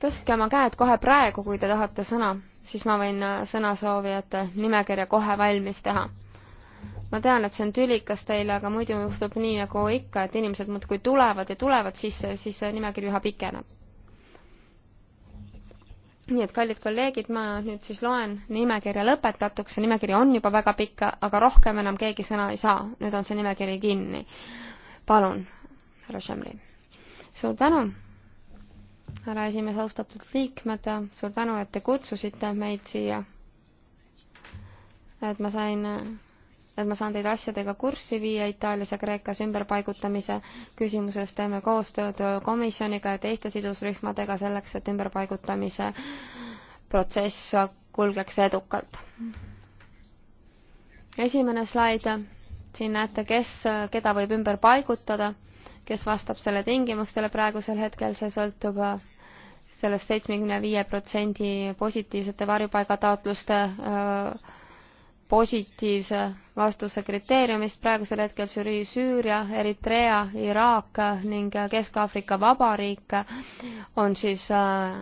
tõstke oma käed kohe praegu, kui te tahate sõna, siis ma võin äh, sõnasoovijate nimekirja kohe valmis teha. ma tean, et see on tülikas teile, aga muidu juhtub nii, nagu ikka, et inimesed muudkui tulevad ja tulevad sisse, siis äh, nimekiri üha pikeneb nii et kallid kolleegid, ma nüüd siis loen nimekirja lõpetatuks, see nimekiri on juba väga pikk, aga rohkem enam keegi sõna ei saa, nüüd on see nimekiri kinni. palun, härra Šemri. suur tänu, härra esimees, austatud liikmed, suur tänu, et te kutsusite meid siia. et ma sain et ma saan teid asjadega kurssi viia Itaalias ja Kreekas ümberpaigutamise küsimuses. teeme koostööd komisjoniga ja teiste sidusrühmadega selleks, et ümberpaigutamise protsess kulgeks edukalt. esimene slaid, siin näete, kes, keda võib ümber paigutada, kes vastab selle tingimustele praegusel hetkel, see sõltub sellest seitsmekümne viie protsendi positiivsete varjupaigataotluste öö, äh, positiivse vastuse kriteeriumist, praegusel hetkel Žürii Süüria, Eritrea, Iraak ning Kesk-Aafrika Vabariik on siis äh,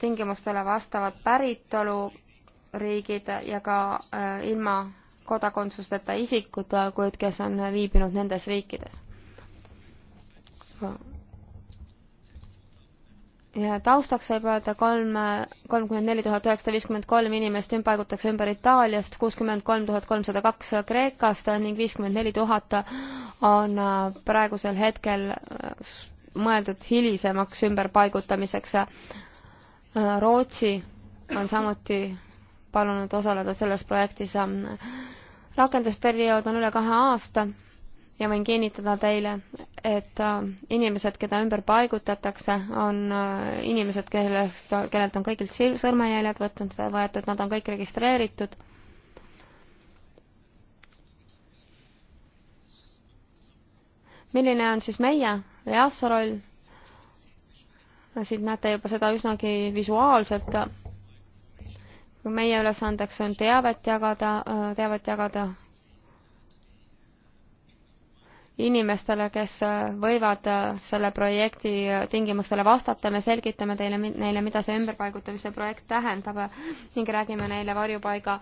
tingimustele vastavad päritoluriigid ja ka äh, ilma kodakondsusteta isikud, äh, kuid kes on viibinud nendes riikides ja taustaks võib öelda kolm, kolmkümmend neli tuhat üheksasada viiskümmend kolm inimest ümberpaigutakse ümber Itaaliast, kuuskümmend kolm tuhat kolmsada kaks Kreekast ning viiskümmend neli tuhat on äh, praegusel hetkel äh, mõeldud hilisemaks ümberpaigutamiseks. Äh, Rootsi on samuti palunud osaleda selles projektis. rakendusperiood on üle kahe aasta ja võin kinnitada teile, et äh, inimesed, keda ümber paigutatakse, on äh, inimesed, kellest, kellelt on kõigilt sõrmejäljed võtnud, võetud, nad on kõik registreeritud. milline on siis meie EASO roll? siit näete juba seda üsnagi visuaalselt. meie ülesandeks on teavet jagada, äh, teavet jagada inimestele, kes äh, võivad äh, selle projekti äh, tingimustele vastata, me selgitame teile, neile, mida see ümberpaigutamise projekt tähendab ning räägime neile varjupaiga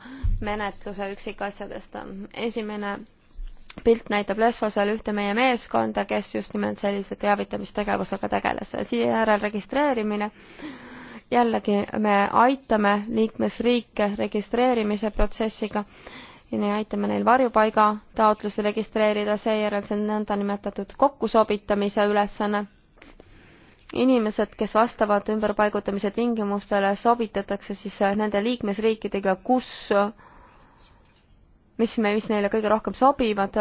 menetluse üksikasjadest. esimene pilt näitab Lesvosel ühte meie meeskonda, kes just nimelt sellise teavitamistegevusega tegeles. seejärel registreerimine jällegi me aitame liikmesriike registreerimise protsessiga ja me aitame neil varjupaiga taotluse registreerida, seejärel see on nõndanimetatud kokkusobitamise ülesanne. inimesed, kes vastavad ümberpaigutamise tingimustele, sobitatakse siis nende liikmesriikidega, kus mis, mis neile kõige rohkem sobivad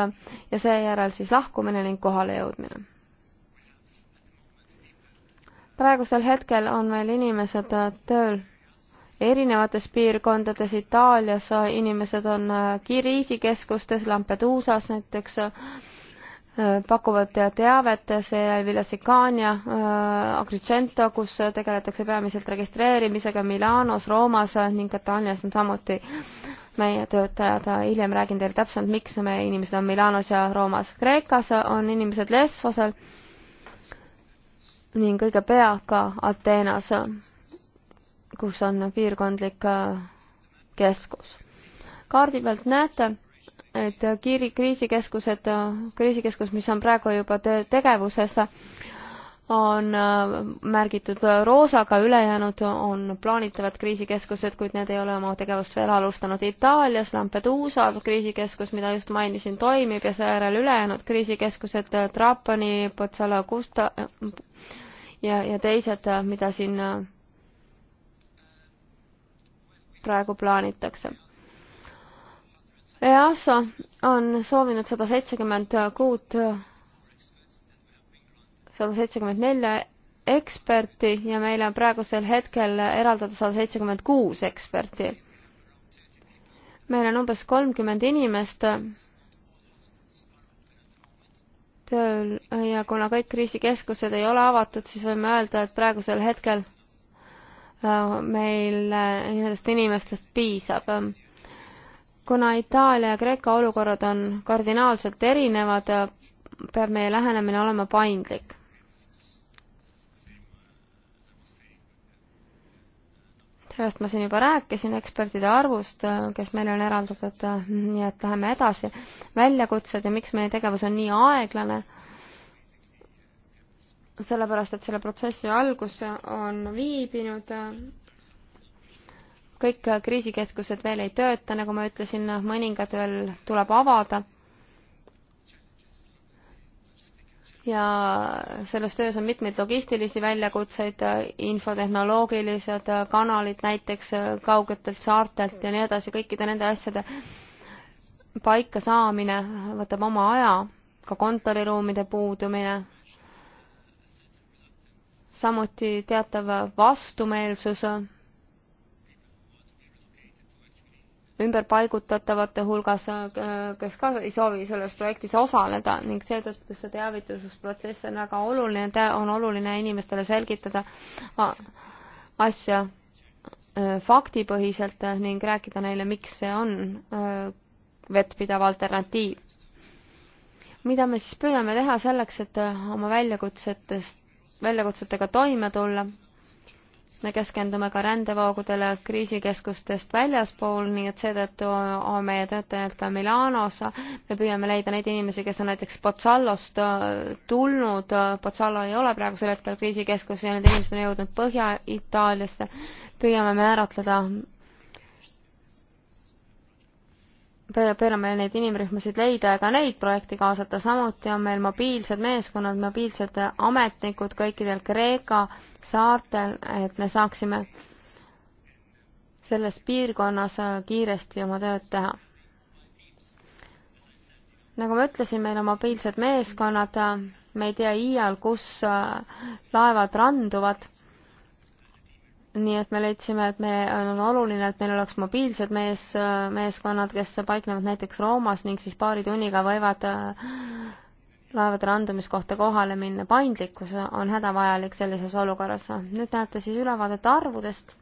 ja seejärel siis lahkumine ning kohalejõudmine. praegusel hetkel on meil inimesed tööl erinevates piirkondades, Itaalias äh, inimesed on äh, kriisikeskustes, Lampeduusas näiteks, äh, pakuvad teavet, seejärel Villa Sicania, Agrigento, kus tegeletakse peamiselt registreerimisega, Milanos, Roomas ning Itaalias on samuti meie töötajad, hiljem räägin teile täpsemalt, miks meie inimesed on Milanos ja Roomas. Kreekas on inimesed Lesvosel ning õige pea ka Ateenas kus on piirkondlik äh, keskus. kaardi pealt näete, et kiiri, kriisikeskused, kriisikeskus, mis on praegu juba te tegevuses, on äh, märgitud roosaga, ülejäänud on plaanitavad kriisikeskused, kuid need ei ole oma tegevust veel alustanud. Itaalias Lampedusa kriisikeskus, mida just mainisin, toimib ja seejärel ülejäänud kriisikeskused Trapani, Pozzolo Gusta ja, ja teised, mida siin äh, praegu plaanitakse. EASA on soovinud sada seitsekümmend kuud, sada seitsekümmend nelja eksperti ja meil on praegusel hetkel eraldatud sada seitsekümmend kuus eksperti. meil on umbes kolmkümmend inimest tööl ja kuna kõik kriisikeskused ei ole avatud, siis võime öelda, et praegusel hetkel Äh, meil äh, nendest inimestest piisab. kuna Itaalia ja Kreeka olukorrad on kardinaalselt erinevad, peab meie lähenemine olema paindlik. sellest ma siin juba rääkisin, ekspertide arvust, äh, kes meile on eraldatud, nii et läheme edasi. väljakutsed ja miks meie tegevus on nii aeglane sellepärast, et selle protsessi algus on viibinud. kõik kriisikeskused veel ei tööta, nagu ma ütlesin, mõningad veel tuleb avada. ja selles töös on mitmeid logistilisi väljakutseid, infotehnoloogilised kanalid näiteks kaugetelt saartelt ja nii edasi, kõikide nende asjade paika saamine võtab oma aja, ka kontoriruumide puudumine samuti teatav vastumeelsus ümberpaigutatavate hulgas, kes ka ei soovi selles projektis osaleda ning seetõttu see teavitusprotsess on väga oluline, on oluline inimestele selgitada asja e, faktipõhiselt ning rääkida neile, miks see on e, vettpidav alternatiiv. mida me siis püüame teha selleks, et oma väljakutsetest väljakutsetega toime tulla. me keskendume ka rändevoogudele kriisikeskustest väljaspool, nii et seetõttu on meie töötajad ka Milanos. me püüame leida neid inimesi, kes on näiteks Pozzallost äh, tulnud, Pozzallo ei ole praegusel hetkel kriisikeskus ja need inimesed on jõudnud Põhja-Itaaliasse. püüame määratleda püüame neid inimrühmasid leida ja ka neid projekti kaasata, samuti on meil mobiilsed meeskonnad, mobiilsed ametnikud kõikidel Kreeka saartel, et me saaksime selles piirkonnas kiiresti oma tööd teha. nagu ma ütlesin, meil on mobiilsed meeskonnad, me ei tea iial, kus laevad randuvad nii et me leidsime, et me, on oluline, et meil oleks mobiilsed mees, meeskonnad, kes paiknevad näiteks Roomas ning siis paari tunniga võivad äh, laevade randumiskohta kohale minna. paindlikkus on hädavajalik sellises olukorras. nüüd näete siis ülevaadet arvudest,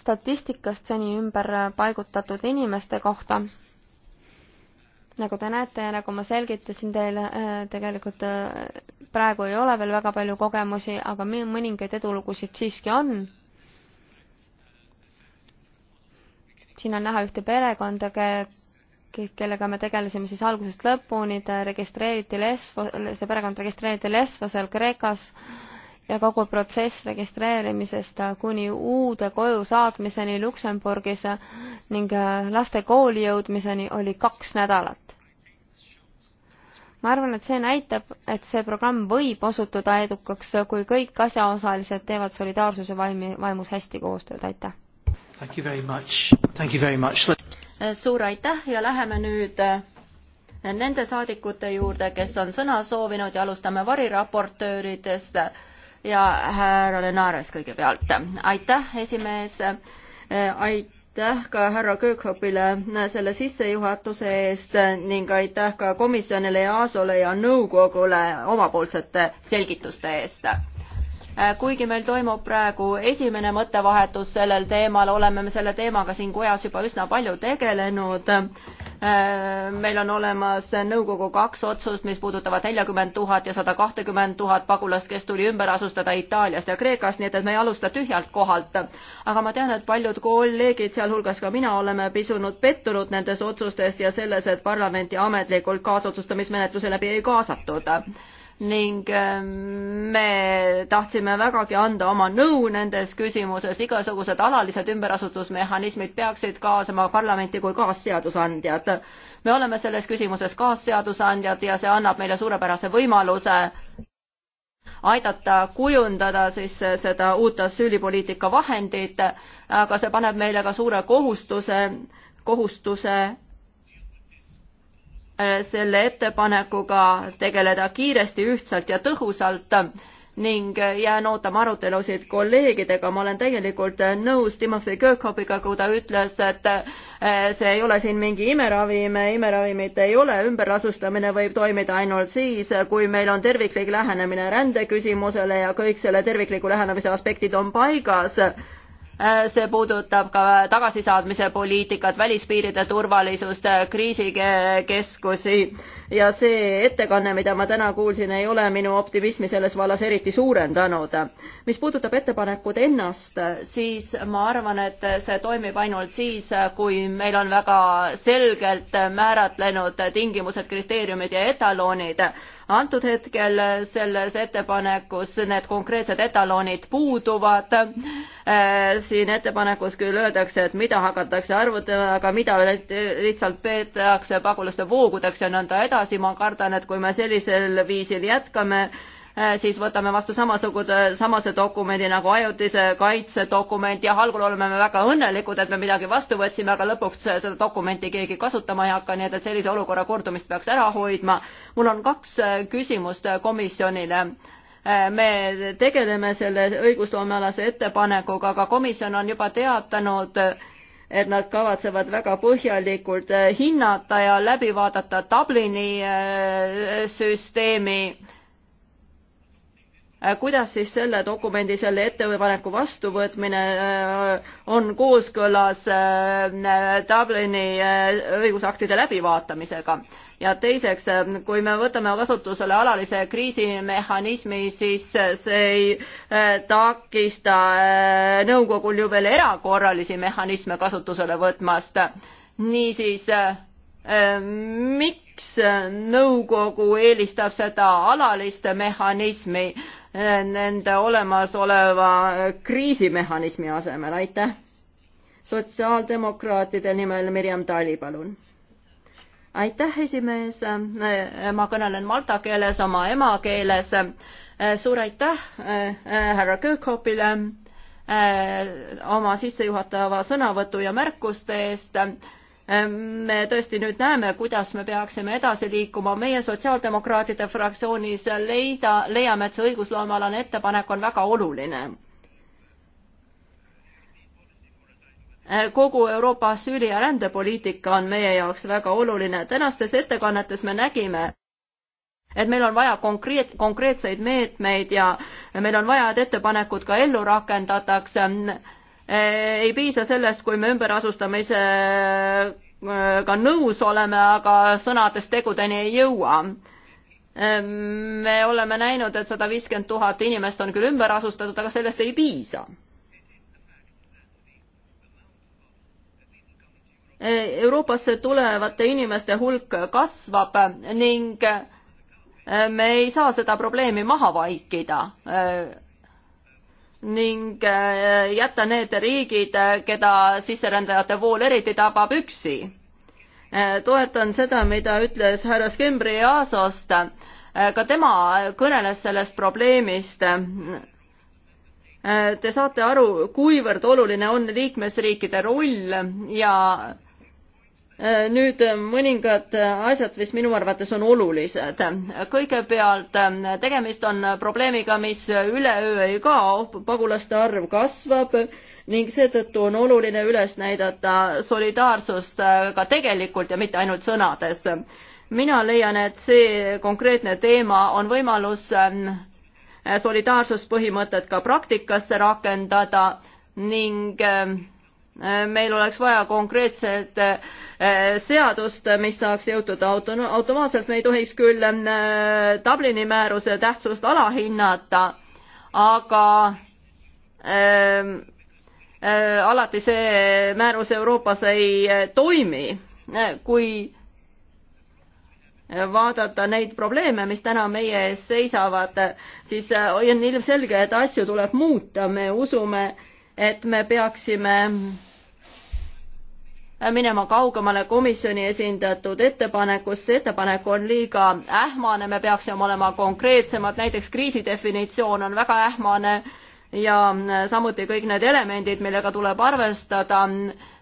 statistikast seni ümber paigutatud inimeste kohta nagu te näete ja nagu ma selgitasin teile, äh, tegelikult äh, praegu ei ole veel väga palju kogemusi, aga mõningaid edulugusid siiski on. siin on näha ühte perekonda, kellega me tegelesime siis algusest lõpuni, ta registreeriti Lesvos, see perekond registreeriti Lesvosel Kreekas äh, ja kogu protsess registreerimisest äh, kuni uude koju saatmiseni Luksemburgis äh, ning äh, laste kooli jõudmiseni oli kaks nädalat. ma arvan, et see näitab, et see programm võib osutuda edukaks, kui kõik asjaosalised teevad solidaarsuse vaimi, vaimus hästi koostööd, aitäh! suur aitäh ja läheme nüüd nende saadikute juurde, kes on sõna soovinud ja alustame variraportööridest ja härra Lenares kõigepealt. aitäh, esimees, aitäh ka härra Köökhopile selle sissejuhatuse eest ning aitäh ka komisjonile ja Aasole ja nõukogule omapoolsete selgituste eest Äh, kuigi meil toimub praegu esimene mõttevahetus sellel teemal, oleme me selle teemaga siin kojas juba üsna palju tegelenud. Äh, meil on olemas nõukogu kaks otsust, mis puudutavad neljakümmend tuhat ja sada kahtekümmend tuhat pagulast, kes tuli ümber asustada Itaaliast ja Kreekast, nii et, et me ei alusta tühjalt kohalt. aga ma tean, et paljud kolleegid, sealhulgas ka mina, oleme pisunud pettunud nendes otsustes ja selles, et parlamenti ametlikult kaasotsustamismenetluse läbi ei kaasatud ning ähm, me tahtsime vägagi anda oma nõu nendes küsimuses, igasugused alalised ümberasutusmehhanismid peaksid kaasama parlamenti kui kaasseadusandjad. me oleme selles küsimuses kaasseadusandjad ja see annab meile suurepärase võimaluse aidata kujundada siis seda uut asüülipoliitika vahendit, aga see paneb meile ka suure kohustuse, kohustuse Äh, selle ettepanekuga tegeleda kiiresti, ühtsalt ja tõhusalt ning äh, jään ootama arutelusid kolleegidega, ma olen täielikult äh, nõus Timothy Kirkhopiga, kui ta ütles, et see ei ole siin mingi imeravim, imeravimit ei ole, ümberasustamine võib toimida ainult siis, kui meil on terviklik lähenemine rändeküsimusele ja kõik selle tervikliku lähenemise aspektid on paigas Äh, see puudutab ka tagasisaatmise poliitikat, välispiiride turvalisust, äh, kriisikeskusi ja see ettekanne, mida ma täna kuulsin, ei ole minu optimismi selles vallas eriti suurendanud. mis puudutab ettepanekut ennast, siis ma arvan, et see toimib ainult siis, kui meil on väga selgelt määratlenud tingimused, kriteeriumid ja etaloonid antud hetkel selles ettepanekus need konkreetsed etaloonid puuduvad. Äh, siin ettepanekus küll öeldakse, et mida hakatakse arvutama, aga mida lihtsalt peetakse pagulaste voogudeks ja nõnda edasi. ma kardan, et kui me sellisel viisil jätkame, Äh, siis võtame vastu samasuguse, äh, samase dokumendi nagu ajutise kaitse dokument, jah, algul oleme me väga õnnelikud, et me midagi vastu võtsime, aga lõpuks äh, seda dokumenti keegi kasutama ei hakka, nii et, et sellise olukorra kordumist peaks ära hoidma. mul on kaks küsimust komisjonile me tegeleme selle õigusloomealase ettepanekuga, aga komisjon on juba teatanud, et nad kavatsevad väga põhjalikult hinnata ja läbi vaadata Dublini süsteemi Äh, kuidas siis selle dokumendi, selle ettepaneku vastuvõtmine äh, on kooskõlas äh, Dublini õigusaktide läbivaatamisega. ja teiseks, kui me võtame kasutusele alalise kriisimehhanismi, siis see ei takista nõukogul ju veel erakorralisi mehhanisme kasutusele võtmast. niisiis miks nõukogu eelistab seda alalist mehhanismi nende olemasoleva kriisimehhanismi asemel, aitäh. sotsiaaldemokraatide nimel Mirjam Tali, palun. aitäh, esimees, ma kõnelen malta keeles, oma emakeeles. suur aitäh härra Kõõkhopile oma sissejuhatava sõnavõtu ja märkuste eest me tõesti nüüd näeme, kuidas me peaksime edasi liikuma. meie sotsiaaldemokraatide fraktsioonis leida, leiame, et see õigusloomealane ettepanek on väga oluline. kogu Euroopa asüüli- ja rändepoliitika on meie jaoks väga oluline. tänastes ettekannetes me nägime, et meil on vaja konkreet-, konkreetseid meetmeid ja meil on vaja, et ettepanekud ka ellu rakendatakse Äh, ei piisa sellest, kui me ümberasustamise äh, ka nõus oleme, aga sõnadest tegudeni ei jõua. Äh, me oleme näinud, et sada viiskümmend tuhat inimest on küll ümber asustatud, aga sellest ei piisa. Euroopasse tulevate inimeste hulk kasvab ning me ei saa seda probleemi maha vaikida ning äh, jätta need riigid, äh, keda sisserändajate vool eriti tabab, üksi. Äh, toetan seda, mida ütles härra Skembri EASO-st. ka tema kõneles sellest probleemist. Te saate aru, kuivõrd oluline on liikmesriikide roll ja Äh, nüüd äh, mõningad äh, asjad, mis minu arvates on olulised. kõigepealt tegemist on probleemiga, mis üleöö ei kao, pagulaste arv kasvab ning seetõttu on oluline üles näidata solidaarsust ka tegelikult ja mitte ainult sõnades. mina leian, et see konkreetne teema on võimalus ähm, solidaarsuspõhimõtet ka praktikasse rakendada ning ähm, meil oleks vaja konkreetset eh, seadust, mis saaks jõutuda auto, automaatselt, me ei tohiks küll eh, Dublini määruse tähtsust alahinnata, aga ähm, äh, alati see määrus Euroopas ei toimi, kui vaadata neid probleeme, mis täna meie ees seisavad, siis on ilmselge, et asju tuleb muuta, me usume, et me peaksime minema kaugemale komisjoni esindatud ettepanekust, see ettepanek on liiga ähmane, me peaksime olema konkreetsemad, näiteks kriisi definitsioon on väga ähmane ja samuti kõik need elemendid, millega tuleb arvestada.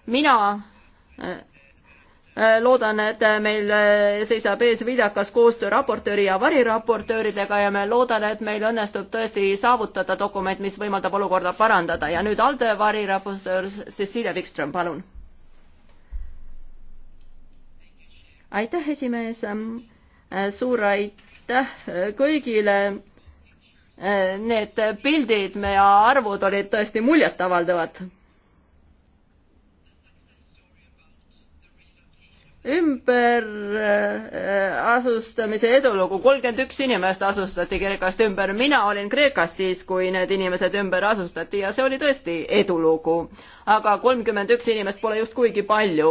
mina äh, loodan, et meil seisab ees viljakas koostöö raportööri ja variraportööridega ja me loodan, et meil õnnestub tõesti saavutada dokument, mis võimaldab olukorda parandada ja nüüd Alde variraportöör Cecilia Wikström, palun aitäh, esimees. Äh, suur aitäh kõigile. Äh, need pildid ja arvud olid tõesti muljetavaldavad. ümberasustamise äh, edulugu, kolmkümmend üks inimest asustati Kreekast ümber, mina olin Kreekas siis, kui need inimesed ümber asustati ja see oli tõesti edulugu. aga kolmkümmend üks inimest pole just kuigi palju.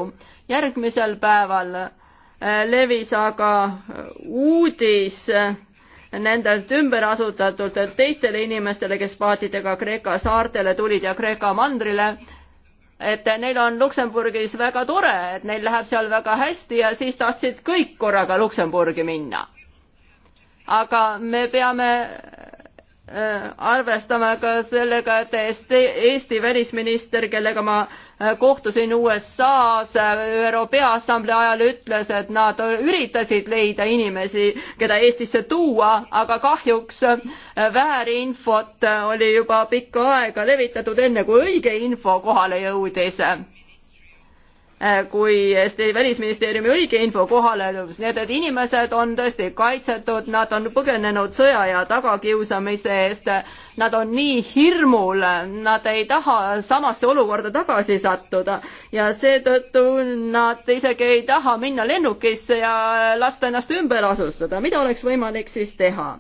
järgmisel päeval äh, Äh, levis aga äh, uudis äh, nendelt ümberasustatult teistele inimestele, kes paatidega Kreeka saartele tulid ja Kreeka mandrile, et neil on Luksemburgis väga tore, et neil läheb seal väga hästi ja siis tahtsid kõik korraga Luksemburgi minna. aga me peame Äh, arvestame ka sellega, et Eesti välisminister, kellega ma äh, kohtusin USA-s äh, ÜRO Peaassamblee ajal, ütles, et nad üritasid leida inimesi, keda Eestisse tuua, aga kahjuks väärinfot oli juba pikka aega levitatud, enne kui õige info kohale jõudis Äh, kui Välisministeeriumi õige info kohale tõus, nii et, et inimesed on tõesti kaitsetud, nad on põgenenud sõja ja tagakiusamise eest, nad on nii hirmul, nad ei taha samasse olukorda tagasi sattuda ja seetõttu nad isegi ei taha minna lennukisse ja lasta ennast ümber asustada, mida oleks võimalik siis teha?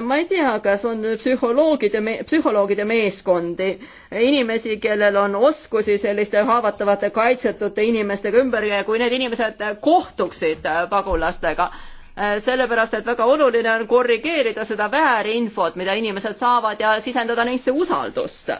ma ei tea, kas on psühholoogide, psühholoogide meeskondi, inimesi, kellel on oskusi selliste haavatavate kaitsetute inimestega ümber ja kui need inimesed kohtuksid pagulastega, sellepärast et väga oluline on korrigeerida seda väärinfot, mida inimesed saavad ja sisendada neisse usaldust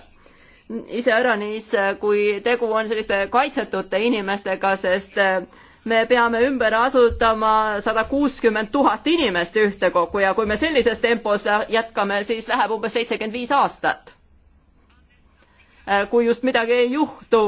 iseäranis, kui tegu on selliste kaitsetute inimestega, sest äh, me peame ümber asutama sada kuuskümmend tuhat inimest ühtekokku ja kui me sellises tempos jätkame, siis läheb umbes seitsekümmend viis aastat. Äh, kui just midagi ei juhtu,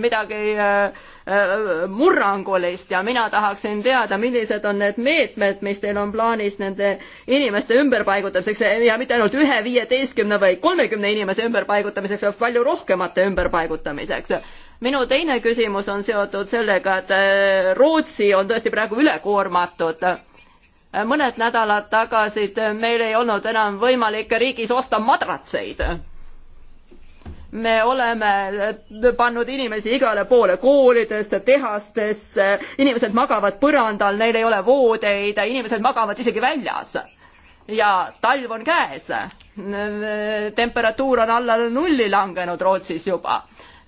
midagi äh, äh, murrangulist ja mina tahaksin teada, millised on need meetmed, mis teil on plaanis nende inimeste ümberpaigutamiseks ja mitte ainult ühe, viieteistkümne või kolmekümne inimese ümberpaigutamiseks, vaid palju rohkemate ümberpaigutamiseks minu teine küsimus on seotud sellega, et äh, Rootsi on tõesti praegu ülekoormatud mõned nädalad tagasi äh, meil ei olnud enam võimalik riigis osta madratseid. me oleme äh, pannud inimesi igale poole, koolidesse, tehastesse, inimesed magavad põrandal, neil ei ole voodeid, inimesed magavad isegi väljas. ja talv on käes. temperatuur on alla nulli langenud Rootsis juba.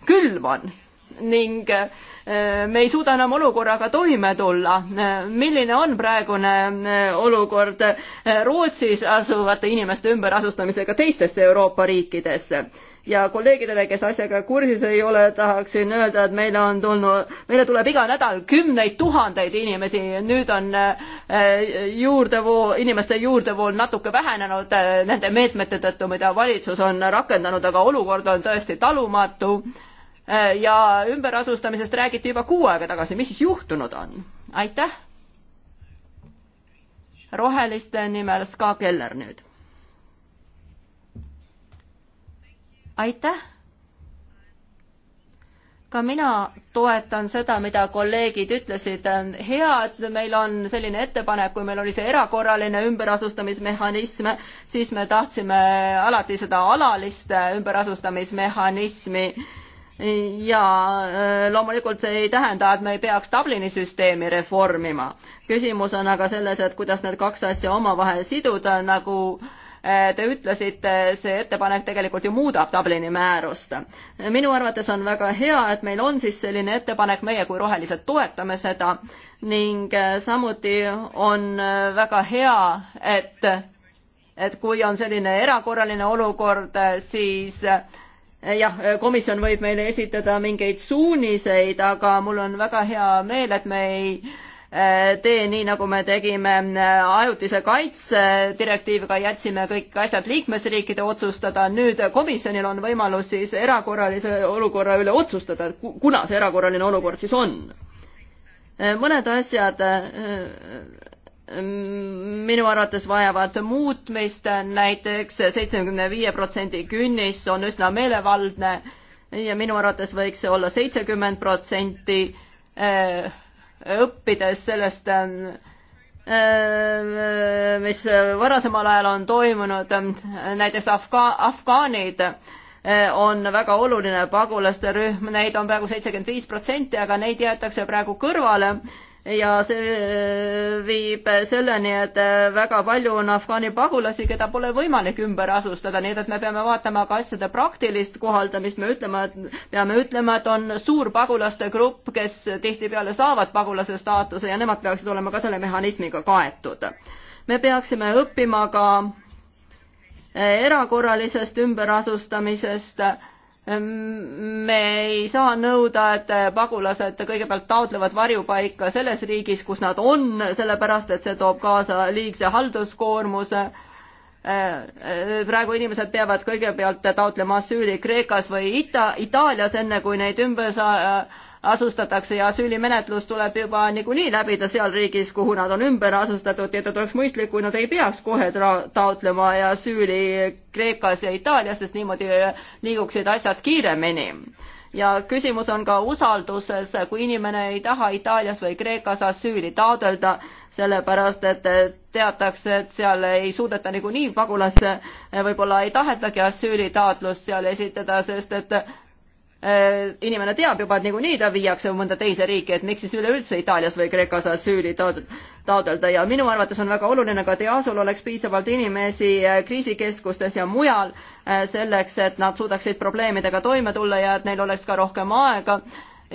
külm on ning äh, me ei suuda enam olukorraga toime tulla. milline on praegune äh, olukord äh, Rootsis asuvate inimeste ümberasustamisega teistesse Euroopa riikidesse? ja kolleegidele, kes asjaga kursis ei ole, tahaksin öelda, et meile on tulnud, meile tuleb iga nädal kümneid tuhandeid inimesi, nüüd on juurdevool, inimeste juurdevool natuke vähenenud nende meetmete tõttu, mida valitsus on rakendanud, aga olukord on tõesti talumatu Äh, ja ümberasustamisest räägiti juba kuu aega tagasi, mis siis juhtunud on? aitäh! roheliste nimel Ska Keller nüüd. aitäh! ka mina toetan seda, mida kolleegid ütlesid, on hea, et meil on selline ettepanek, kui meil oli see erakorraline ümberasustamismehhanism, siis me tahtsime alati seda alalist ümberasustamismehhanismi äh, ja äh, loomulikult see ei tähenda, et me ei peaks Dublini süsteemi reformima. küsimus on aga selles, et kuidas need kaks asja omavahel siduda, nagu äh, te ütlesite, see ettepanek tegelikult ju muudab Dublini määrust. minu arvates on väga hea, et meil on siis selline ettepanek, meie kui rohelised toetame seda ning äh, samuti on väga hea, et et kui on selline erakorraline olukord, siis äh, Eh, jah, eh, komisjon võib meile esitada mingeid suuniseid, aga mul on väga hea meel, et me ei eh, tee nii, nagu me tegime ajutise kaitse direktiiviga, jätsime kõik asjad liikmesriikide otsustada, nüüd komisjonil on võimalus siis erakorralise olukorra üle otsustada, et kuna see erakorraline olukord siis on mõned asjad, minu arvates vajavad muutmist näiteks, näiteks seitsmekümne viie protsendi künnis on üsna meelevaldne ja minu arvates võiks see olla seitsekümmend protsenti, eh, õppides sellest, eh, eh, mis varasemal ajal on toimunud, näiteks Afga-, afgaanid on väga oluline pagulaste rühm, neid on peaaegu seitsekümmend viis protsenti, aga neid jäetakse praegu kõrvale ja see äh, viib selleni, et äh, väga palju on Afgaani pagulasi, keda pole võimalik ümber asustada, nii et me peame vaatama ka asjade praktilist kohaldamist, me ütleme, et peame ütlema, et on suur pagulaste grupp, kes tihtipeale saavad pagulase staatuse ja nemad peaksid olema ka selle mehhanismiga kaetud. me peaksime õppima ka äh, erakorralisest ümberasustamisest Ehm, me ei saa nõuda, et pagulased kõigepealt taotlevad varjupaika selles riigis, kus nad on, sellepärast et see toob kaasa liigse halduskoormuse. Ehm, eh, praegu inimesed peavad kõigepealt taotlema asüüli Kreekas või Ita-, Itaalias, enne kui neid ümber saa-, asustatakse ja asüülimenetlus tuleb juba niikuinii läbida seal riigis, kuhu nad on ümber asustatud, et oleks mõistlik, kui nad ei peaks kohe taotlema asüüli Kreekas ja Itaalias, sest niimoodi liiguksid asjad kiiremini ja küsimus on ka usalduses, kui inimene ei taha Itaalias või Kreekas asüüli taotleda, sellepärast et teatakse, et seal ei suudeta niikuinii pagulasse, võib-olla ei tahetagi asüülitaotlust seal esitada, sest et Äh, inimene teab juba, et niikuinii ta viiakse mõnda teise riiki, et miks siis üleüldse Itaalias või Kreekas asüüli taotleda ja minu arvates on väga oluline ka, et EASO-l oleks piisavalt inimesi äh, kriisikeskustes ja mujal äh, selleks, et nad suudaksid probleemidega toime tulla ja et neil oleks ka rohkem aega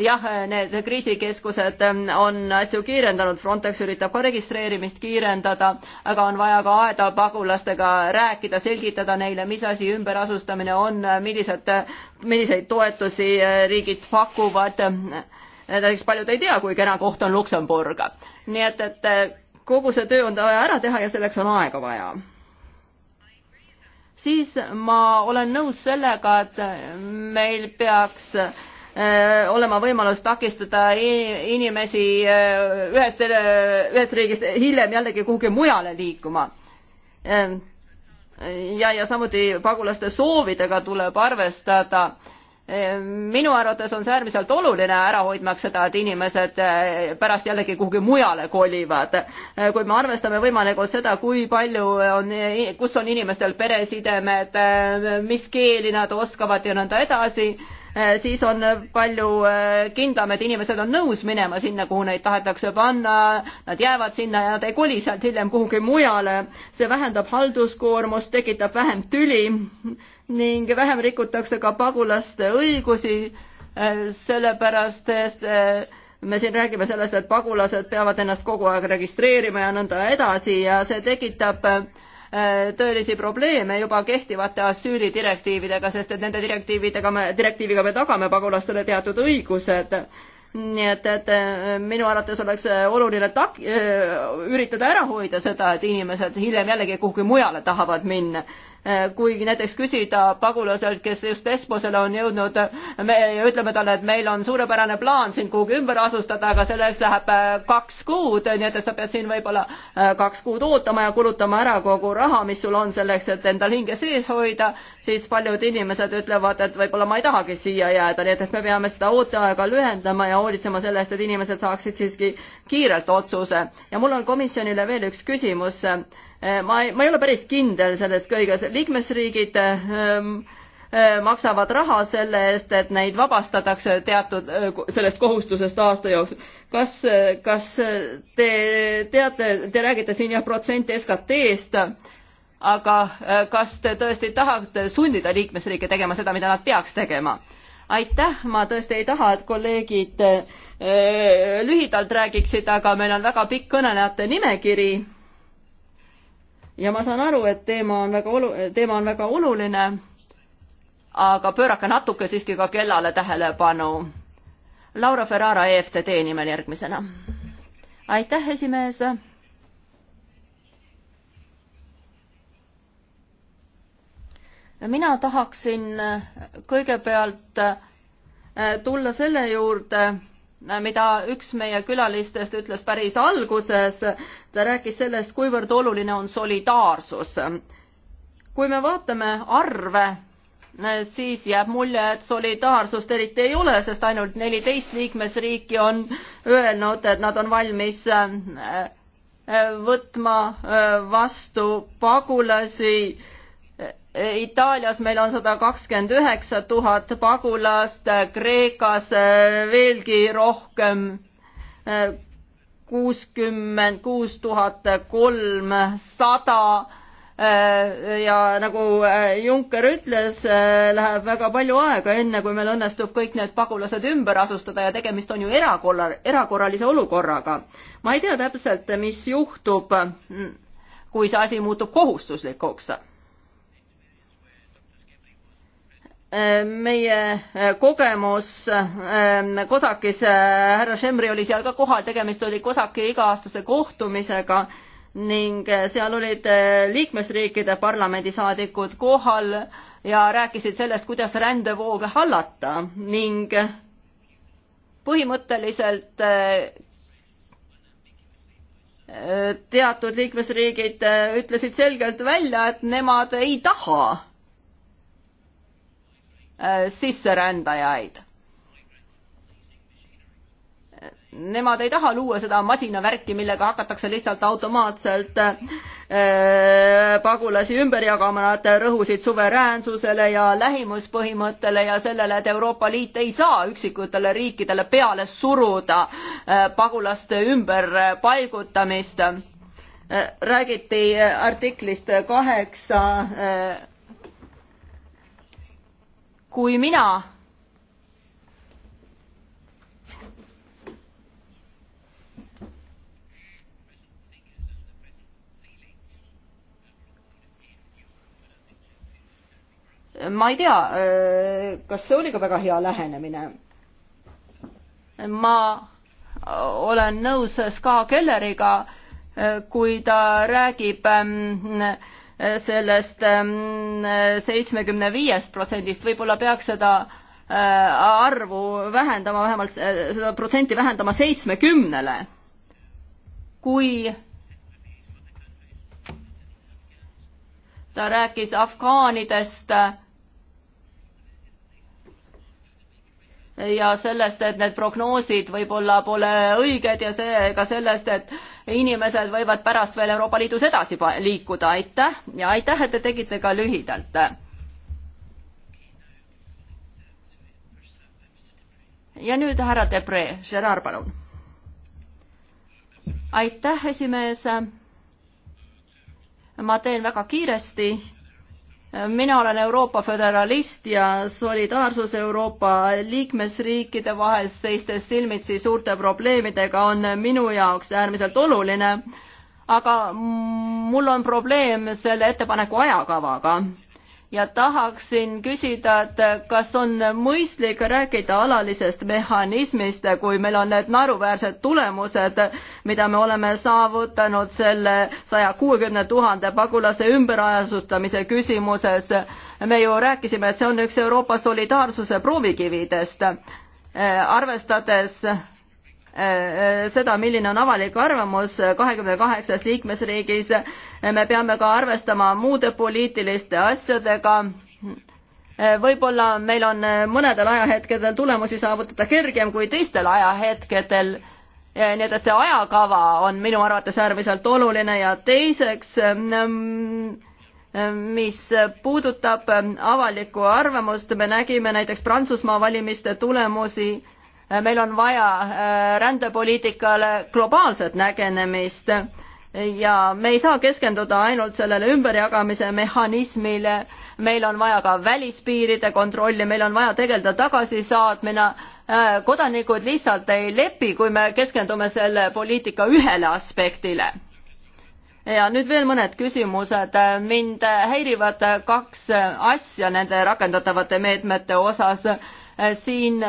jah, need kriisikeskused ähm, on asju kiirendanud, Frontex üritab ka registreerimist kiirendada, aga on vaja ka aeda pagulastega rääkida, selgitada neile, mis asi ümberasustamine on, millised, milliseid toetusi äh, riigid pakuvad. näiteks paljud ei tea, kui kena koht on Luksemburg. nii et, et äh, kogu see töö on vaja ära teha ja selleks on aega vaja siis ma olen nõus sellega, et meil peaks äh, Äh, olema võimalus takistada inimesi äh, ühest, äh, ühest riigist hiljem jällegi kuhugi mujale liikuma. Ähm, ja, ja samuti pagulaste soovidega tuleb arvestada. Ähm, minu arvates on see äärmiselt oluline ära hoidmaks seda, et inimesed pärast jällegi kuhugi mujale kolivad. kui me arvestame võimalikult seda, kui palju on, kus on inimestel peresidemed, mis keeli nad oskavad ja nõnda edasi Äh, siis on äh, palju äh, kindlam, et inimesed on nõus minema sinna, kuhu neid tahetakse panna, nad jäävad sinna ja nad ei koli sealt hiljem kuhugi mujale. see vähendab halduskoormust, tekitab vähem tüli ning vähem rikutakse ka pagulaste õigusi, sellepärast et me siin räägime sellest, et pagulased peavad ennast kogu aeg registreerima ja nõnda edasi ja see tekitab äh, Äh, tõelisi probleeme juba kehtivate asüülidirektiividega, sest et nende direktiividega me, direktiiviga me tagame pagulastele teatud õigused nii et, et äh, minu arvates oleks äh, oluline tak-, üritada ära hoida seda, et inimesed hiljem jällegi kuhugi mujale tahavad minna. Eh, kui näiteks küsida pagulaselt, kes just Lesbosele on jõudnud, me ütleme talle, et meil on suurepärane plaan sind kuhugi ümber asustada, aga selleks läheb eh, kaks kuud, nii et sa pead siin võib-olla eh, kaks kuud ootama ja kulutama ära kogu raha, mis sul on selleks, et endal hinge sees hoida, siis paljud inimesed ütlevad, et võib-olla ma ei tahagi siia jääda, nii et, et me peame seda ooteaega lühendama ja hoolitsema selle eest, et inimesed saaksid siiski kiirelt otsuse. ja mul on komisjonile veel üks küsimus Eh, ma ei, ma ei ole päris kindel selles kõiges, liikmesriigid ehm, eh, maksavad raha selle eest, et neid vabastatakse teatud eh, sellest kohustusest aasta jooksul. kas, kas te teate, te räägite siin jah protsenti SKT-st, aga kas te tõesti tahate sundida liikmesriike tegema seda, mida nad peaks tegema? aitäh, ma tõesti ei taha, et kolleegid lühidalt räägiksid, aga meil on väga pikk kõnelejate nimekiri ja ma saan aru, et teema on väga olu-, teema on väga oluline, aga pöörake natuke siiski ka kellale tähelepanu. Laura Ferrara EFTD nimel järgmisena. aitäh, esimees. mina tahaksin kõigepealt äh, tulla selle juurde, äh, mida üks meie külalistest ütles päris alguses, ta rääkis sellest, kuivõrd oluline on solidaarsus. kui me vaatame arve, siis jääb mulje, et solidaarsust eriti ei ole, sest ainult neliteist liikmesriiki on öelnud, et nad on valmis äh, võtma äh, vastu pagulasi. Itaalias meil on sada kakskümmend üheksa tuhat pagulast, Kreekas äh, veelgi rohkem kuuskümmend kuus tuhat kolmsada ja nagu äh, Juncker ütles, äh, läheb väga palju aega, enne kui meil õnnestub kõik need pagulased ümber asustada ja tegemist on ju erakorra, erakorralise olukorraga. ma ei tea täpselt, mis juhtub, kui see asi muutub kohustuslikuks meie e, kogemus e, Kosakis, e, härra Šemri oli seal ka kohal, tegemist oli Kosaki iga-aastase kohtumisega ning seal olid liikmesriikide parlamendisaadikud kohal ja rääkisid sellest, kuidas rändevooge hallata ning põhimõtteliselt teatud liikmesriigid ütlesid selgelt välja, et nemad ei taha Äh, sisserändajaid. Nemad ei taha luua seda masinavärki, millega hakatakse lihtsalt automaatselt äh, pagulasi ümber jagama, nad rõhusid suveräänsusele ja lähimuspõhimõttele ja sellele, et Euroopa Liit ei saa üksikutele riikidele peale suruda äh, pagulaste ümberpaigutamist. räägiti artiklist kaheksa 8 kui mina ma ei tea, kas see oli ka väga hea lähenemine. ma olen nõus Ska Kelleriga, kui ta räägib ähm, sellest ähm, seitsmekümne viiest protsendist, võib-olla peaks seda äh, arvu vähendama vähemalt, äh, seda protsenti vähendama seitsmekümnele. kui ta rääkis afgaanidest äh, ja sellest, et need prognoosid võib-olla pole õiged ja see, ka sellest, et inimesed võivad pärast veel Euroopa Liidus edasi liikuda, aitäh ja aitäh, et te tegite ka lühidalt. ja nüüd härra Debre, Gerard, palun. aitäh, esimees. ma teen väga kiiresti mina olen Euroopa föderalist ja solidaarsus Euroopa liikmesriikide vahel, seistes silmitsi suurte probleemidega, on minu jaoks äärmiselt oluline. aga mul on probleem selle ettepaneku ajakavaga ja tahaksin küsida, et kas on mõistlik rääkida alalisest mehhanismist, kui meil on need naeruväärsed tulemused, mida me oleme saavutanud selle saja kuuekümne tuhande pagulase ümberajasustamise küsimuses. me ju rääkisime, et see on üks Euroopa solidaarsuse proovikividest, arvestades Äh, äh, seda, milline on avalik arvamus kahekümne kaheksas liikmesriigis. me peame ka arvestama muude poliitiliste asjadega. Äh, võib-olla meil on mõnedel ajahetkedel tulemusi saavutada kergem kui teistel ajahetkedel. nii et, et see ajakava on minu arvates äärmiselt oluline ja teiseks ähm, ähm, mis puudutab ähm, avalikku arvamust, me nägime näiteks Prantsusmaa valimiste tulemusi meil on vaja äh, rändepoliitikale globaalset nägenemist ja me ei saa keskenduda ainult sellele ümberjagamise mehhanismile, meil on vaja ka välispiiride kontrolli, meil on vaja tegeleda tagasisaatmine, äh, kodanikud lihtsalt ei lepi, kui me keskendume selle poliitika ühele aspektile. ja nüüd veel mõned küsimused, mind häirivad kaks asja nende rakendatavate meetmete osas siin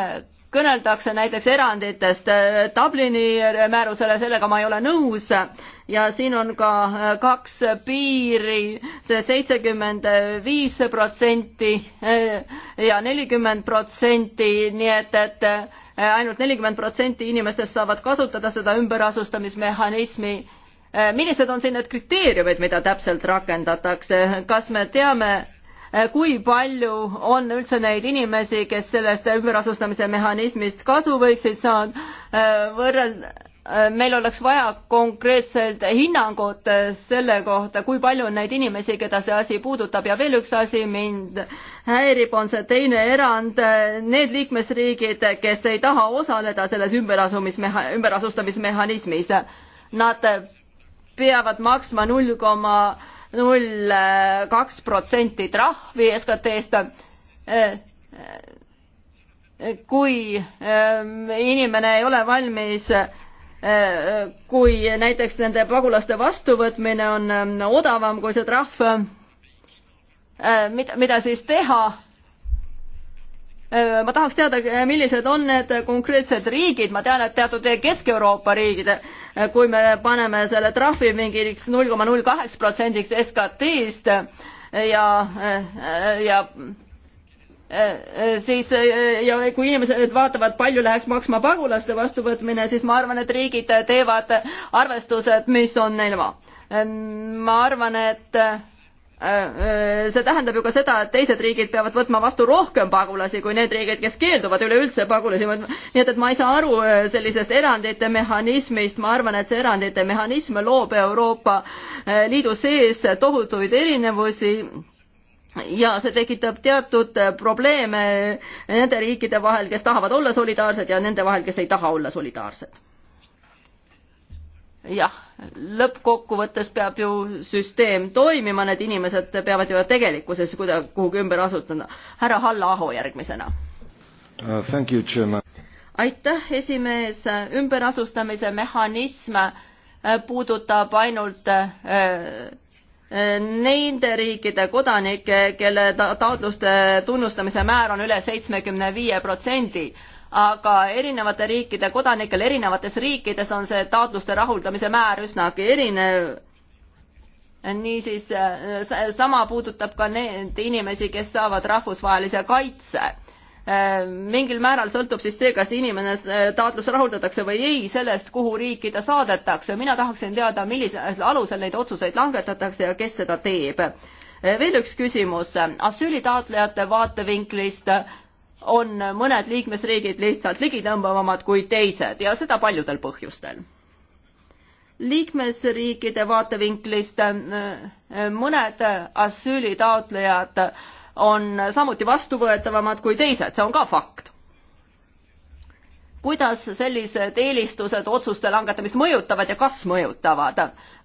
kõneldakse näiteks eranditest äh, Dublini määrusele, sellega ma ei ole nõus ja siin on ka äh, kaks piiri see, see seitsekümmend viis protsenti äh, ja nelikümmend protsenti, nii et, et ainult nelikümmend protsenti inimestest saavad kasutada seda ümberasustamismehhanismi millised on siin need kriteeriumid, mida täpselt rakendatakse, kas me teame, Eh, kui palju on üldse neid inimesi, kes sellest ümberasustamise mehhanismist kasu võiksid saada, eh, võrreld-, eh, meil oleks vaja konkreetselt hinnangut selle kohta, kui palju on neid inimesi, keda see asi puudutab ja veel üks asi mind häirib, on see teine erand, need liikmesriigid, kes ei taha osaleda selles ümberasumismeha-, ümberasustamismehhanismis, nad peavad maksma null koma null kaks protsenti trahvi SKT-st kui ähm, inimene ei ole valmis, äh, kui näiteks nende pagulaste vastuvõtmine on ähm, odavam kui see trahv, äh, mida, mida siis teha, Äh, ma tahaks teada, millised on need konkreetsed riigid, ma tean, et teatud Kesk-Euroopa riigid, äh, kui me paneme selle trahvi mingiks null koma null kaheks protsendiks SKT-st äh, ja, ja siis ja kui inimesed nüüd vaatavad, palju läheks maksma pagulaste vastuvõtmine, siis ma arvan, et riigid teevad arvestused, mis on neil vaja. ma arvan, et see tähendab ju ka seda, et teised riigid peavad võtma vastu rohkem pagulasi kui need riigid, kes keelduvad üleüldse pagulasi võtma. nii et, et ma ei saa aru eh, sellisest erandite mehhanismist, ma arvan, et see erandite mehhanism loob Euroopa eh, Liidu sees tohutuid erinevusi ja see tekitab teatud eh, probleeme nende riikide vahel, kes tahavad olla solidaarsed ja nende vahel, kes ei taha olla solidaarsed jah, lõppkokkuvõttes peab ju süsteem toimima, need inimesed peavad ju tegelikkuses kuida-, kuhugi ümber asutada. härra Halla Aho järgmisena uh,. Thank you, Chairman. aitäh, esimees, ümberasustamise mehhanism äh, puudutab ainult äh, äh, nende riikide kodanikke, kelle taotluste tunnustamise määr on üle seitsmekümne viie protsendi aga erinevate riikide kodanikel erinevates riikides on see taotluste rahuldamise määr üsnagi erinev. niisiis sama puudutab ka neid inimesi, kes saavad rahvusvahelise kaitse mingil määral sõltub siis see, kas inimene taotlus rahuldatakse või ei, sellest, kuhu riiki ta saadetakse. mina tahaksin teada, millisel alusel neid otsuseid langetatakse ja kes seda teeb. veel üks küsimus. asüülitaotlejate vaatevinklist on mõned liikmesriigid lihtsalt ligitõmbavamad kui teised ja seda paljudel põhjustel. liikmesriikide vaatevinklist äh, mõned asüülitaotlejad on samuti vastuvõetavamad kui teised, see on ka fakt kuidas sellised eelistused otsuste langetamist mõjutavad ja kas mõjutavad?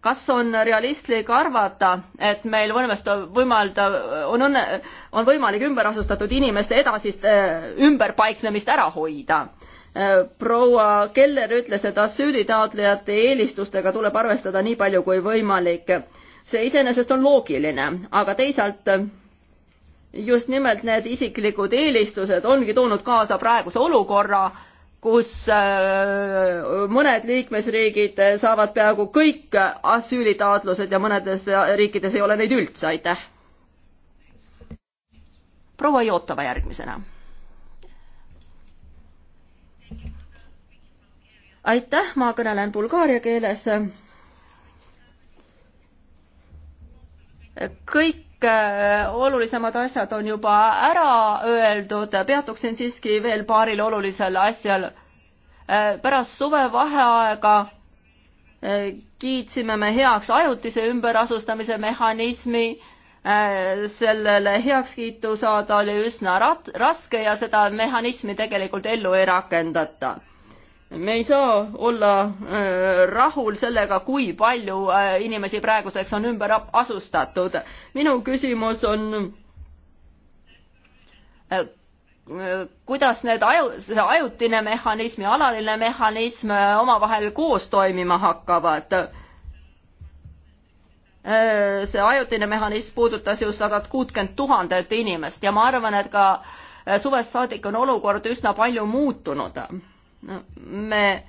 kas on realistlik arvata, et meil võimestab, võimaldav, on õnne, on võimalik ümberasustatud inimeste edasist äh, ümberpaiknemist ära hoida? Äh, proua Keller ütles, et asüülitaotlejate eelistustega tuleb arvestada nii palju kui võimalik. see iseenesest on loogiline, aga teisalt just nimelt need isiklikud eelistused ongi toonud kaasa praeguse olukorra, kus äh, mõned liikmesriigid saavad peaaegu kõik asüülitaotlused ja mõnedes riikides ei ole neid üldse, aitäh. proua Jootova järgmisena. aitäh, ma kõnelen bulgaaria keeles. kõik kõik äh, olulisemad asjad on juba ära öeldud, peatuksin siiski veel paaril olulisel asjal. Äh, pärast suvevaheaega äh, kiitsime me heaks ajutise ümberasustamise mehhanismi, sellele heakskiitu saada oli üsna rat-, raske ja seda mehhanismi tegelikult ellu ei rakendata me ei saa olla äh, rahul sellega, kui palju äh, inimesi praeguseks on ümber asustatud. minu küsimus on, äh, kuidas need aju, see ajutine mehhanism ja alaline mehhanism omavahel koos toimima hakkavad? see ajutine mehhanism puudutas ju sada kuutkümmend tuhandet inimest ja ma arvan, et ka suvest saadik on olukord üsna palju muutunud me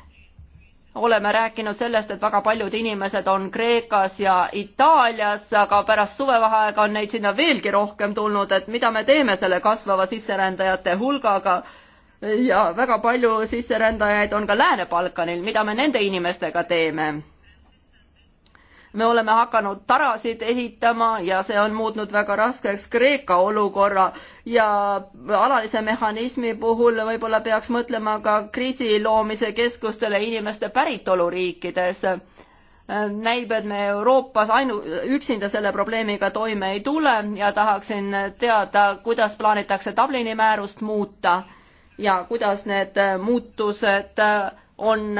oleme rääkinud sellest, et väga paljud inimesed on Kreekas ja Itaalias, aga pärast suvevaheaega on neid sinna veelgi rohkem tulnud, et mida me teeme selle kasvava sisserändajate hulgaga ja väga palju sisserändajaid on ka Lääne-Balkanil, mida me nende inimestega teeme? me oleme hakanud tarasid ehitama ja see on muutnud väga raskeks Kreeka olukorra ja alalise mehhanismi puhul võib-olla peaks mõtlema ka kriisi loomise keskustele inimeste päritoluriikides. näib, et me Euroopas ainu-, üksinda selle probleemiga toime ei tule ja tahaksin teada, kuidas plaanitakse Dublini määrust muuta ja kuidas need muutused on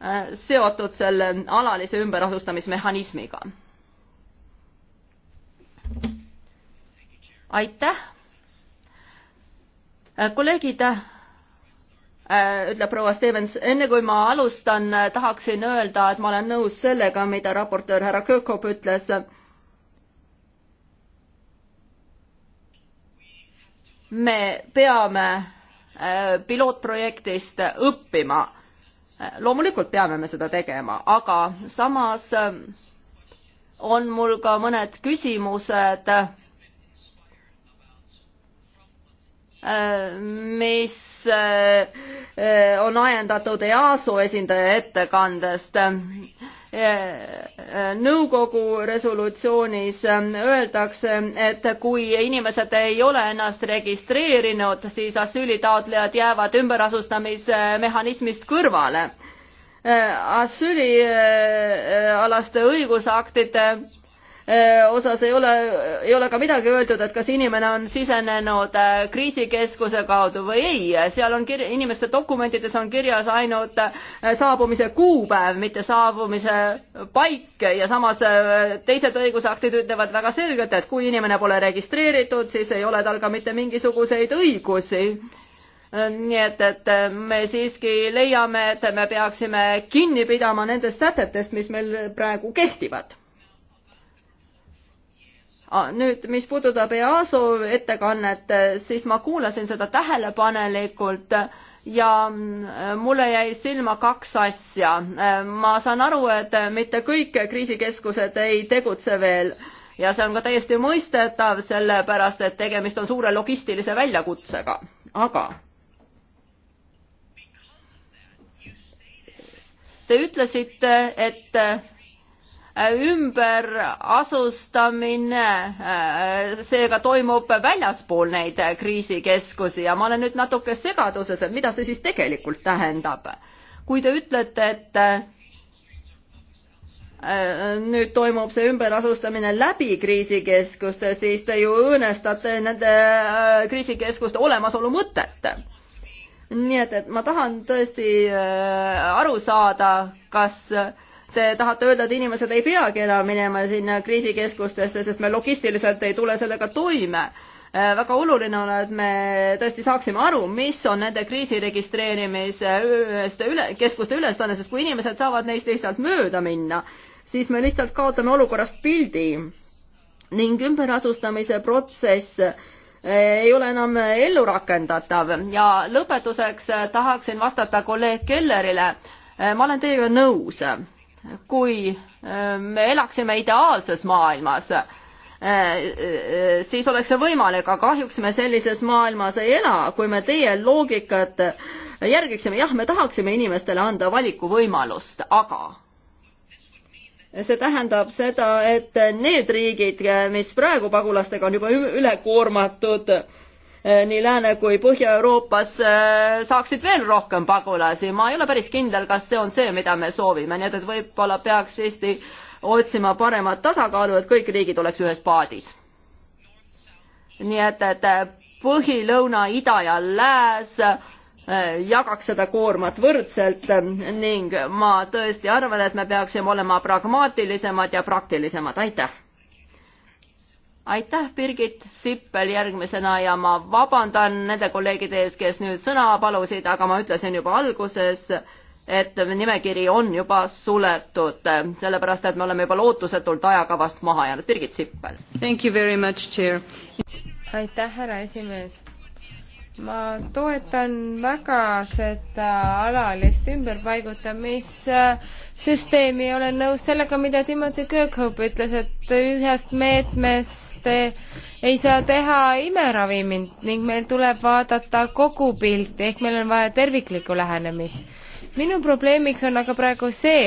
Äh, seotud selle alalise ümberasustamismehhanismiga. aitäh. Äh, kolleegid, äh, ütleb proua Stevens, enne kui ma alustan, tahaksin öelda, et ma olen nõus sellega, mida raportöör härra Kökop ütles. me peame pilootprojektist õppima loomulikult peame me seda tegema, aga samas eh, on mul ka mõned küsimused, eh, mis eh, on ajendatud EASO esindaja ettekandest nõukogu resolutsioonis ähm, öeldakse, et kui inimesed ei ole ennast registreerinud, siis asüülitaotlejad jäävad ümberasustamismehhanismist kõrvale. Äh, asüülialaste õigusaktide Äh, osas ei ole, ei ole ka midagi öeldud, et kas inimene on sisenenud äh, kriisikeskuse kaudu või ei. seal on kirja, inimeste dokumentides on kirjas ainult äh, saabumise kuupäev, mitte saabumise paik ja samas teised õigusaktid ütlevad väga selgelt, et kui inimene pole registreeritud, siis ei ole tal ka mitte mingisuguseid õigusi nii et, et me siiski leiame, et me peaksime kinni pidama nendest sätetest, mis meil praegu kehtivad Ah, nüüd, mis puudutab EASO ettekannet, siis ma kuulasin seda tähelepanelikult ja mm, mulle jäi silma kaks asja. ma saan aru, et mitte kõik kriisikeskused ei tegutse veel ja see on ka täiesti mõistetav, sellepärast et tegemist on suure logistilise väljakutsega, aga Te ütlesite, et ümberasustamine äh, seega toimub väljaspool neid kriisikeskusi ja ma olen nüüd natuke segaduses, et mida see siis tegelikult tähendab. kui te ütlete, et äh, nüüd toimub see ümberasustamine läbi kriisikeskuste, siis te ju õõnestate nende äh, kriisikeskuste olemasolu mõtet nii et, et ma tahan tõesti aru saada, kas äh, te tahate öelda, et inimesed ei peagi enam minema sinna kriisikeskustesse, sest me logistiliselt ei tule sellega toime. Äh, väga oluline on, et me tõesti saaksime aru, mis on nende kriisi registreerimise üle, keskuste ülesanne, sest kui inimesed saavad neist lihtsalt mööda minna, siis me lihtsalt kaotame olukorrast pildi ning ümberasustamise protsess äh, ei ole enam ellurakendatav ja lõpetuseks äh, tahaksin vastata kolleeg Kellerile. ma olen teiega nõus kui äh, me elaksime ideaalses maailmas, äh, äh, siis oleks see võimalik, aga kahjuks me sellises maailmas ei ela, kui me teie loogikat järgiksime, jah, me tahaksime inimestele anda valikuvõimalust, aga see tähendab seda, et need riigid, mis praegu pagulastega on juba üle koormatud, Eh, nii Lääne kui Põhja-Euroopas eh, saaksid veel rohkem pagulasi. ma ei ole päris kindel, kas see on see, mida me soovime, nii et, et võib-olla peaks Eesti otsima paremat tasakaalu, et kõik riigid oleks ühes paadis. nii et, et eh, põhi, lõuna, ida ja lääs jagaks seda koormat võrdselt ning ma tõesti arvan, et me peaksime olema pragmaatilisemad ja praktilisemad, aitäh! aitäh, Birgit Sippel järgmisena ja ma vabandan nende kolleegide ees, kes nüüd sõna palusid, aga ma ütlesin juba alguses, et nimekiri on juba suletud, sellepärast et me oleme juba lootusetult ajakavast maha jäänud. Birgit Sippel. aitäh, härra esimees ma toetan väga seda alalist ümberpaigutamissüsteemi, olen nõus sellega, mida Timothy Kirkhope ütles, et ühest meetmest te ei saa teha imeravimit ning meil tuleb vaadata kogu pilti, ehk meil on vaja terviklikku lähenemist. minu probleemiks on aga praegu see,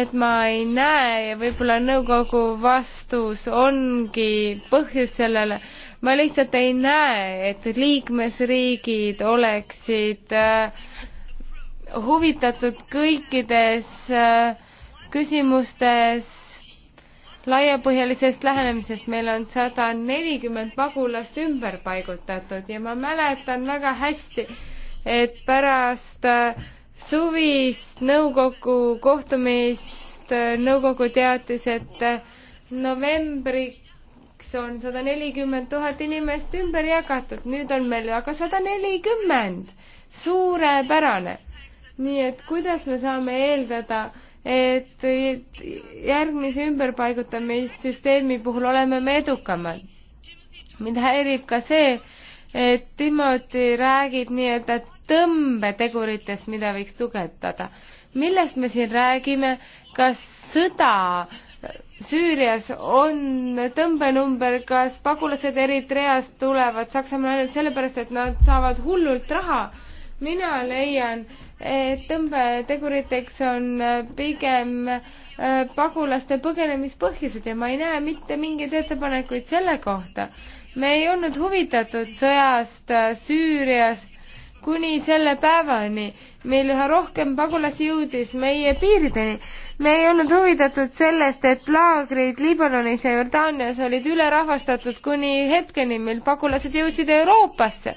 et ma ei näe ja võib-olla nõukogu vastus ongi põhjus sellele, ma lihtsalt ei näe, et liikmesriigid oleksid äh, huvitatud kõikides äh, küsimustes laiapõhjalisest lähenemisest. meil on sada nelikümmend pagulast ümber paigutatud ja ma mäletan väga hästi, et pärast äh, suvist nõukogu kohtumist äh, nõukogu teatis, et äh, novembriks on sada nelikümmend tuhat inimest ümber jagatud, nüüd on meil aga sada nelikümmend. suurepärane. nii et kuidas me saame eeldada, et järgmise ümberpaigutamissüsteemi puhul oleme me edukamad. mind häirib ka see, et Timothy räägib nii-öelda tõmbeteguritest, mida võiks tugevdada. millest me siin räägime, kas sõda Süürias on tõmbenumber, kas pagulased Eritreast tulevad Saksamaale ainult sellepärast, et nad saavad hullult raha? mina leian, et tõmbeteguriteks on äh, pigem äh, pagulaste põgenemispõhjused ja ma ei näe mitte mingeid ettepanekuid selle kohta. me ei olnud huvitatud sõjast äh, Süürias kuni selle päevani, mil üha rohkem pagulasi jõudis meie piirideni. me ei olnud huvitatud sellest, et laagrid Liibanonis ja Jordaanias olid ülerahvastatud kuni hetkeni, mil pagulased jõudsid Euroopasse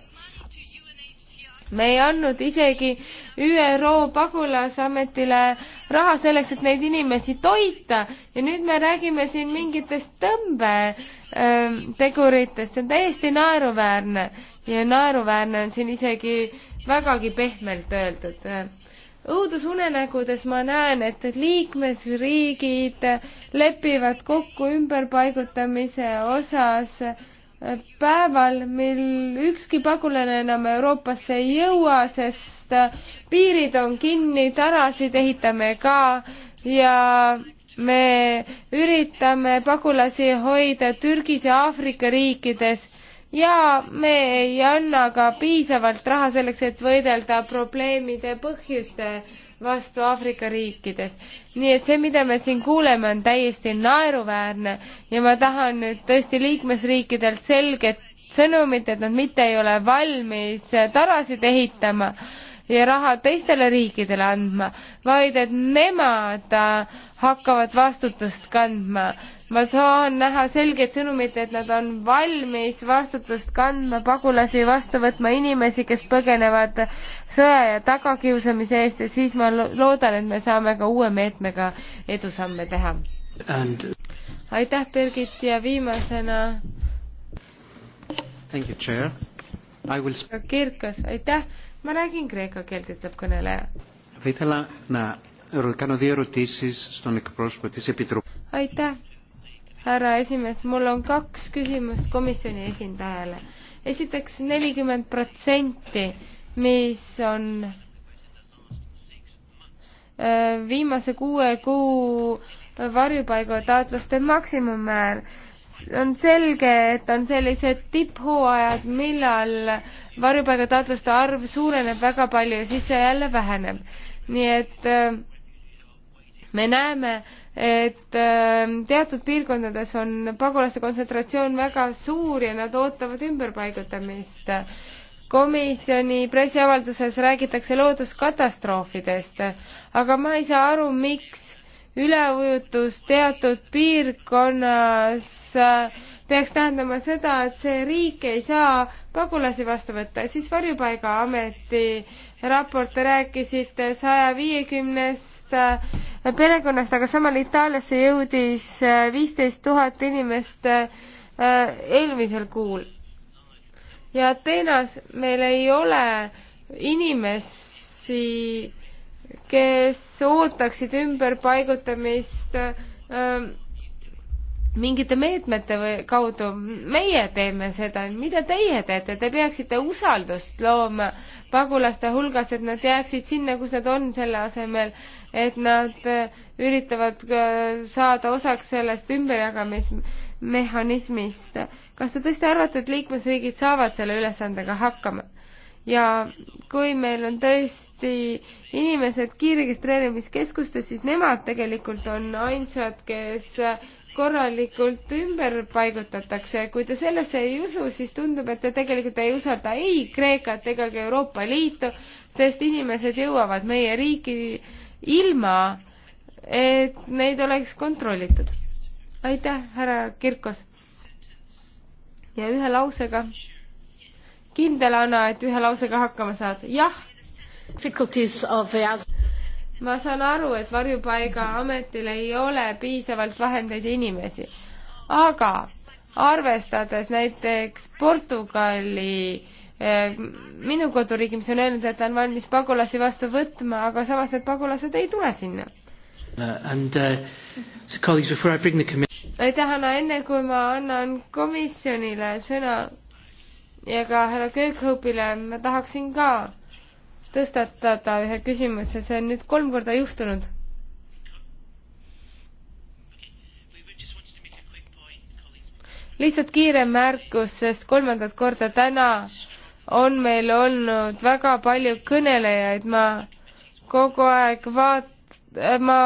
me ei andnud isegi ÜRO pagulasametile raha selleks, et neid inimesi toita ja nüüd me räägime siin mingitest tõmbeteguritest, ähm, see on täiesti naeruväärne ja naeruväärne on siin isegi vägagi pehmelt öeldud. õudusunenägudes ma näen, et liikmesriigid lepivad kokku ümberpaigutamise osas äh, päeval, mil ükski pagulane enam Euroopasse ei jõua, sest äh, piirid on kinni, tarasid ehitame ka ja me üritame pagulasi hoida Türgis ja Aafrika riikides ja me ei anna ka piisavalt raha selleks, et võidelda probleemide põhjuste äh, vastu Aafrika riikides. nii et see, mida me siin kuuleme, on täiesti naeruväärne ja ma tahan nüüd tõesti liikmesriikidelt selget sõnumit, et nad mitte ei ole valmis tarasid ehitama ja raha teistele riikidele andma, vaid et nemad hakkavad vastutust kandma ma saan näha selget sõnumit, et nad on valmis vastutust kandma, pagulasi vastu võtma, inimesi, kes põgenevad sõja ja tagakiusamise eest ja siis ma loodan, et me saame ka uue meetmega edusamme teha And.... aitäh, Birgit ja viimasena. Thank you, chair. I will. Kirkas, aitäh. ma räägin kreeka keelt, ütleb kõneleja. aitäh härra esimees, mul on kaks küsimust komisjoni esindajale. esiteks nelikümmend protsenti, mis on äh, viimase kuue kuu varjupaigataotluste maksimummäär on selge, et on sellised tipphooajad, millal varjupaigataotluste arv suureneb väga palju ja siis see jälle väheneb. nii et äh, me näeme, et äh, teatud piirkondades on pagulaste kontsentratsioon väga suur ja nad ootavad ümberpaigutamist. komisjoni pressiavalduses räägitakse looduskatastroofidest, aga ma ei saa aru, miks üleujutus teatud piirkonnas äh, peaks tähendama seda, et see riik ei saa pagulasi vastu võtta, siis Varjupaigaameti raport, te rääkisite saja viiekümnest äh, perekonnast, aga samal Itaaliasse jõudis äh, viisteist tuhat inimest äh, eelmisel kuul. ja Ateenas meil ei ole inimesi, kes ootaksid ümberpaigutamist ähm, mingite meetmete või kaudu, meie teeme seda, mida teie teete, te peaksite usaldust looma pagulaste hulgas, et nad jääksid sinna, kus nad on, selle asemel, et nad eh, üritavad eh, saada osaks sellest ümberjagamismehhanismist. kas te tõesti arvate, et liikmesriigid saavad selle ülesandega hakkama? ja kui meil on tõesti inimesed kiirregistreerimiskeskustes, siis nemad tegelikult on ainsad, kes korralikult ümber paigutatakse. kui te sellesse ei usu, siis tundub, et te tegelikult ei usalda ei Kreekat ega ka Euroopa Liitu, sest inimesed jõuavad meie riiki ilma, et neid oleks kontrollitud. aitäh, härra Kirkos. ja ühe lausega. kindel, Anna, et ühe lausega hakkama saad? jah difficulties of the ma saan aru, et varjupaigaametil ei ole piisavalt vahendeid ja inimesi, aga arvestades näiteks Portugali eh, minu koduriigi, mis on öelnud, et ta on valmis pagulasi vastu võtma, aga samas need pagulased ei tule sinna uh, uh, aitäh, Anna, enne kui ma annan komisjonile sõna ja ka härra Köökhõpile, ma tahaksin ka tõstatada ühe küsimuse, see on nüüd kolm korda juhtunud. lihtsalt kiire märkus, sest kolmandat korda täna on meil olnud väga palju kõnelejaid, ma kogu aeg vaat-, ma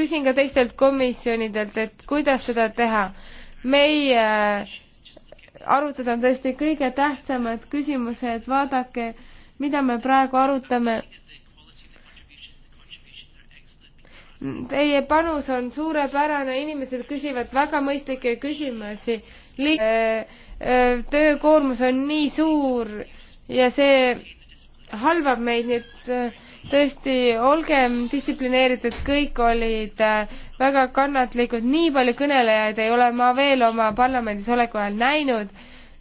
küsin ka teistelt komisjonidelt, et kuidas seda teha. meie arutada on tõesti kõige tähtsamad küsimused, vaadake äh, mida me praegu arutame. Teie panus on suurepärane, inimesed küsivad väga mõistlikke küsimusi. Äh, äh, töökoormus on nii suur ja see halvab meid, nii et äh, tõesti olgem distsiplineeritud, kõik olid väga kannatlikud, nii palju kõnelejaid ei ole ma veel oma parlamendis oleku ajal näinud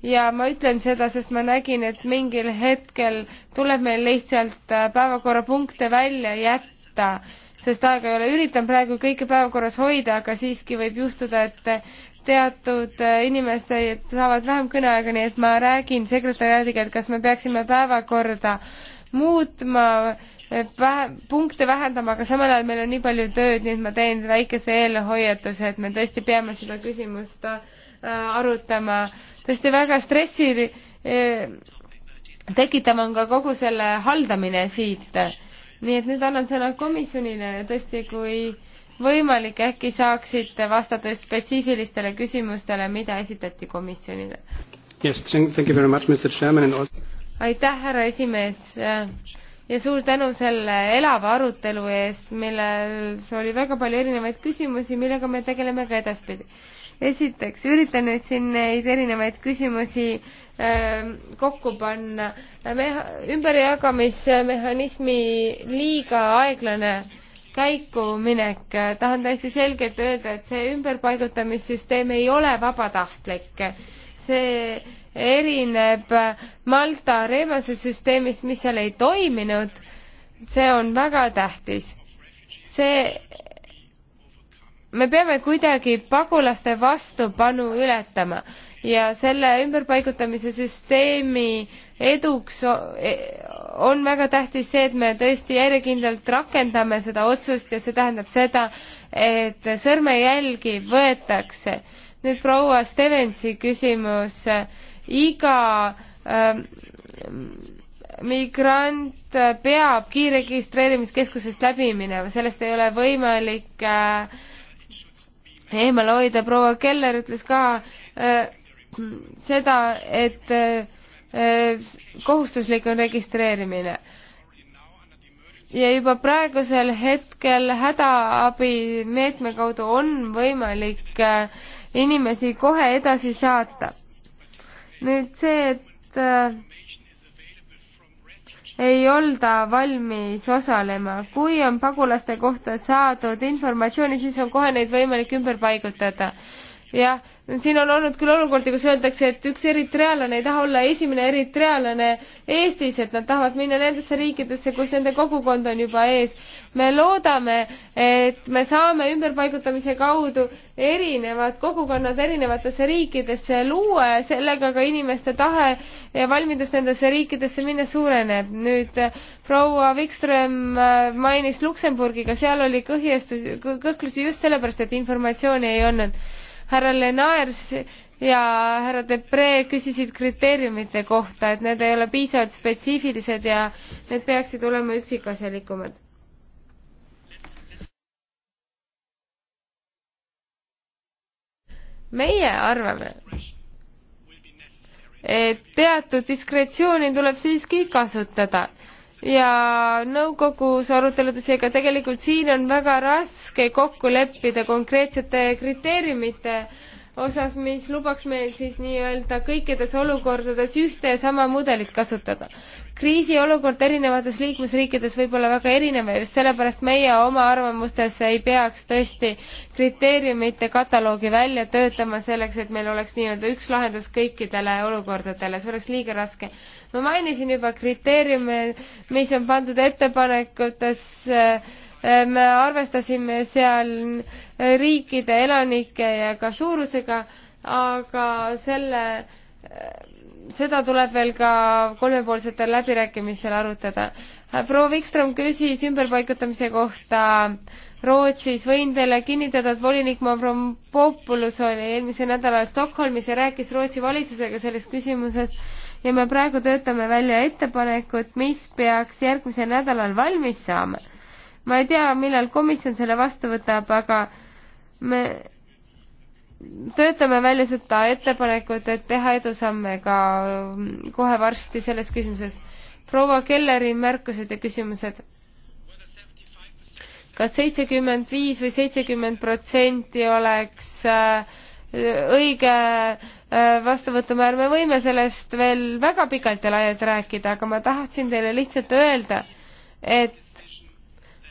ja ma ütlen seda, sest ma nägin, et mingil hetkel tuleb meil lihtsalt äh, päevakorrapunkte välja jätta, sest aega ei ole. üritan praegu kõike päevakorras hoida, aga siiski võib juhtuda, et äh, teatud äh, inimesed saavad vähem kõneaega, nii et ma räägin sekretäriaadiga, et kas me peaksime päevakorda muutma, punkte vähendama, aga samal ajal meil on nii palju tööd, nii et ma teen väikese eelhoiatuse, et me tõesti peame seda küsimust äh, Äh, arutama. tõesti väga stressi äh, tekitav on ka kogu selle haldamine siit. nii et nüüd annan sõna komisjonile ja tõesti, kui võimalik, äkki saaksite vastata spetsiifilistele küsimustele, mida esitati komisjonile. Yes, thank you very much, Mr Chairman and also aitäh, härra esimees ja suur tänu selle elava arutelu eest, milles oli väga palju erinevaid küsimusi, millega me tegeleme ka edaspidi esiteks üritan nüüd siin neid erinevaid küsimusi öö, ähm, kokku panna. ümberjagamismehhanismi liiga aeglane käikuminek, tahan täiesti selgelt öelda, et see ümberpaigutamissüsteem ei ole vabatahtlik. see erineb Malta Remase süsteemist, mis seal ei toiminud. see on väga tähtis. see me peame kuidagi pagulaste vastupanu ületama ja selle ümberpaigutamise süsteemi eduks e-, on väga tähtis see, et me tõesti järjekindlalt rakendame seda otsust ja see tähendab seda, et sõrmejälgi võetakse. nüüd proua Stevensi küsimus, iga ähm, migrant peab kiirregistreerimiskeskusest läbi minema, sellest ei ole võimalik äh, eemale hoida. proua Keller ütles ka äh, seda, et äh, kohustuslik on registreerimine. ja juba praegusel hetkel hädaabimeetme kaudu on võimalik äh, inimesi kohe edasi saata. nüüd see, et äh, ei olda valmis osalema. kui on pagulaste kohta saadud informatsiooni, siis on kohe neid võimalik ümber paigutada jah, siin on olnud küll olukordi, kus öeldakse, et üks eritrealane ei taha olla esimene eritrealane Eestis, et nad tahavad minna nendesse riikidesse, kus nende kogukond on juba ees. me loodame, et me saame ümberpaigutamise kaudu erinevad kogukonnad erinevatesse riikidesse luua ja sellega ka inimeste tahe ja valmidus nendesse riikidesse minna suureneb. nüüd proua Wikström äh, mainis Luksemburgi, ka seal oli kõhjestus, kõhklusi just sellepärast, et informatsiooni ei olnud härra Lenaers ja härra Depree küsisid kriteeriumite kohta, et need ei ole piisavalt spetsiifilised ja need peaksid olema üksikasjalikumad. meie arvame, et teatud diskretsiooni tuleb siiski kasutada ja nõukogus aruteludes ja ka tegelikult siin on väga raske kokku leppida konkreetsete kriteeriumite osas, mis lubaks meil siis nii-öelda kõikides olukordades ühte ja sama mudelit kasutada. kriisiolukord erinevates liikmesriikides võib olla väga erinev ja just sellepärast meie oma arvamustes ei peaks tõesti kriteeriumite kataloogi välja töötama selleks, et meil oleks nii-öelda üks lahendus kõikidele olukordadele, see oleks liiga raske. ma mainisin juba kriteeriume, mis on pandud ettepanekutes äh, me arvestasime seal riikide elanike ja ka suurusega, aga selle, seda tuleb veel ka kolmepoolsetel läbirääkimistel arutada. proua Wikström küsis ümberpaigutamise kohta Rootsis, võin teile kinnitada, et volinik Mavropopoulos oli eelmisel nädalal Stockholmis ja rääkis Rootsi valitsusega sellest küsimusest ja me praegu töötame välja ettepanekut, mis peaks järgmisel nädalal valmis saama ma ei tea, millal komisjon selle vastu võtab, aga me töötame välja seda ettepanekut, et teha edusamme ka mm, kohe varsti selles küsimuses. proua Kelleri märkused ja küsimused kas seitsekümmend viis või seitsekümmend protsenti oleks äh, õige äh, vastuvõtumäär, me võime sellest veel väga pikalt ja laialt rääkida, aga ma tahtsin teile lihtsalt öelda, et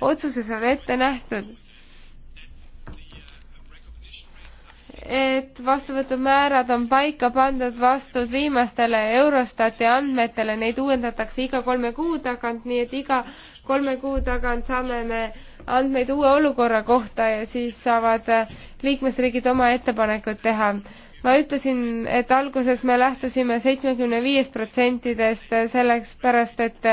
otsuses on ette nähtud, et vastuvõtumäärad on paika pandud vastud viimastele Eurostati andmetele, neid uuendatakse iga kolme kuu tagant, nii et iga kolme kuu tagant saame me andmeid uue olukorra kohta ja siis saavad liikmesriigid oma ettepanekud teha. ma ütlesin, et alguses me lähtusime seitsmekümne viiest protsentidest, sellepärast et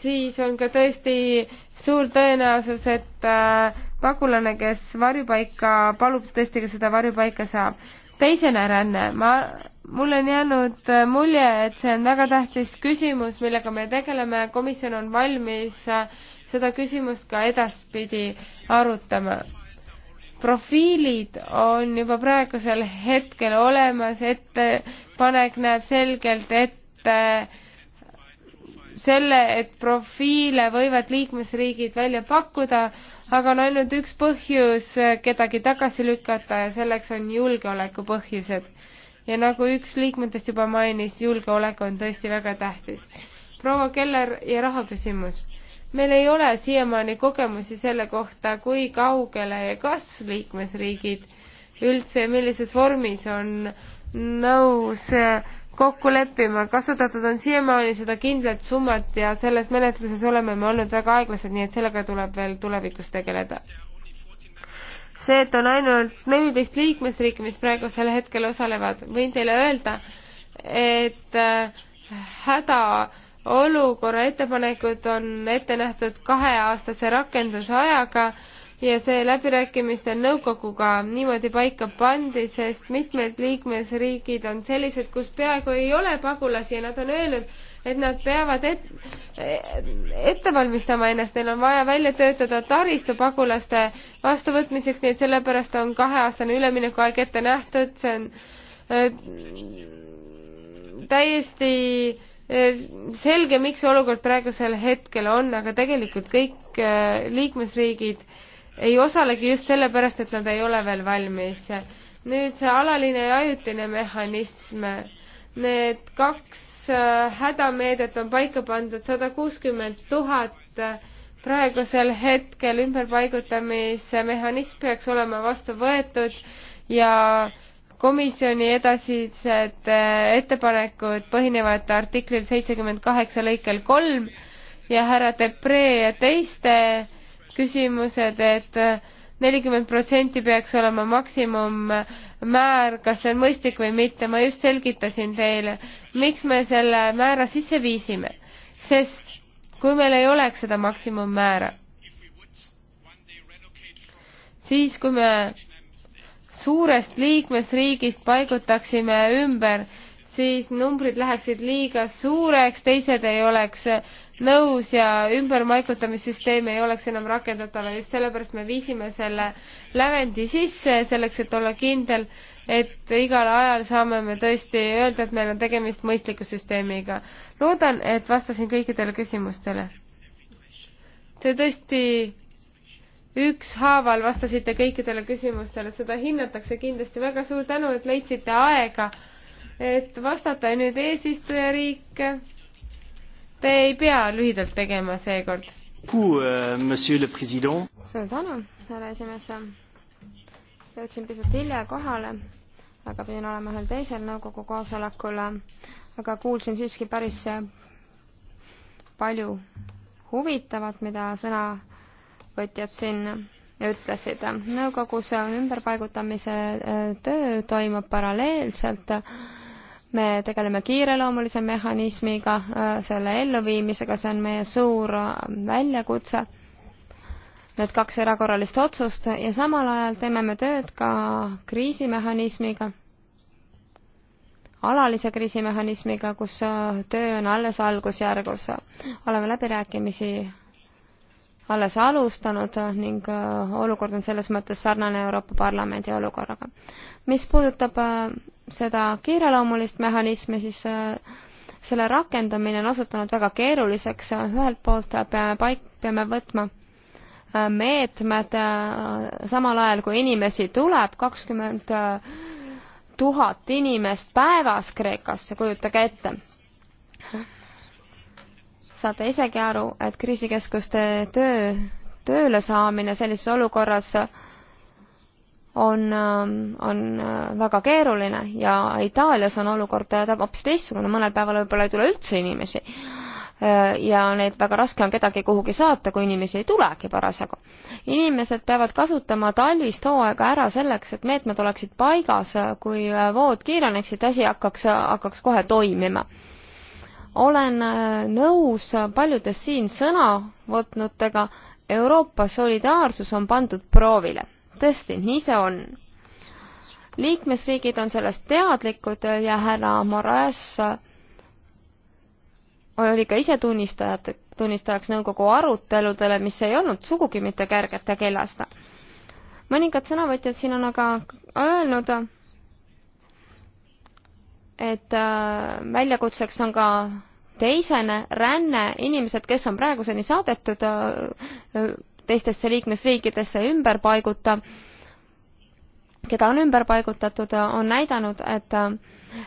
siis on ka tõesti suur tõenäosus, et äh, pagulane, kes varjupaika palub, tõesti ka seda varjupaika saab. teisena ränne, ma, mul on jäänud äh, mulje, et see on väga tähtis küsimus, millega me tegeleme, komisjon on valmis äh, seda küsimust ka edaspidi arutama. profiilid on juba praegusel hetkel olemas, ettepanek näeb selgelt ette äh, selle, et profiile võivad liikmesriigid välja pakkuda, aga on ainult üks põhjus kedagi tagasi lükata ja selleks on julgeoleku põhjused. ja nagu üks liikmetest juba mainis, julgeolek on tõesti väga tähtis. proua Keller ja raha küsimus. meil ei ole siiamaani kogemusi selle kohta, kui kaugele ja kas liikmesriigid üldse, millises vormis on nõus no, äh, kokku leppima, kasutatud on siiamaani seda kindlat summat ja selles menetluses oleme me olnud väga aeglased, nii et sellega tuleb veel tulevikus tegeleda. see, et on ainult neliteist liikmesriiki, mis praegusel hetkel osalevad, võin teile öelda, et äh, hädaolukorra ettepanekud on ette nähtud kaheaastase rakendusajaga ja see läbirääkimistel nõukoguga niimoodi paika pandi, sest mitmed liikmesriigid on sellised, kus peaaegu ei ole pagulasi ja nad on öelnud, et nad peavad et, ette valmistama ennast, neil on vaja välja töötada taristu pagulaste vastuvõtmiseks, nii et sellepärast on kaheaastane üleminekuaeg ette nähtud, see on äh, täiesti äh, selge, miks see olukord praegusel hetkel on, aga tegelikult kõik äh, liikmesriigid ei osalegi just sellepärast, et nad ei ole veel valmis. nüüd see alaline ja ajutine mehhanism, need kaks äh, hädameedet on paika pandud sada kuuskümmend tuhat praegusel hetkel ümberpaigutamise mehhanism peaks olema vastu võetud ja komisjoni edasised äh, ettepanekud põhinevad artiklil seitsekümmend kaheksa lõikel kolm ja härra Depree ja teiste küsimused et, et äh, nelikümmend protsenti peaks olema maksimummäär, äh, kas see on mõistlik või mitte, ma just selgitasin teile, miks me selle määra sisse viisime, sest kui meil ei oleks seda maksimummäära, siis kui me suurest liikmesriigist paigutaksime ümber, siis numbrid läheksid liiga suureks, teised ei oleks nõus ja ümberpaigutamissüsteem ei oleks enam rakendatav ja just sellepärast me viisime selle lävendi sisse, selleks et olla kindel, et igal ajal saame me tõesti öelda, et meil on tegemist mõistliku süsteemiga. loodan, et vastasin kõikidele küsimustele. Te tõesti ükshaaval vastasite kõikidele küsimustele, seda hinnatakse kindlasti. väga suur tänu, et leidsite aega, et vastata ja nüüd eesistujariik Te ei pea lühidalt tegema seekord. Euh, suur tänu, härra esimees. jõudsin pisut hilja kohale, aga pidin olema ühel teisel nõukogu koosolekul, aga kuulsin siiski päris palju huvitavat, mida sõnavõtjad siin ütlesid. nõukogus ümberpaigutamise äh, töö toimub paralleelselt me tegeleme kiireloomulise mehhanismiga, äh, selle elluviimisega, see on meie suur äh, väljakutse. Need kaks erakorralist otsust ja samal ajal teeme me tööd ka kriisimehhanismiga, alalise kriisimehhanismiga, kus äh, töö on alles algusjärgus. oleme läbirääkimisi alles alustanud ning olukord on selles mõttes sarnane Euroopa Parlamendi olukorraga. mis puudutab seda kiireloomulist mehhanismi, siis äh, selle rakendamine on osutunud väga keeruliseks, ühelt poolt peame paik-, peame võtma äh, meetmed äh, samal ajal, kui inimesi tuleb kakskümmend tuhat inimest päevas Kreekasse, kujutage ette. saate isegi aru, et kriisikeskuste töö, tööle saamine sellises olukorras äh, on, ähm, on äh, väga keeruline ja Itaalias on olukord äh, hoopis teistsugune, mõnel päeval võib-olla ei tule üldse inimesi. Äh, ja neid väga raske on kedagi kuhugi saata, kui inimesi ei tulegi parasjagu. inimesed peavad kasutama talvist hooaega ära selleks, et meetmed oleksid paigas, kui vood kiireneksid, asi hakkaks, hakkaks kohe toimima olen nõus paljudes siin sõna võtnutega, Euroopa solidaarsus on pandud proovile tõesti, nii see on. liikmesriigid on sellest teadlikud ja härra Moraes oli ka ise tunnistajad, tunnistajaks nõukogu aruteludele, mis ei olnud sugugi mitte kärgete kellast. mõningad sõnavõtjad siin on aga öelnud, et äh, väljakutseks on ka teisene ränne, inimesed, kes on praeguseni saadetud, äh, teistesse liikmesriikidesse ümber paiguta, keda on ümber paigutatud, on näidanud, et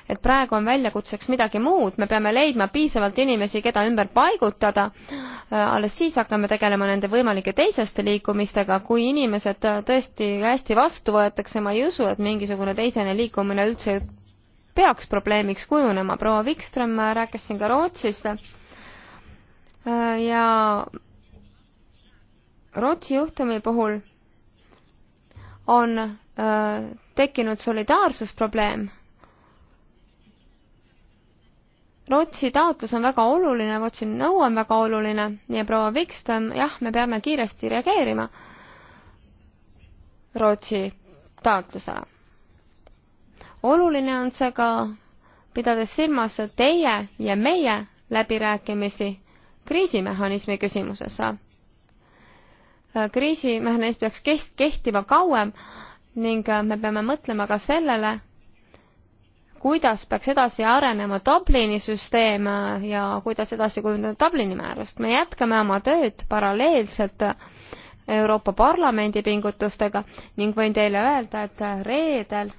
et praegu on väljakutseks midagi muud, me peame leidma piisavalt inimesi, keda ümber paigutada, alles siis hakkame tegelema nende võimalike teiseste liikumistega, kui inimesed tõesti hästi vastu võetakse, ma ei usu, et mingisugune teisene liikumine üldse peaks probleemiks kujunema, proua Wikström rääkis siin ka Rootsist ja Rootsi juhtumi puhul on äh, tekkinud solidaarsusprobleem. Rootsi taotlus on väga oluline, Rootsi nõu on väga oluline ja proua Wikston, jah, me peame kiiresti reageerima Rootsi taotlusele. oluline on see ka, pidades silmas teie ja meie läbirääkimisi kriisimehhanismi küsimuses Äh, kriisimehhanism peaks keht-, kehtima kauem ning äh, me peame mõtlema ka sellele, kuidas peaks edasi arenema Dublini süsteem äh, ja kuidas edasi kujundada Dublini määrust. me jätkame oma tööd paralleelselt Euroopa Parlamendi pingutustega ning võin teile öelda, et reedel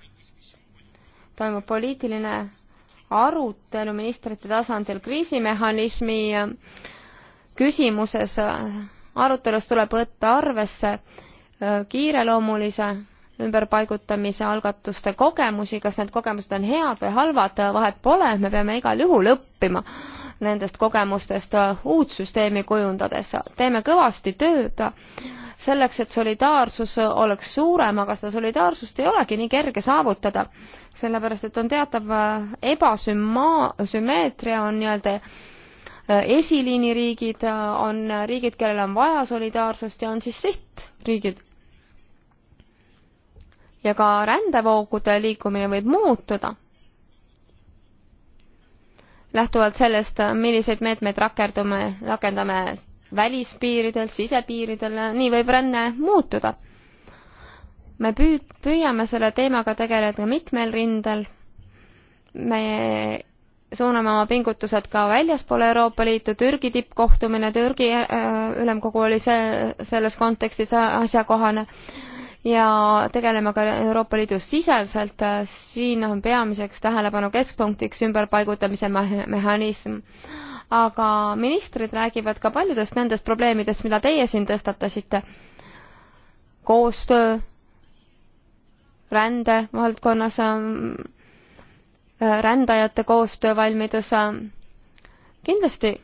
toimub poliitiline arutelu ministrite tasandil kriisimehhanismi küsimuses arutelus tuleb võtta arvesse äh, kiireloomulise ümberpaigutamise algatuste kogemusi, kas need kogemused on head või halvad, vahet pole, me peame igal juhul õppima nendest kogemustest äh, uut süsteemi kujundades. teeme kõvasti tööd selleks, et solidaarsus oleks suurem, aga seda solidaarsust ei olegi nii kerge saavutada, sellepärast et on teatav äh, ebasümma-, sümmeetria on nii-öelda Äh, esiliiniriigid äh, on äh, riigid, kellel on vaja solidaarsust ja on siis sihtriigid. ja ka rändevoogude liikumine võib muutuda. lähtuvalt sellest, milliseid meetmeid rakendume, rakendame välispiiridel, sisepiiridel, nii võib ränne muutuda. me püüd-, püüame selle teemaga tegeleda mitmel rindel. me suuname oma pingutused ka väljaspoole Euroopa Liitu, Türgi tippkohtumine, Türgi äh, ülemkogu oli see, selles kontekstis asjakohane, ja tegeleme ka Euroopa Liidu siseselt, siin on peamiseks tähelepanu keskpunktiks ümberpaigutamise mehhanism. aga ministrid räägivad ka paljudest nendest probleemidest, mida teie siin tõstatasite, koostöö, rände valdkonnas ähm, rändajate koostöövalmidus. Äh, kindlasti,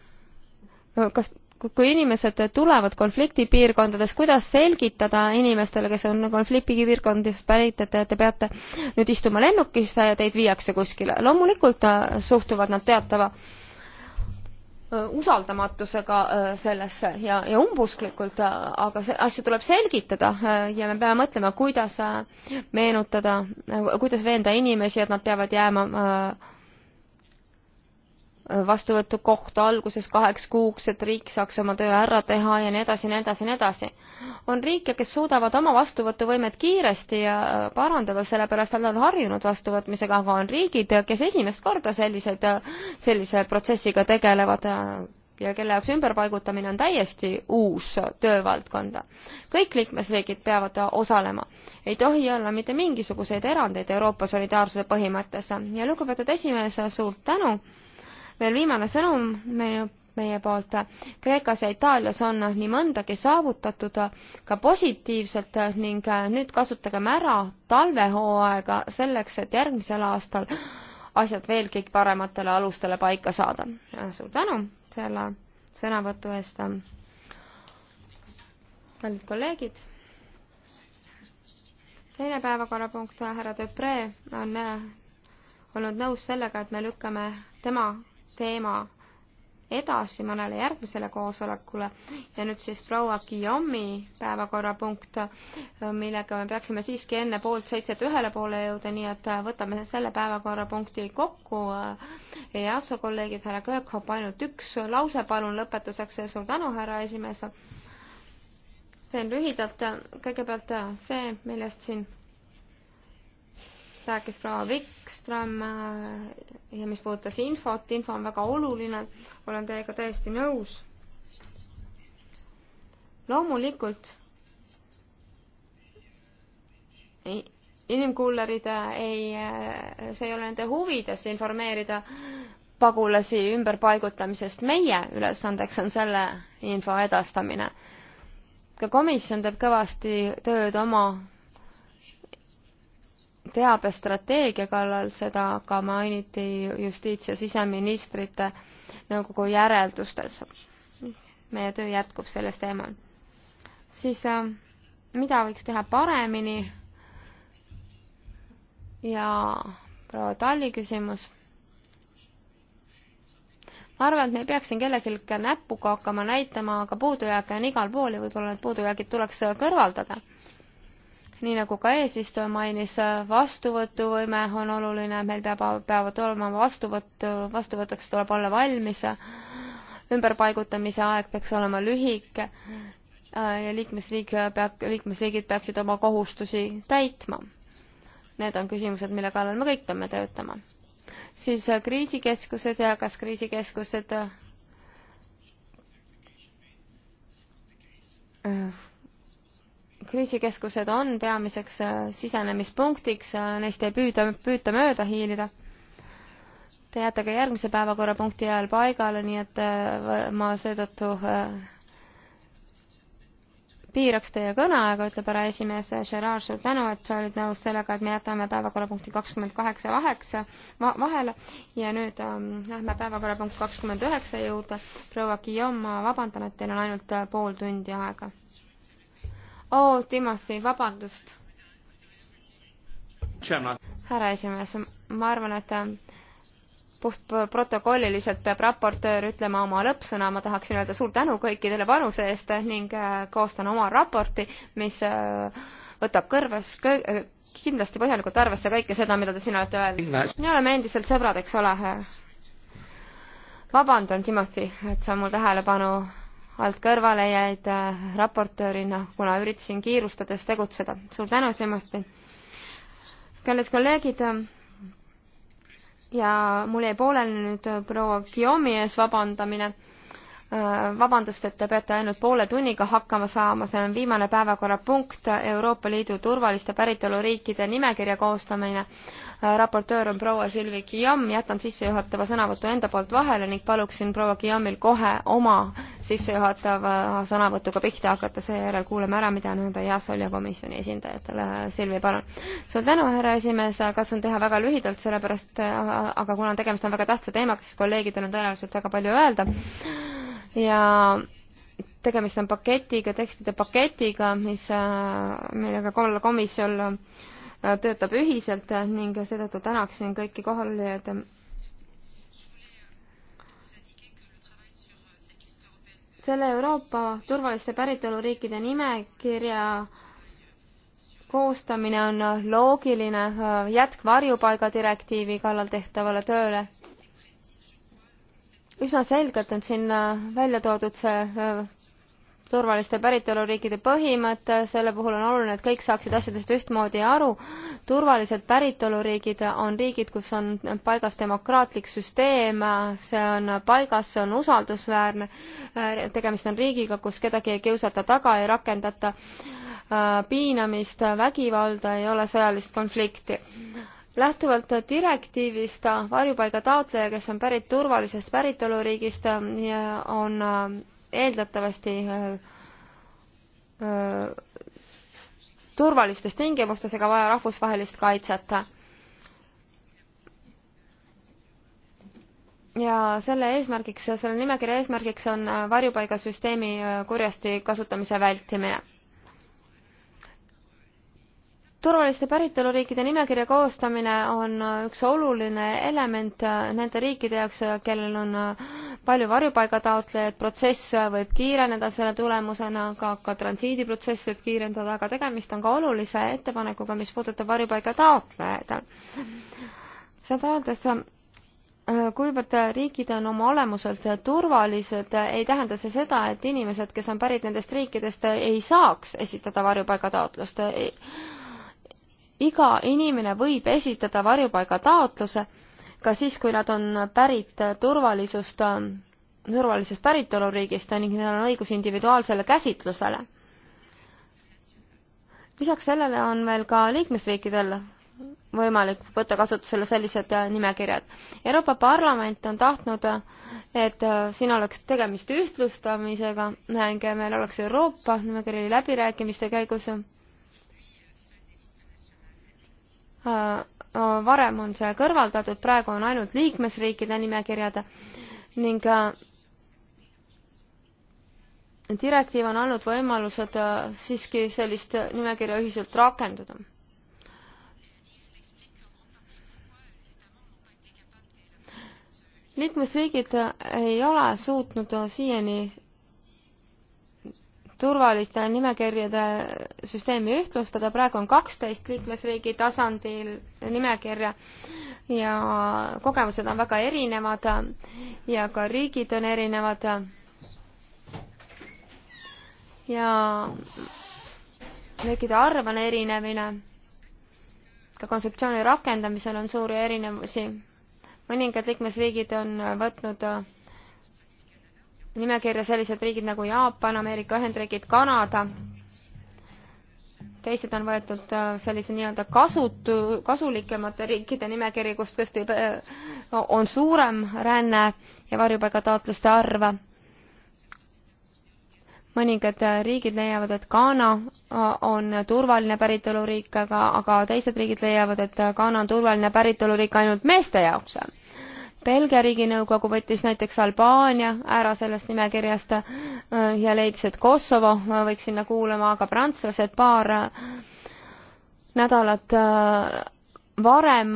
äh, kas, kui inimesed tulevad konfliktipiirkondades, kuidas selgitada inimestele, kes on konfliktipiirkondadest pärit, et te peate nüüd istuma lennukisse ja teid viiakse kuskile. loomulikult äh, suhtuvad nad teatava äh, Äh, usaldamatusega äh, sellesse ja, ja umbusklikult, äh, aga see, asju tuleb selgitada ja me peame mõtlema, kuidas meenutada, kuidas veenda inimesi, et nad peavad jääma äh, vastuvõtukohta alguses kaheks kuuks, et riik saaks oma töö ära teha ja nii edasi, nii edasi, nii edasi. on riike, kes suudavad oma vastuvõtuvõimet kiiresti äh, parandada, sellepärast nad on harjunud vastuvõtmisega, aga on riigid, äh, kes esimest korda sellised, äh, sellise protsessiga tegelevad ja kelle jaoks ümberpaigutamine on täiesti uus töövaldkond. kõik liikmesriigid peavad osalema. ei tohi olla mitte mingisuguseid erandeid Euroopa solidaarsuse põhimõttes ja lugupeetud esimees, suur tänu veel viimane sõnum meie, meie poolt. Kreekas ja Itaalias on nii mõndagi saavutatud ka positiivselt ning nüüd kasutagem ära talvehooaega selleks, et järgmisel aastal asjad veelgi parematele alustele paika saada. suur tänu selle sõnavõtu eest. kallid kolleegid teine päevakorrapunkt, härra Depree on olnud nõus sellega, et me lükkame tema teema edasi mõnele järgmisele koosolekule ja nüüd siis proua Guillaume'i päevakorrapunkt, millega me peaksime siiski enne poolt seitset ühele poole jõuda, nii et võtame selle päevakorrapunkti kokku. EASO kolleegid, härra Kõrghoop, ainult üks lause palun lõpetuseks ja suur tänu, härra esimees. teen lühidalt, kõigepealt see, millest siin rääkis proua Vikström äh, ja mis puudutas infot, info on väga oluline, olen teiega täiesti nõus. loomulikult inimkullerid ei, äh, see ei ole nende huvides informeerida pagulasi ümberpaigutamisest, meie ülesandeks on selle info edastamine. ka komisjon teeb kõvasti tööd oma teabestrateegia kallal, seda ka mainiti justiits- ja siseministrite nõukogu järeldustes. meie töö jätkub selles teemal. siis äh, mida võiks teha paremini? ja proua Talli küsimus. ma arvan, et me ei peaks siin kellelgi näpuga hakkama näitama, aga puudujääke on igal pool ja võib-olla need puudujäägid tuleks kõrvaldada nii nagu ka eesistuja mainis, vastuvõtuvõime on oluline, meil peab, peavad olema vastuvõttu, vastuvõtuks tuleb olla valmis, ümberpaigutamise aeg peaks olema lühike ja liikmesriik peab, liikmesriigid peaksid oma kohustusi täitma. Need on küsimused, mille kallal me kõik peame töötama. siis kriisikeskused ja kas kriisikeskused kriisikeskused on peamiseks äh, sisenemispunktiks, äh, neist ei püüda, püüta mööda hiilida. Te jääte ka järgmise päevakorrapunkti ajal paigale, nii et äh, ma seetõttu piiraks teie kõneaega, ütleb härra esimees Gerard, suur tänu, et sa olid nõus sellega, et me jätame päevakorrapunkti kakskümmend kaheksa vaheksa vahele ja nüüd ähm, lähme päevakorrapunkt kakskümmend üheksa juurde. proua Guillaume, ma vabandan, et teil on ainult pool tundi aega oo oh,, Timothy, vabandust. härra esimees, ma arvan, et ähm, puht protokolliliselt peab raportöör ütlema oma lõppsõna, ma tahaksin öelda suur tänu kõikidele panuse eest ning äh, koostan oma raporti, mis äh, võtab kõrves kõ, äh, kindlasti põhjalikult arvesse kõike seda, mida te siin olete öelnud. me oleme endiselt sõbrad, eks ole. vabandan, Timothy, et sa mul tähelepanu alt kõrvale jäid äh, raportöörina, kuna üritasin kiirustades tegutseda. suur tänu, Timothy! kallid kolleegid, äh, ja mul jäi pooleli nüüd äh, proua Guillaume'i ees vabandamine vabandust, et te peate ainult poole tunniga hakkama saama, see on viimane päevakorrapunkt, Euroopa Liidu turvaliste päritoluriikide nimekirja koostamine raportöör on proua Silvi Kiam, jätan sissejuhatava sõnavõtu enda poolt vahele ning paluksin proua Kiamil kohe oma sissejuhatava sõnavõtuga pihta hakata, seejärel kuulame ära, mida on öelda Jasolja komisjoni esindajatele. Silvi, palun. suur tänu, härra esimees, katsun teha väga lühidalt, sellepärast, aga kuna tegemist on väga tähtsa teemaga, siis kolleegidel on tõenäoliselt väga palju öelda ja tegemist on paketiga, tekstide paketiga, mis, millega komisjon Äh, töötab ühiselt ning seetõttu tänaksin kõiki kohalolijaid selle Euroopa turvaliste päritoluriikide nimekirja koostamine on loogiline äh, jätk varjupaiga direktiivi kallal tehtavale tööle. üsna selgelt on siin äh, välja toodud see turvaliste päritoluriikide põhimõte, selle puhul on oluline, et kõik saaksid asjadest ühtmoodi aru. turvalised päritoluriigid on riigid, kus on paigas demokraatlik süsteem, see on paigas, see on usaldusväärne, tegemist on riigiga, kus kedagi ei kiusata taga, ei rakendata äh, piinamist, vägivalda, ei ole sõjalist konflikti lähtuvalt direktiivist varjupaiga taotleja, kes on pärit turvalisest päritoluriigist, äh, on äh, eeldatavasti äh, äh, turvalistes tingimustes ega vaja rahvusvahelist kaitset. ja selle eesmärgiks, selle nimekirja eesmärgiks on äh, varjupaigasüsteemi kurjasti kasutamise vältimine turvaliste päritoluriikide nimekirja koostamine on üks oluline element nende riikide jaoks, kellel on palju varjupaigataotlejaid, protsess võib kiireneda selle tulemusena, aga ka, ka transiidiprotsess võib kiirendada, aga tegemist on ka olulise ettepanekuga, mis puudutab varjupaigataotlejaid. seda öeldes kuivõrd riigid on oma olemuselt turvalised, ei tähenda see seda, et inimesed, kes on pärit nendest riikidest, ei saaks esitada varjupaigataotlust iga inimene võib esitada varjupaigataotluse ka siis, kui nad on pärit turvalisust, turvalisest päritoluriigist ning neil on õigus individuaalsele käsitlusele. lisaks sellele on veel ka liikmesriikidel võimalik võtta kasutusele sellised nimekirjad. Euroopa Parlament on tahtnud, et siin oleks tegemist ühtlustamisega ning meil oleks Euroopa nimekiri läbirääkimiste käigus Äh, äh, varem on see kõrvaldatud, praegu on ainult liikmesriikide nimekirjad ning äh, direktiiv on andnud võimalused siiski sellist nimekirja ühiselt rakendada. liikmesriigid ei ole suutnud siiani turvaliste nimekirjade süsteemi ühtlustada, praegu on kaksteist liikmesriigi tasandil nimekirja ja kogemused on väga erinevad ja ka riigid on erinevad. ja riikide arv on erinev, ka kontseptsiooni rakendamisel on suuri erinevusi. mõningad liikmesriigid on võtnud nimekirja sellised riigid nagu Jaapan, Ameerika Ühendriigid, Kanada, teised on võetud äh, sellise nii-öelda kasutu, kasulikemate riikide nimekiri, kust tõesti äh, on suurem ränne ja varjupaigataotluste arv. mõningad äh, riigid leiavad, et Ghana on turvaline päritoluriik, aga, aga teised riigid leiavad, et Ghana on turvaline päritoluriik ainult meeste jaoks Belgia riiginõukogu võttis näiteks Albaania ära sellest nimekirjast äh, ja leidis, et Kosovo äh, võiks sinna kuuluma, aga prantslased paar äh, nädalat varem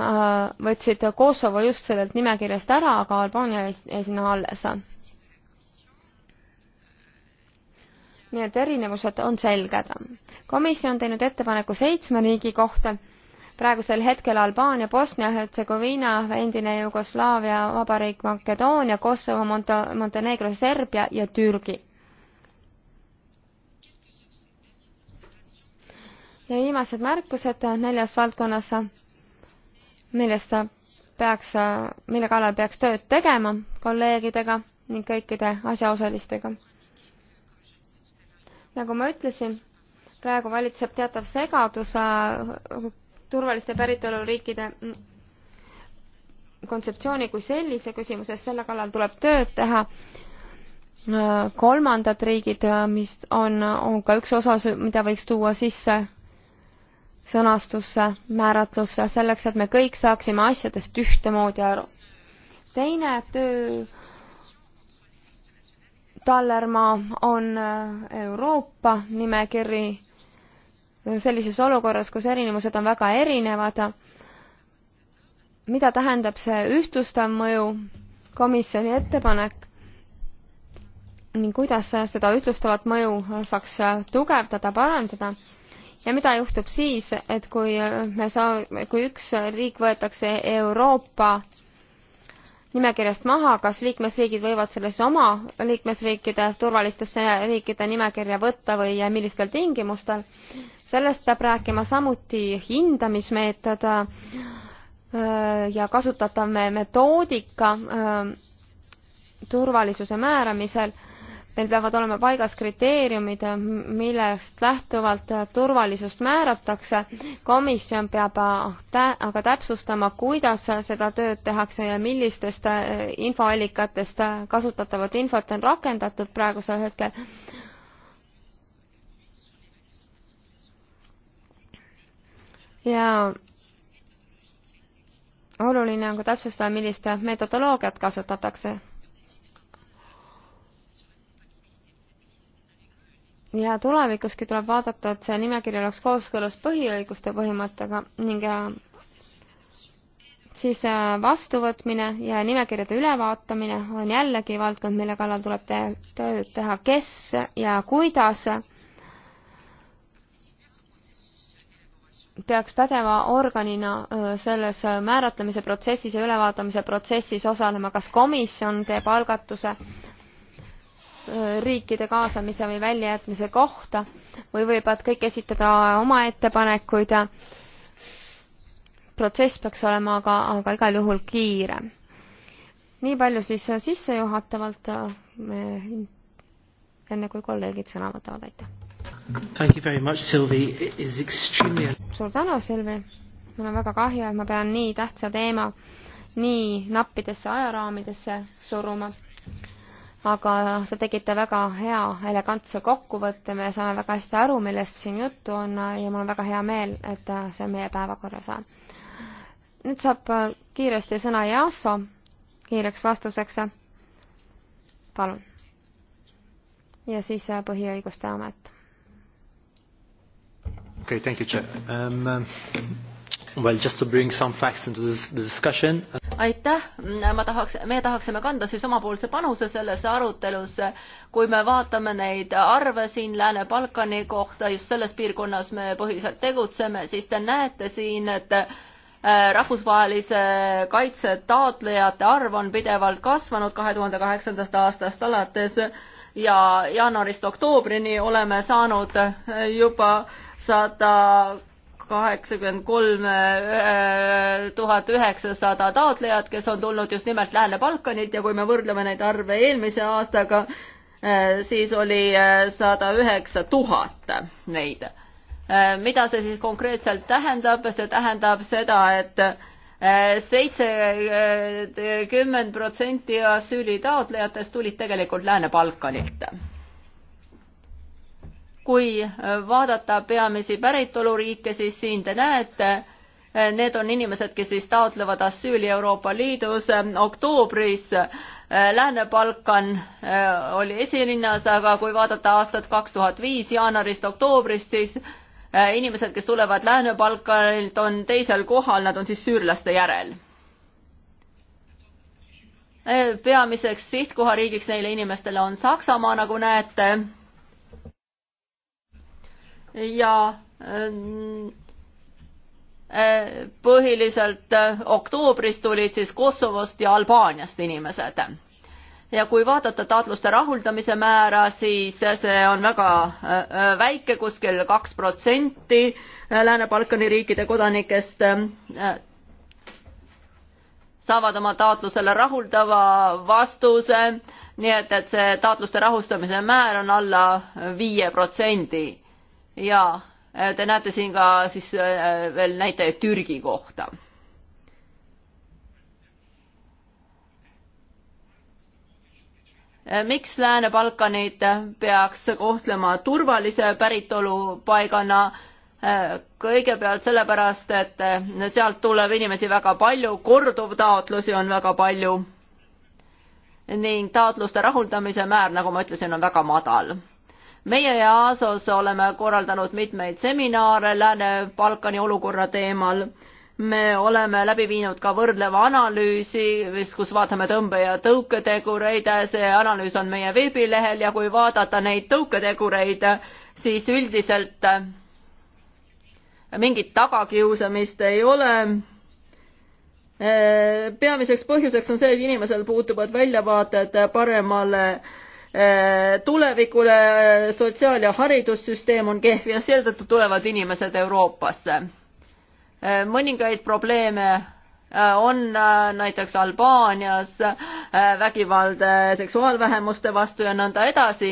võtsid Kosovo just sellelt nimekirjast ära, aga Albaania jäi sinna alles. nii et erinevused on selged. komisjon on teinud ettepaneku seitsme riigi kohta praegusel hetkel Albaania, Bosnia-Hertsegoviina, endine Jugoslaavia vabariik Makedoonia, Kosovo, Monte-, Montenegro, Serbia ja Türgi. ja viimased märkused neljas valdkonnas, millest peaks, mille kallal peaks tööd tegema kolleegidega ning kõikide asjaosalistega. nagu ma ütlesin, praegu valitseb teatav segadus turvaliste päritoluriikide kontseptsiooni kui sellise küsimuses, selle kallal tuleb tööd teha. kolmandad riigid, mis on, on ka üks osa, mida võiks tuua sisse sõnastusse, määratlusse, selleks et me kõik saaksime asjadest ühtemoodi aru. teine töö tallermaa on Euroopa nimekiri sellises olukorras, kus erinevused on väga erinevad. mida tähendab see ühtlustav mõju, komisjoni ettepanek ning kuidas seda ühtlustavat mõju saaks tugevdada, parandada ja mida juhtub siis, et kui me saa-, kui üks riik võetakse Euroopa nimekirjast maha, kas liikmesriigid võivad selles oma liikmesriikide turvalistesse riikide nimekirja võtta või millistel tingimustel sellest peab rääkima samuti hindamismeetod äh, ja kasutatav metoodika äh, turvalisuse määramisel. meil peavad olema paigas kriteeriumid, äh, millest lähtuvalt turvalisust määratakse. komisjon peab aga täpsustama, kuidas seda tööd tehakse ja millistest infoallikatest kasutatavat infot on rakendatud praegusel hetkel ja oluline on ka täpsustada, millist metodoloogiat kasutatakse. ja tulevikuski tuleb vaadata, et see nimekiri oleks kooskõlas põhiõiguste põhimõttega ning äh, siis äh, vastuvõtmine ja nimekirjade ülevaatamine on jällegi valdkond, mille kallal tuleb te tööd teha, kes ja kuidas peaks pädeva organina selles määratlemise protsessis ja ülevaatamise protsessis osalema, kas komisjon teeb algatuse riikide kaasamise või väljajätmise kohta või võivad kõik esitada oma ettepanekuid ja protsess peaks olema aga, aga igal juhul kiire. nii palju siis sissejuhatavalt, enne kui kolleegid sõna võtavad, aitäh! Extremely... suur tänu, Silvi. mul on väga kahju, et ma pean nii tähtsa teema nii nappidesse ajaraamidesse suruma. aga te tegite väga hea elegantse kokkuvõtte, me saame väga hästi aru, millest siin juttu on ja mul on väga hea meel, et see on meie päevakorras. nüüd saab kiiresti sõna Yasso kiireks vastuseks. palun. ja siis Põhiõiguste Amet Okay, thank you, Chair. Um, um, well, just to bring some facts into this, the discussion. aitäh, ma tahaks, me tahaksime kanda siis omapoolse panuse sellesse arutelusse. kui me vaatame neid arve siin Lääne-Balkani kohta, just selles piirkonnas me põhiliselt tegutseme, siis te näete siin, et äh, rahvusvahelise kaitse taotlejate arv on pidevalt kasvanud kahe tuhande kaheksandast aastast alates ja jaanuarist oktoobrini oleme saanud äh, juba sada kaheksakümmend kolm äh, tuhat üheksasada taotlejat, kes on tulnud just nimelt Lääne-Balkanilt ja kui me võrdleme neid arve eelmise aastaga, äh, siis oli äh, sada üheksa tuhat neid. mida see siis konkreetselt tähendab, see tähendab seda, et seitsekümmend protsenti asüülitaotlejatest tulid tegelikult Lääne-Balkanilt kui äh, vaadata peamisi päritoluriike, siis siin te näete, äh, need on inimesed, kes siis taotlevad asüüli Euroopa Liidus. Äh, oktoobris Lääne-Balkan oli esilinnas, aga kui vaadata aastat kaks tuhat viis jaanuarist oktoobrist, siis inimesed, kes tulevad Lääne-Balkanilt, on teisel kohal, nad on siis süürlaste järel. peamiseks sihtkohariigiks neile inimestele on Saksamaa, nagu näete ja äh, äh, põhiliselt äh, oktoobris tulid siis Kosovost ja Albaaniast inimesed. ja kui vaadata taotluste rahuldamise määra, siis see on väga väike kuskil, kuskil kaks protsenti Lääne-Balkani riikide kodanikest saavad oma taotlusele rahuldava vastuse, nii et, et see taotluste rahustamise määr on alla viie protsendi ja äh, te näete siin ka siis äh, veel näitajaid Türgi kohta. Äh, miks Lääne-Balkanit peaks kohtlema turvalise päritolupaigana? kõigepealt sellepärast, et sealt tuleb inimesi väga palju, korduvtaotlusi on väga palju ning taotluste rahuldamise määr, nagu ma ütlesin, on väga madal meie EASO-s oleme korraldanud mitmeid seminare Lääne-Balkani olukorra teemal. me oleme läbi viinud ka võrdleva analüüsi, kus vaatame tõmbe- ja tõuketegureid, see analüüs on meie veebilehel ja kui vaadata neid tõuketegureid, siis üldiselt mingit tagakiusamist ei ole peamiseks põhjuseks on see, et inimesel puutuvad väljavaated paremale Äh, tulevikule äh, sotsiaal- ja haridussüsteem on kehv ja seetõttu tulevad inimesed Euroopasse. Äh, mõningaid probleeme on näiteks Albaanias vägivald seksuaalvähemuste vastu ja nõnda edasi.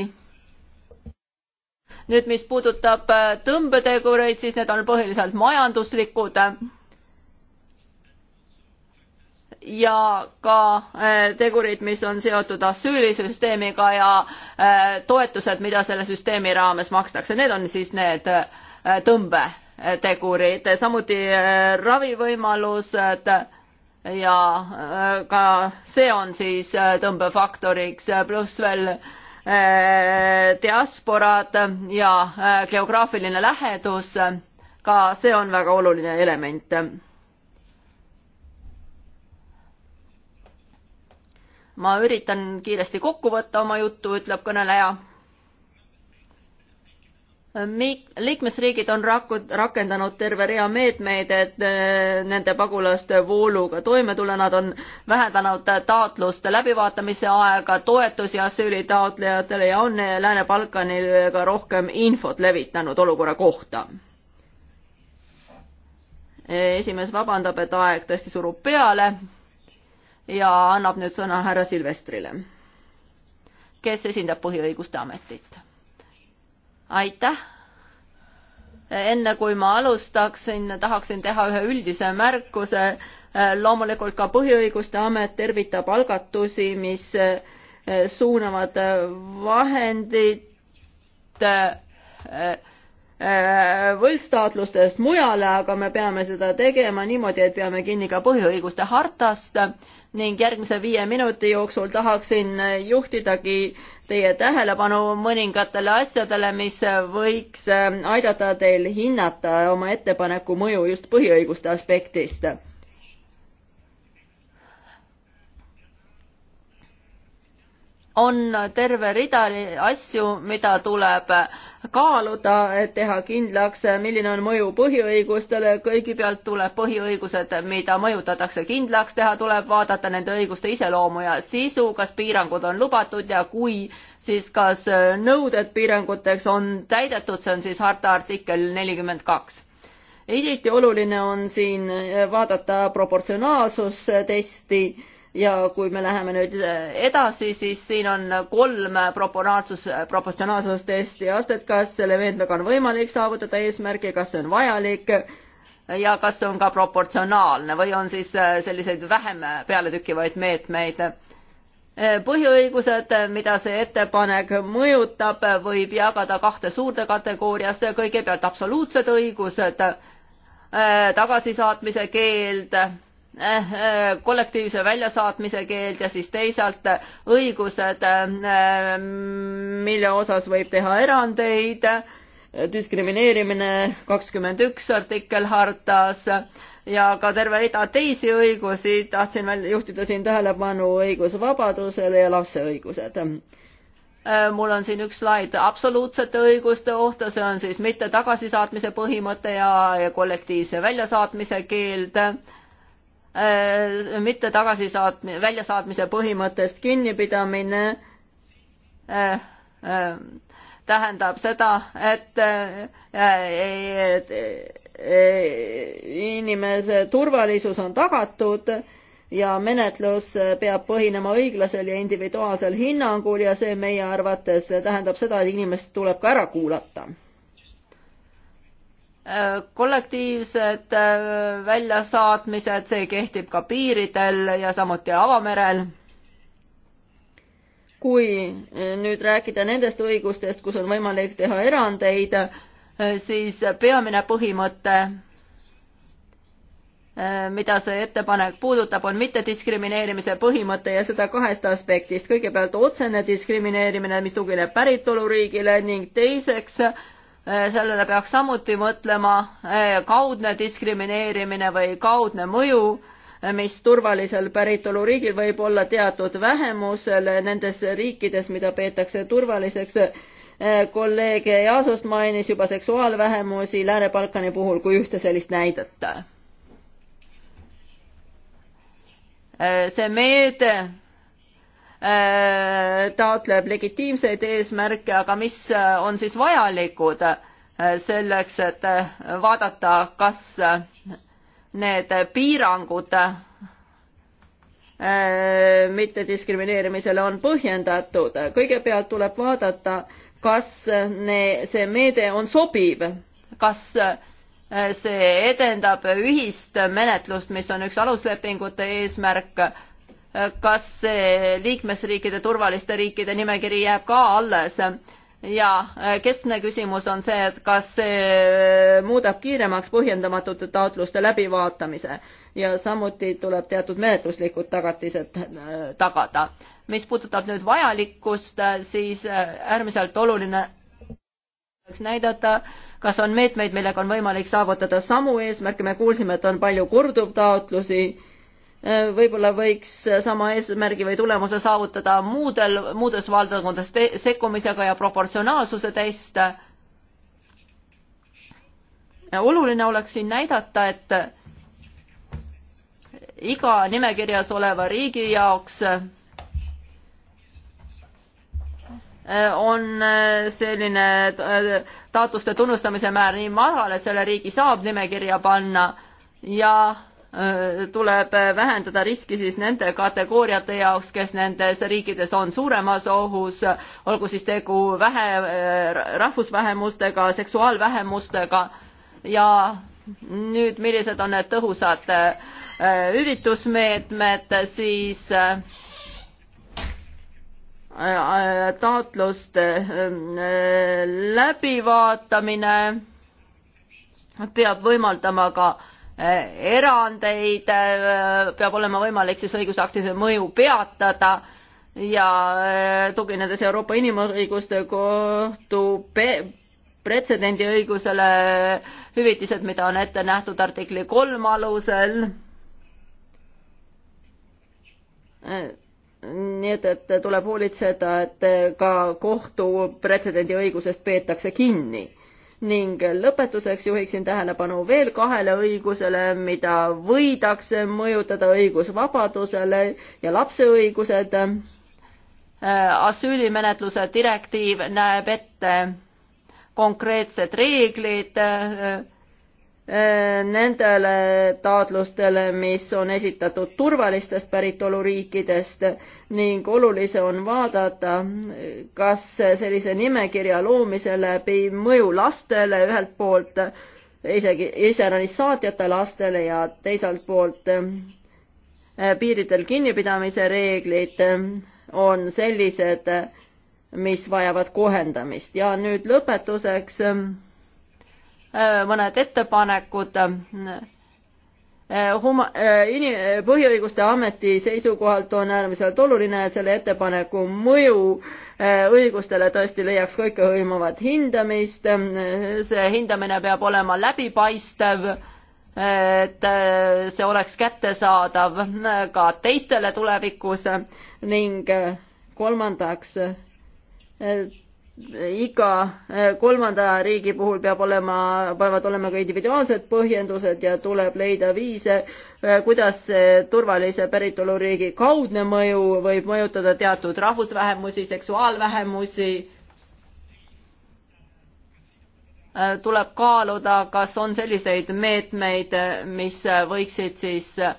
nüüd, mis puudutab tõmbetegureid, siis need on põhiliselt majanduslikud ja ka äh, tegurid, mis on seotud asüülisüsteemiga ja äh, toetused, mida selle süsteemi raames makstakse, need on siis need äh, tõmbetegurid, samuti ravivõimalused ja ka see on siis tõmbefaktoriks, pluss veel diasporad ja geograafiline lähedus, ka see on väga oluline element ma üritan kiiresti kokku võtta oma juttu, ütleb kõneleja. liikmesriigid on rakud, rakendanud terve rea meetmeid, et eh, nende pagulaste vooluga toime tulla, nad on vähendanud taotluste läbivaatamise aega, toetusi asüülitaotlejatele ja on Lääne-Balkanil ka rohkem infot levitanud olukorra kohta eh, esimees vabandab, et aeg tõesti surub peale ja annab nüüd sõna härra Silvestrile, kes esindab Põhiõiguste Ametit. aitäh! enne kui ma alustaksin, tahaksin teha ühe üldise märkuse. loomulikult ka Põhiõiguste Amet tervitab algatusi, mis suunavad vahendid eh, võltstaatlustest mujale, aga me peame seda tegema niimoodi, et peame kinni ka põhiõiguste hartast ning järgmise viie minuti jooksul tahaksin juhtidagi teie tähelepanu mõningatele asjadele, mis võiks äh, aidata teil hinnata oma ettepaneku mõju just põhiõiguste aspektist on terve rida asju, mida tuleb kaaluda, et teha kindlaks, milline on mõju põhiõigustele, kõigepealt tuleb põhiõigused, mida mõjutatakse kindlaks teha, tuleb vaadata nende õiguste iseloomu ja sisu, kas piirangud on lubatud ja kui, siis kas nõuded piiranguteks on täidetud, see on siis harta artikkel nelikümmend kaks eriti oluline on siin vaadata proportsionaalsustesti ja kui me läheme nüüd äh, edasi, siis siin on kolm proportsionaalsus, proportsionaalsustesti astet, kas selle meetmega on võimalik saavutada eesmärgi, kas see on vajalik ja kas see on ka proportsionaalne või on siis äh, selliseid vähem pealetükkivaid meetmeid. Äh, põhiõigused, mida see ettepanek mõjutab, võib jagada kahte suurde kategooriasse, kõigepealt absoluutsed õigused, tagasisaatmise keeld Eh, eh, kollektiivse väljasaatmise keeld ja siis teisalt õigused, eh, mille osas võib teha erandeid, diskrimineerimine kakskümmend üks artikkel hartas ja ka terve rida teisi õigusi, tahtsin veel juhtida siin tähelepanu õigusvabadusele ja lapse õigused. mul on siin üks slaid absoluutsete õiguste kohta, see on siis mitte tagasisaatmise põhimõte ja, ja kollektiivse väljasaatmise keeld Äh, mitte tagasisaatmi-, väljasaatmise põhimõttest kinnipidamine äh, äh, tähendab seda, et inimese turvalisus on tagatud ja menetlus peab põhinema õiglasel ja individuaalsel hinnangul ja see meie arvates tähendab seda, et inimest tuleb ka ära kuulata kollektiivsed äh, väljasaatmised, see kehtib ka piiridel ja samuti avamerel. kui äh, nüüd rääkida nendest õigustest, kus on võimalik teha erandeid, äh, siis peamine põhimõte, mida see ettepanek puudutab, on mittediskrimineerimise põhimõte ja seda kahest aspektist. kõigepealt otsene diskrimineerimine, mis tugineb päritoluriigile ning teiseks äh, Äh, sellele peaks samuti mõtlema, äh, kaudne diskrimineerimine või kaudne mõju, äh, mis turvalisel päritoluriigil võib olla teatud vähemusele nendes riikides, mida peetakse turvaliseks. kolleeg Jaasust mainis juba seksuaalvähemusi Lääne-Balkani puhul kui ühte sellist näidet. see meede Äh, taotleb legitiimseid eesmärke, aga mis äh, on siis vajalikud äh, selleks, et vaadata, kas need piirangud mittediskrimineerimisele on põhjendatud. kõigepealt tuleb vaadata, kas ne, see meede on sobiv, kas see edendab ühist menetlust, mis on üks aluslepingute eesmärk kas see liikmesriikide turvaliste riikide nimekiri jääb ka alles ja äh, keskne küsimus on see, et kas see äh, muudab kiiremaks põhjendamatute taotluste läbivaatamise ja samuti tuleb teatud menetluslikud tagatised äh, tagada. mis puudutab nüüd vajalikkust, siis äärmiselt oluline oleks näidata, kas on meetmeid, millega on võimalik saavutada samu eesmärke, me kuulsime, et on palju korduvtaotlusi Äh, võib-olla võiks sama eesmärgi või tulemuse saavutada muudel, muudes valdkondades sekkumisega ja proportsionaalsuse test. oluline oleks siin näidata, et iga nimekirjas oleva riigi jaoks äh, on äh, selline taotluste tunnustamise määr nii madal, et selle riigi saab nimekirja panna ja Äh, tuleb vähendada riski siis nende kategooriate jaoks, kes nendes riikides on suuremas ohus, olgu siis tegu vähe, äh, rahvusvähemustega, seksuaalvähemustega ja nüüd, millised on need tõhusad äh, üritusmeetmed, siis taotluste läbivaatamine peab võimaldama ka äh, Eh, erandeid, eh, peab olema võimalik siis õigusaktide mõju peatada ja eh, tuginedes Euroopa Inimõiguste Kohtu pretsedendi õigusele hüvitised, mida on ette nähtud artikli kolm alusel. nii et, et tuleb hoolitseda, et ka kohtu pretsedendi õigusest peetakse kinni ning lõpetuseks juhiksin tähelepanu veel kahele õigusele, mida võidakse mõjutada õigus vabadusele ja lapse õigused. Äh, asüülimenetluse direktiiv näeb ette konkreetsed reeglid äh, Äh, nendele taotlustele, mis on esitatud turvalistest päritoluriikidest ning olulise on vaadata, kas sellise nimekirja loomise läbi mõju lastele ühelt poolt, isegi iseäranis saatjate lastele ja teiselt poolt äh, piiridel kinnipidamise reeglid äh, on sellised, mis vajavad kohendamist ja nüüd lõpetuseks Äh, mõned ettepanekud äh, huma-, äh, in-, põhiõiguste ameti seisukohalt on äärmiselt oluline, et selle ettepaneku mõju õigustele tõesti leiaks kõikehõimuvat hindamist, see hindamine peab olema läbipaistev, et see oleks kättesaadav ka teistele tulevikus ning kolmandaks, iga eh, kolmanda riigi puhul peab olema, peavad olema ka individuaalsed põhjendused ja tuleb leida viise, eh, kuidas turvalise päritoluriigi kaudne mõju võib mõjutada teatud rahvusvähemusi, seksuaalvähemusi. Eh, tuleb kaaluda, kas on selliseid meetmeid, mis võiksid siis äh,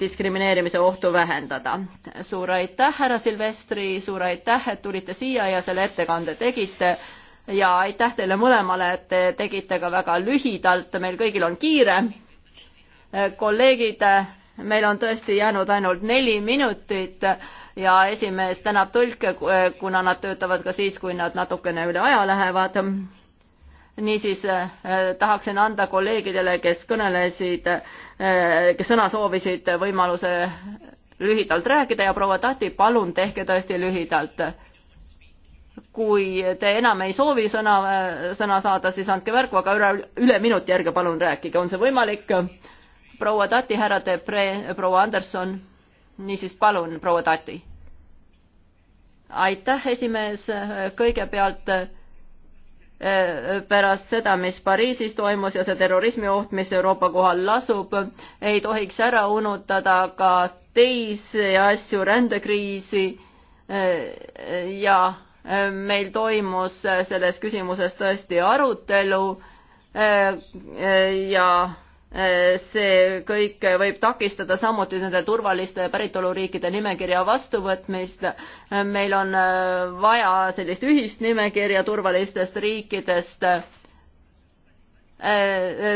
diskrimineerimise ohtu vähendada. suur aitäh, härra Silvestri, suur aitäh, et tulite siia ja selle ettekande tegite ja aitäh teile mõlemale, et te tegite ka väga lühidalt, meil kõigil on kiire. kolleegid, meil on tõesti jäänud ainult neli minutit ja esimees tänab tõlke, kuna nad töötavad ka siis, kui nad natukene üle aja lähevad. niisiis eh, tahaksin anda kolleegidele, kes kõnelesid eh, Äh, kes sõna soovisid, võimaluse lühidalt rääkida ja proua Tati, palun tehke tõesti lühidalt. kui te enam ei soovi sõna, sõna saada, siis andke märku, aga üle, üle minuti järge palun rääkige, on see võimalik? proua Tati, härra Debre, proua Anderson, niisiis palun, proua Tati. aitäh, esimees, kõigepealt Äh, pärast seda, mis Pariisis toimus ja see terrorismioht, mis Euroopa kohal lasub, ei tohiks ära unutada ka teisi asju, rändekriisi äh, ja äh, meil toimus selles küsimuses tõesti arutelu ja Äh, see kõik võib takistada samuti nende turvaliste päritoluriikide nimekirja vastuvõtmist. Äh, meil on äh, vaja sellist ühist nimekirja turvalistest riikidest.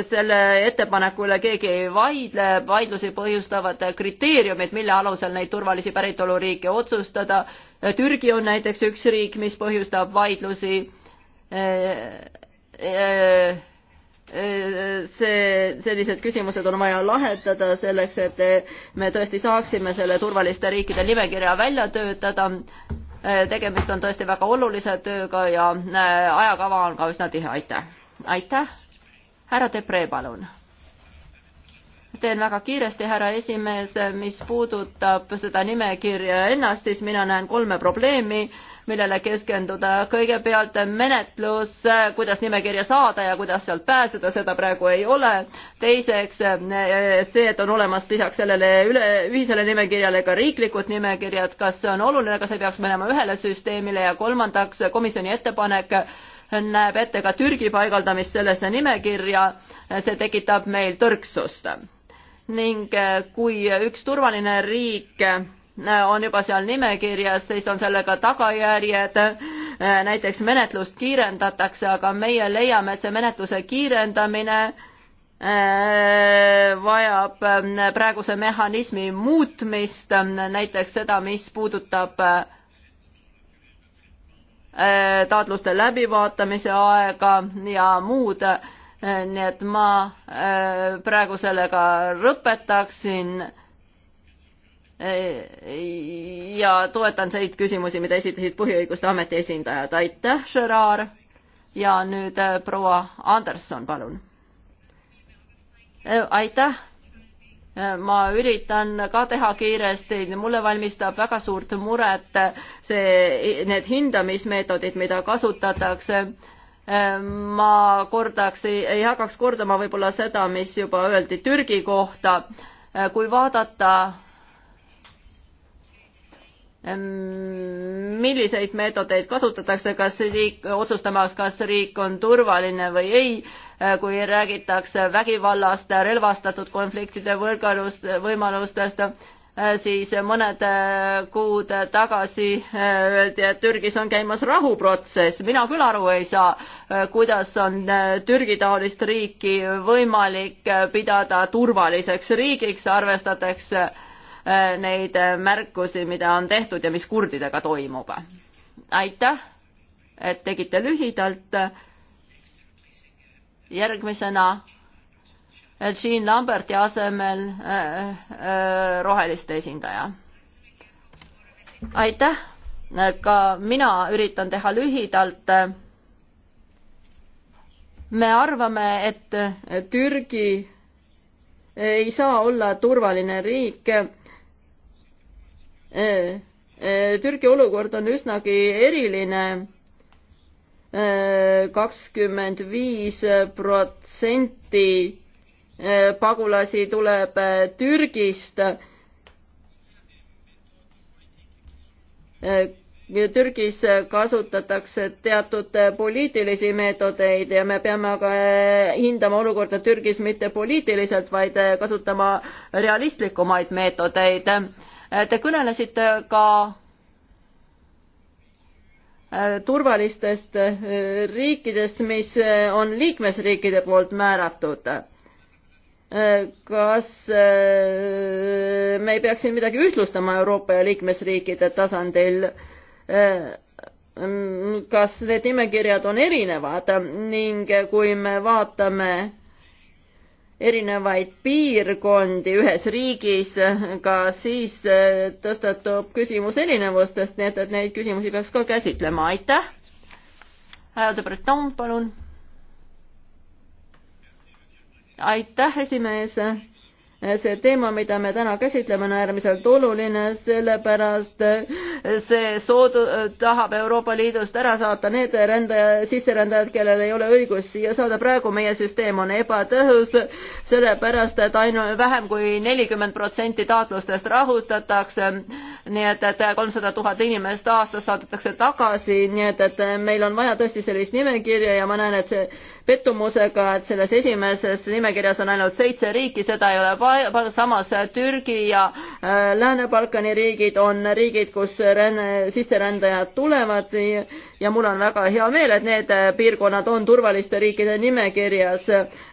selle ettepaneku üle keegi ei vaidle, vaidlusi põhjustavad kriteeriumid, mille alusel neid turvalisi päritoluriike otsustada. Türgi on näiteks üks riik, mis põhjustab vaidlusi see, sellised küsimused on vaja lahendada selleks, et me tõesti saaksime selle turvaliste riikide nimekirja välja töötada. tegemist on tõesti väga olulise tööga ja äh, ajakava on ka üsna tihe, aitäh. aitäh. härra Depree, palun. teen väga kiiresti, härra esimees, mis puudutab seda nimekirja ennast, siis mina näen kolme probleemi millele keskenduda. kõigepealt menetlus, kuidas nimekirja saada ja kuidas sealt pääseda, seda praegu ei ole. teiseks see, et on olemas lisaks sellele üle, ühisele nimekirjale ka riiklikud nimekirjad, kas see on oluline, kas see peaks minema ühele süsteemile ja kolmandaks komisjoni ettepanek näeb ette ka Türgi paigaldamist sellesse nimekirja, see tekitab meil tõrksust. ning kui üks turvaline riik on juba seal nimekirjas, siis on sellega tagajärjed, näiteks menetlust kiirendatakse, aga meie leiame, et see menetluse kiirendamine eh, vajab eh, praeguse mehhanismi muutmist, eh, näiteks seda, mis puudutab taotluste läbivaatamise aega ja muud, nii et ma praegu sellega lõpetaksin ja toetan neid küsimusi, mida esitasid põhiõiguste ameti esindajad. aitäh, Gerard! ja nüüd äh, proua Anderson, palun! Äh, aitäh! Äh, ma üritan ka teha kiiresti, mulle valmistab väga suurt muret see, need hindamismeetodid, mida kasutatakse ma kordaks, ei hakkaks kordama võib-olla seda, mis juba öeldi Türgi kohta, kui vaadata milliseid meetodeid kasutatakse, kas riik, otsustamaks, kas riik on turvaline või ei, eh, kui räägitakse vägivallast, relvastatud konfliktide võrgalust, võimalustest, eh, siis mõned eh, kuud tagasi öeldi, et Türgis on käimas rahuprotsess, mina küll aru ei saa, kuidas on Türgi-taolist riiki võimalik pidada turvaliseks riigiks, arvestatakse Äh, neid äh, märkusi, mida on tehtud ja mis kurdidega toimub. aitäh, et tegite lühidalt. järgmisena äh, Jean Lamberti asemel äh, äh, roheliste esindaja. aitäh, ka mina üritan teha lühidalt. me arvame, et Türgi ei saa olla turvaline riik Äh, äh, Türgi olukord on üsnagi eriline. Äh, kakskümmend viis protsenti pagulasi tuleb Türgist. Türgis kasutatakse teatud poliitilisi meetodeid ja me peame aga hindama olukorda Türgis mitte poliitiliselt, vaid kasutama realistlikumaid meetodeid Äh, te kõnelesite ka äh, turvalistest äh, riikidest, mis on liikmesriikide poolt määratud. kas me ei peaks siin midagi ühtlustama Euroopa ja liikmesriikide tasandil? kas need nimekirjad on erinevad ning kui me vaatame erinevaid piirkondi ühes riigis, ka siis äh, tõstatub küsimus erinevustest, nii et, et neid küsimusi peaks ka käsitlema, aitäh. Ajalde Breton, palun. aitäh, esimees Eh, see teema, mida me täna käsitleme, on äärmiselt oluline, sellepärast eh, see soodu-, eh, tahab Euroopa Liidust ära saata need rändaja, sisserändajad, kellel ei ole õigust siia saada. praegu meie süsteem on ebatõhus, sellepärast et ainu-, vähem kui nelikümmend protsenti taotlustest rahutatakse, nii et, et kolmsada tuhat inimest aastas saadetakse tagasi, nii et, et meil on vaja tõesti sellist nimekirja ja ma näen, et see pettumusega, et selles esimeses nimekirjas on ainult seitse riiki, seda ei ole, samas Türgi ja äh, Lääne-Balkani riigid on riigid, kus ränne, sisserändajad tulevad ja mul on väga hea meel, et need piirkonnad on turvaliste riikide nimekirjas.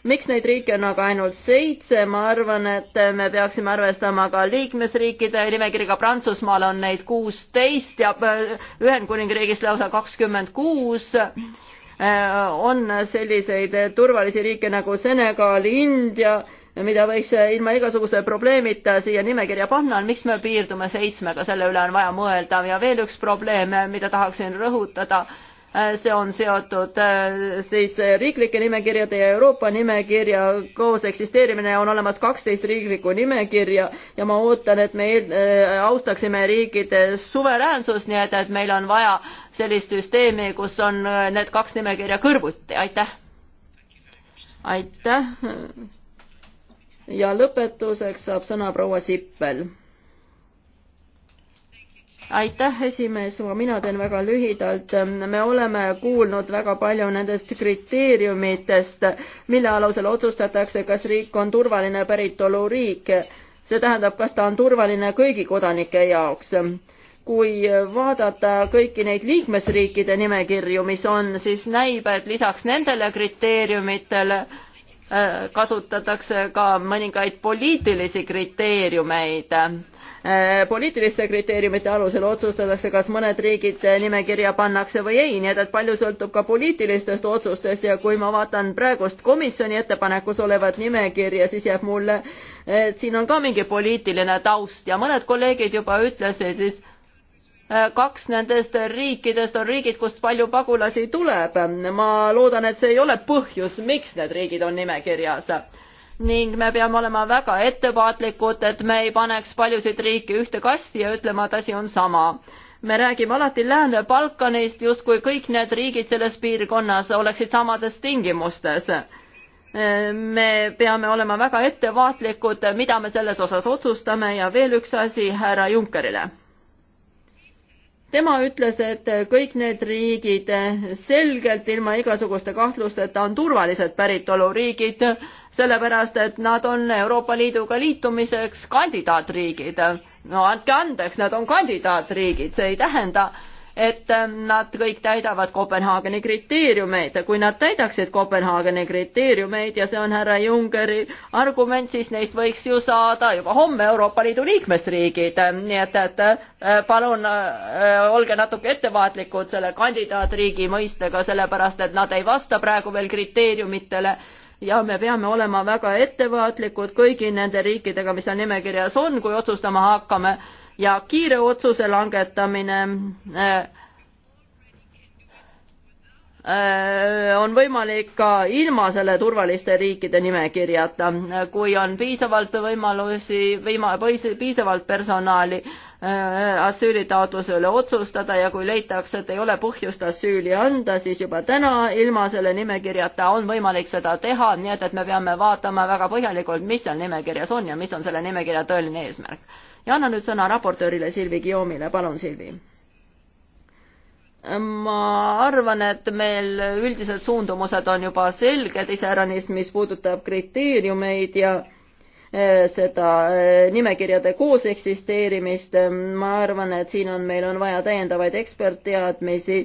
miks neid riike on aga ainult seitse, ma arvan, et me peaksime arvestama ka liikmesriikide nimekirjaga, Prantsusmaal on neid kuusteist ja äh, Ühendkuningriigis lausa kakskümmend kuus Äh, on selliseid turvalisi riike nagu Senegal, India, mida võiks ilma igasuguse probleemita siia nimekirja panna, on miks me piirdume seitsmega, selle üle on vaja mõelda ja veel üks probleem, mida tahaksin rõhutada see on seotud äh, siis riiklike nimekirjade ja Euroopa nimekirja koos eksisteerimine, on olemas kaksteist riiklikku nimekirja ja ma ootan, et me äh, austaksime riikide suveräänsust, nii et, et meil on vaja sellist süsteemi, kus on äh, need kaks nimekirja kõrvuti, aitäh. aitäh. ja lõpetuseks saab sõna proua Sippel aitäh, esimees, mina teen väga lühidalt. me oleme kuulnud väga palju nendest kriteeriumitest, mille alusel otsustatakse, kas riik on turvaline päritoluriik. see tähendab, kas ta on turvaline kõigi kodanike jaoks. kui vaadata kõiki neid liikmesriikide nimekirju, mis on, siis näib, et lisaks nendele kriteeriumitele äh, kasutatakse ka mõningaid poliitilisi kriteeriumeid Äh, poliitiliste kriteeriumite alusel otsustatakse, kas mõned riigid äh, nimekirja pannakse või ei, nii et, et palju sõltub ka poliitilistest otsustest ja kui ma vaatan praegust komisjoni ettepanekus olevat nimekirja, siis jääb mulle, et siin on ka mingi poliitiline taust ja mõned kolleegid juba ütlesid, siis äh, kaks nendest riikidest on riigid, kust palju pagulasi tuleb. ma loodan, et see ei ole põhjus, miks need riigid on nimekirjas ning me peame olema väga ettevaatlikud, et me ei paneks paljusid riike ühte kasti ja ütlema, et asi on sama. me räägime alati Lääne-Balkanist, justkui kõik need riigid selles piirkonnas oleksid samades tingimustes. me peame olema väga ettevaatlikud, mida me selles osas otsustame ja veel üks asi härra Junckerile tema ütles, et kõik need riigid selgelt ilma igasuguste kahtlusteta on turvalised päritoluriigid, sellepärast et nad on Euroopa Liiduga liitumiseks kandidaatriigid. no andke andeks, nad on kandidaatriigid, see ei tähenda, et nad kõik täidavad Kopenhaageni kriteeriumeid. kui nad täidaksid Kopenhaageni kriteeriumeid ja see on härra Junckeri argument, siis neist võiks ju saada juba homme Euroopa Liidu liikmesriigid, nii et, et äh, palun äh, olge natuke ettevaatlikud selle kandidaatriigi mõistega, sellepärast et nad ei vasta praegu veel kriteeriumitele ja me peame olema väga ettevaatlikud kõigi nende riikidega, mis seal nimekirjas on, kui otsustama hakkame ja kiire otsuse langetamine äh, äh, on võimalik ka ilma selle turvaliste riikide nimekirjata, kui on piisavalt võimalusi, viima-, piisavalt personali äh, asüülitaotluse üle otsustada ja kui leitakse, et ei ole põhjust asüüli anda, siis juba täna ilma selle nimekirjata on võimalik seda teha, nii et, et me peame vaatama väga põhjalikult, mis seal nimekirjas on ja mis on selle nimekirja tõeline eesmärk ja annan nüüd sõna raportöörile Silvi Guillaume'ile, palun Silvi. ma arvan, et meil üldised suundumused on juba selged, iseäranis, mis puudutab kriteeriumeid ja e, seda e, nimekirjade koos eksisteerimist, ma arvan, et siin on, meil on vaja täiendavaid ekspertteadmisi,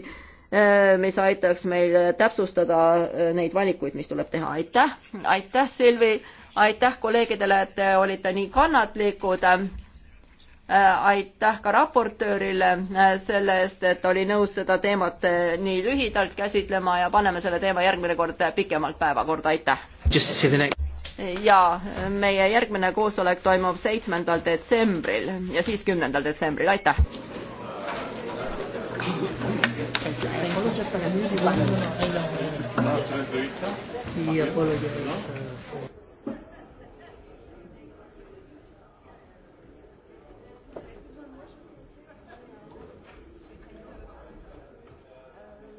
e, mis aitaks meil täpsustada neid valikuid, mis tuleb teha, aitäh, aitäh Silvi, aitäh kolleegidele, et te olite nii kannatlikud Äh, aitäh ka raportöörile äh, selle eest, et oli nõus seda teemat äh, nii lühidalt käsitlema ja paneme selle teema järgmine kord pikemalt päevakorda, aitäh! ja meie järgmine koosolek toimub seitsmendal detsembril ja siis kümnendal detsembril, aitäh! He apologized.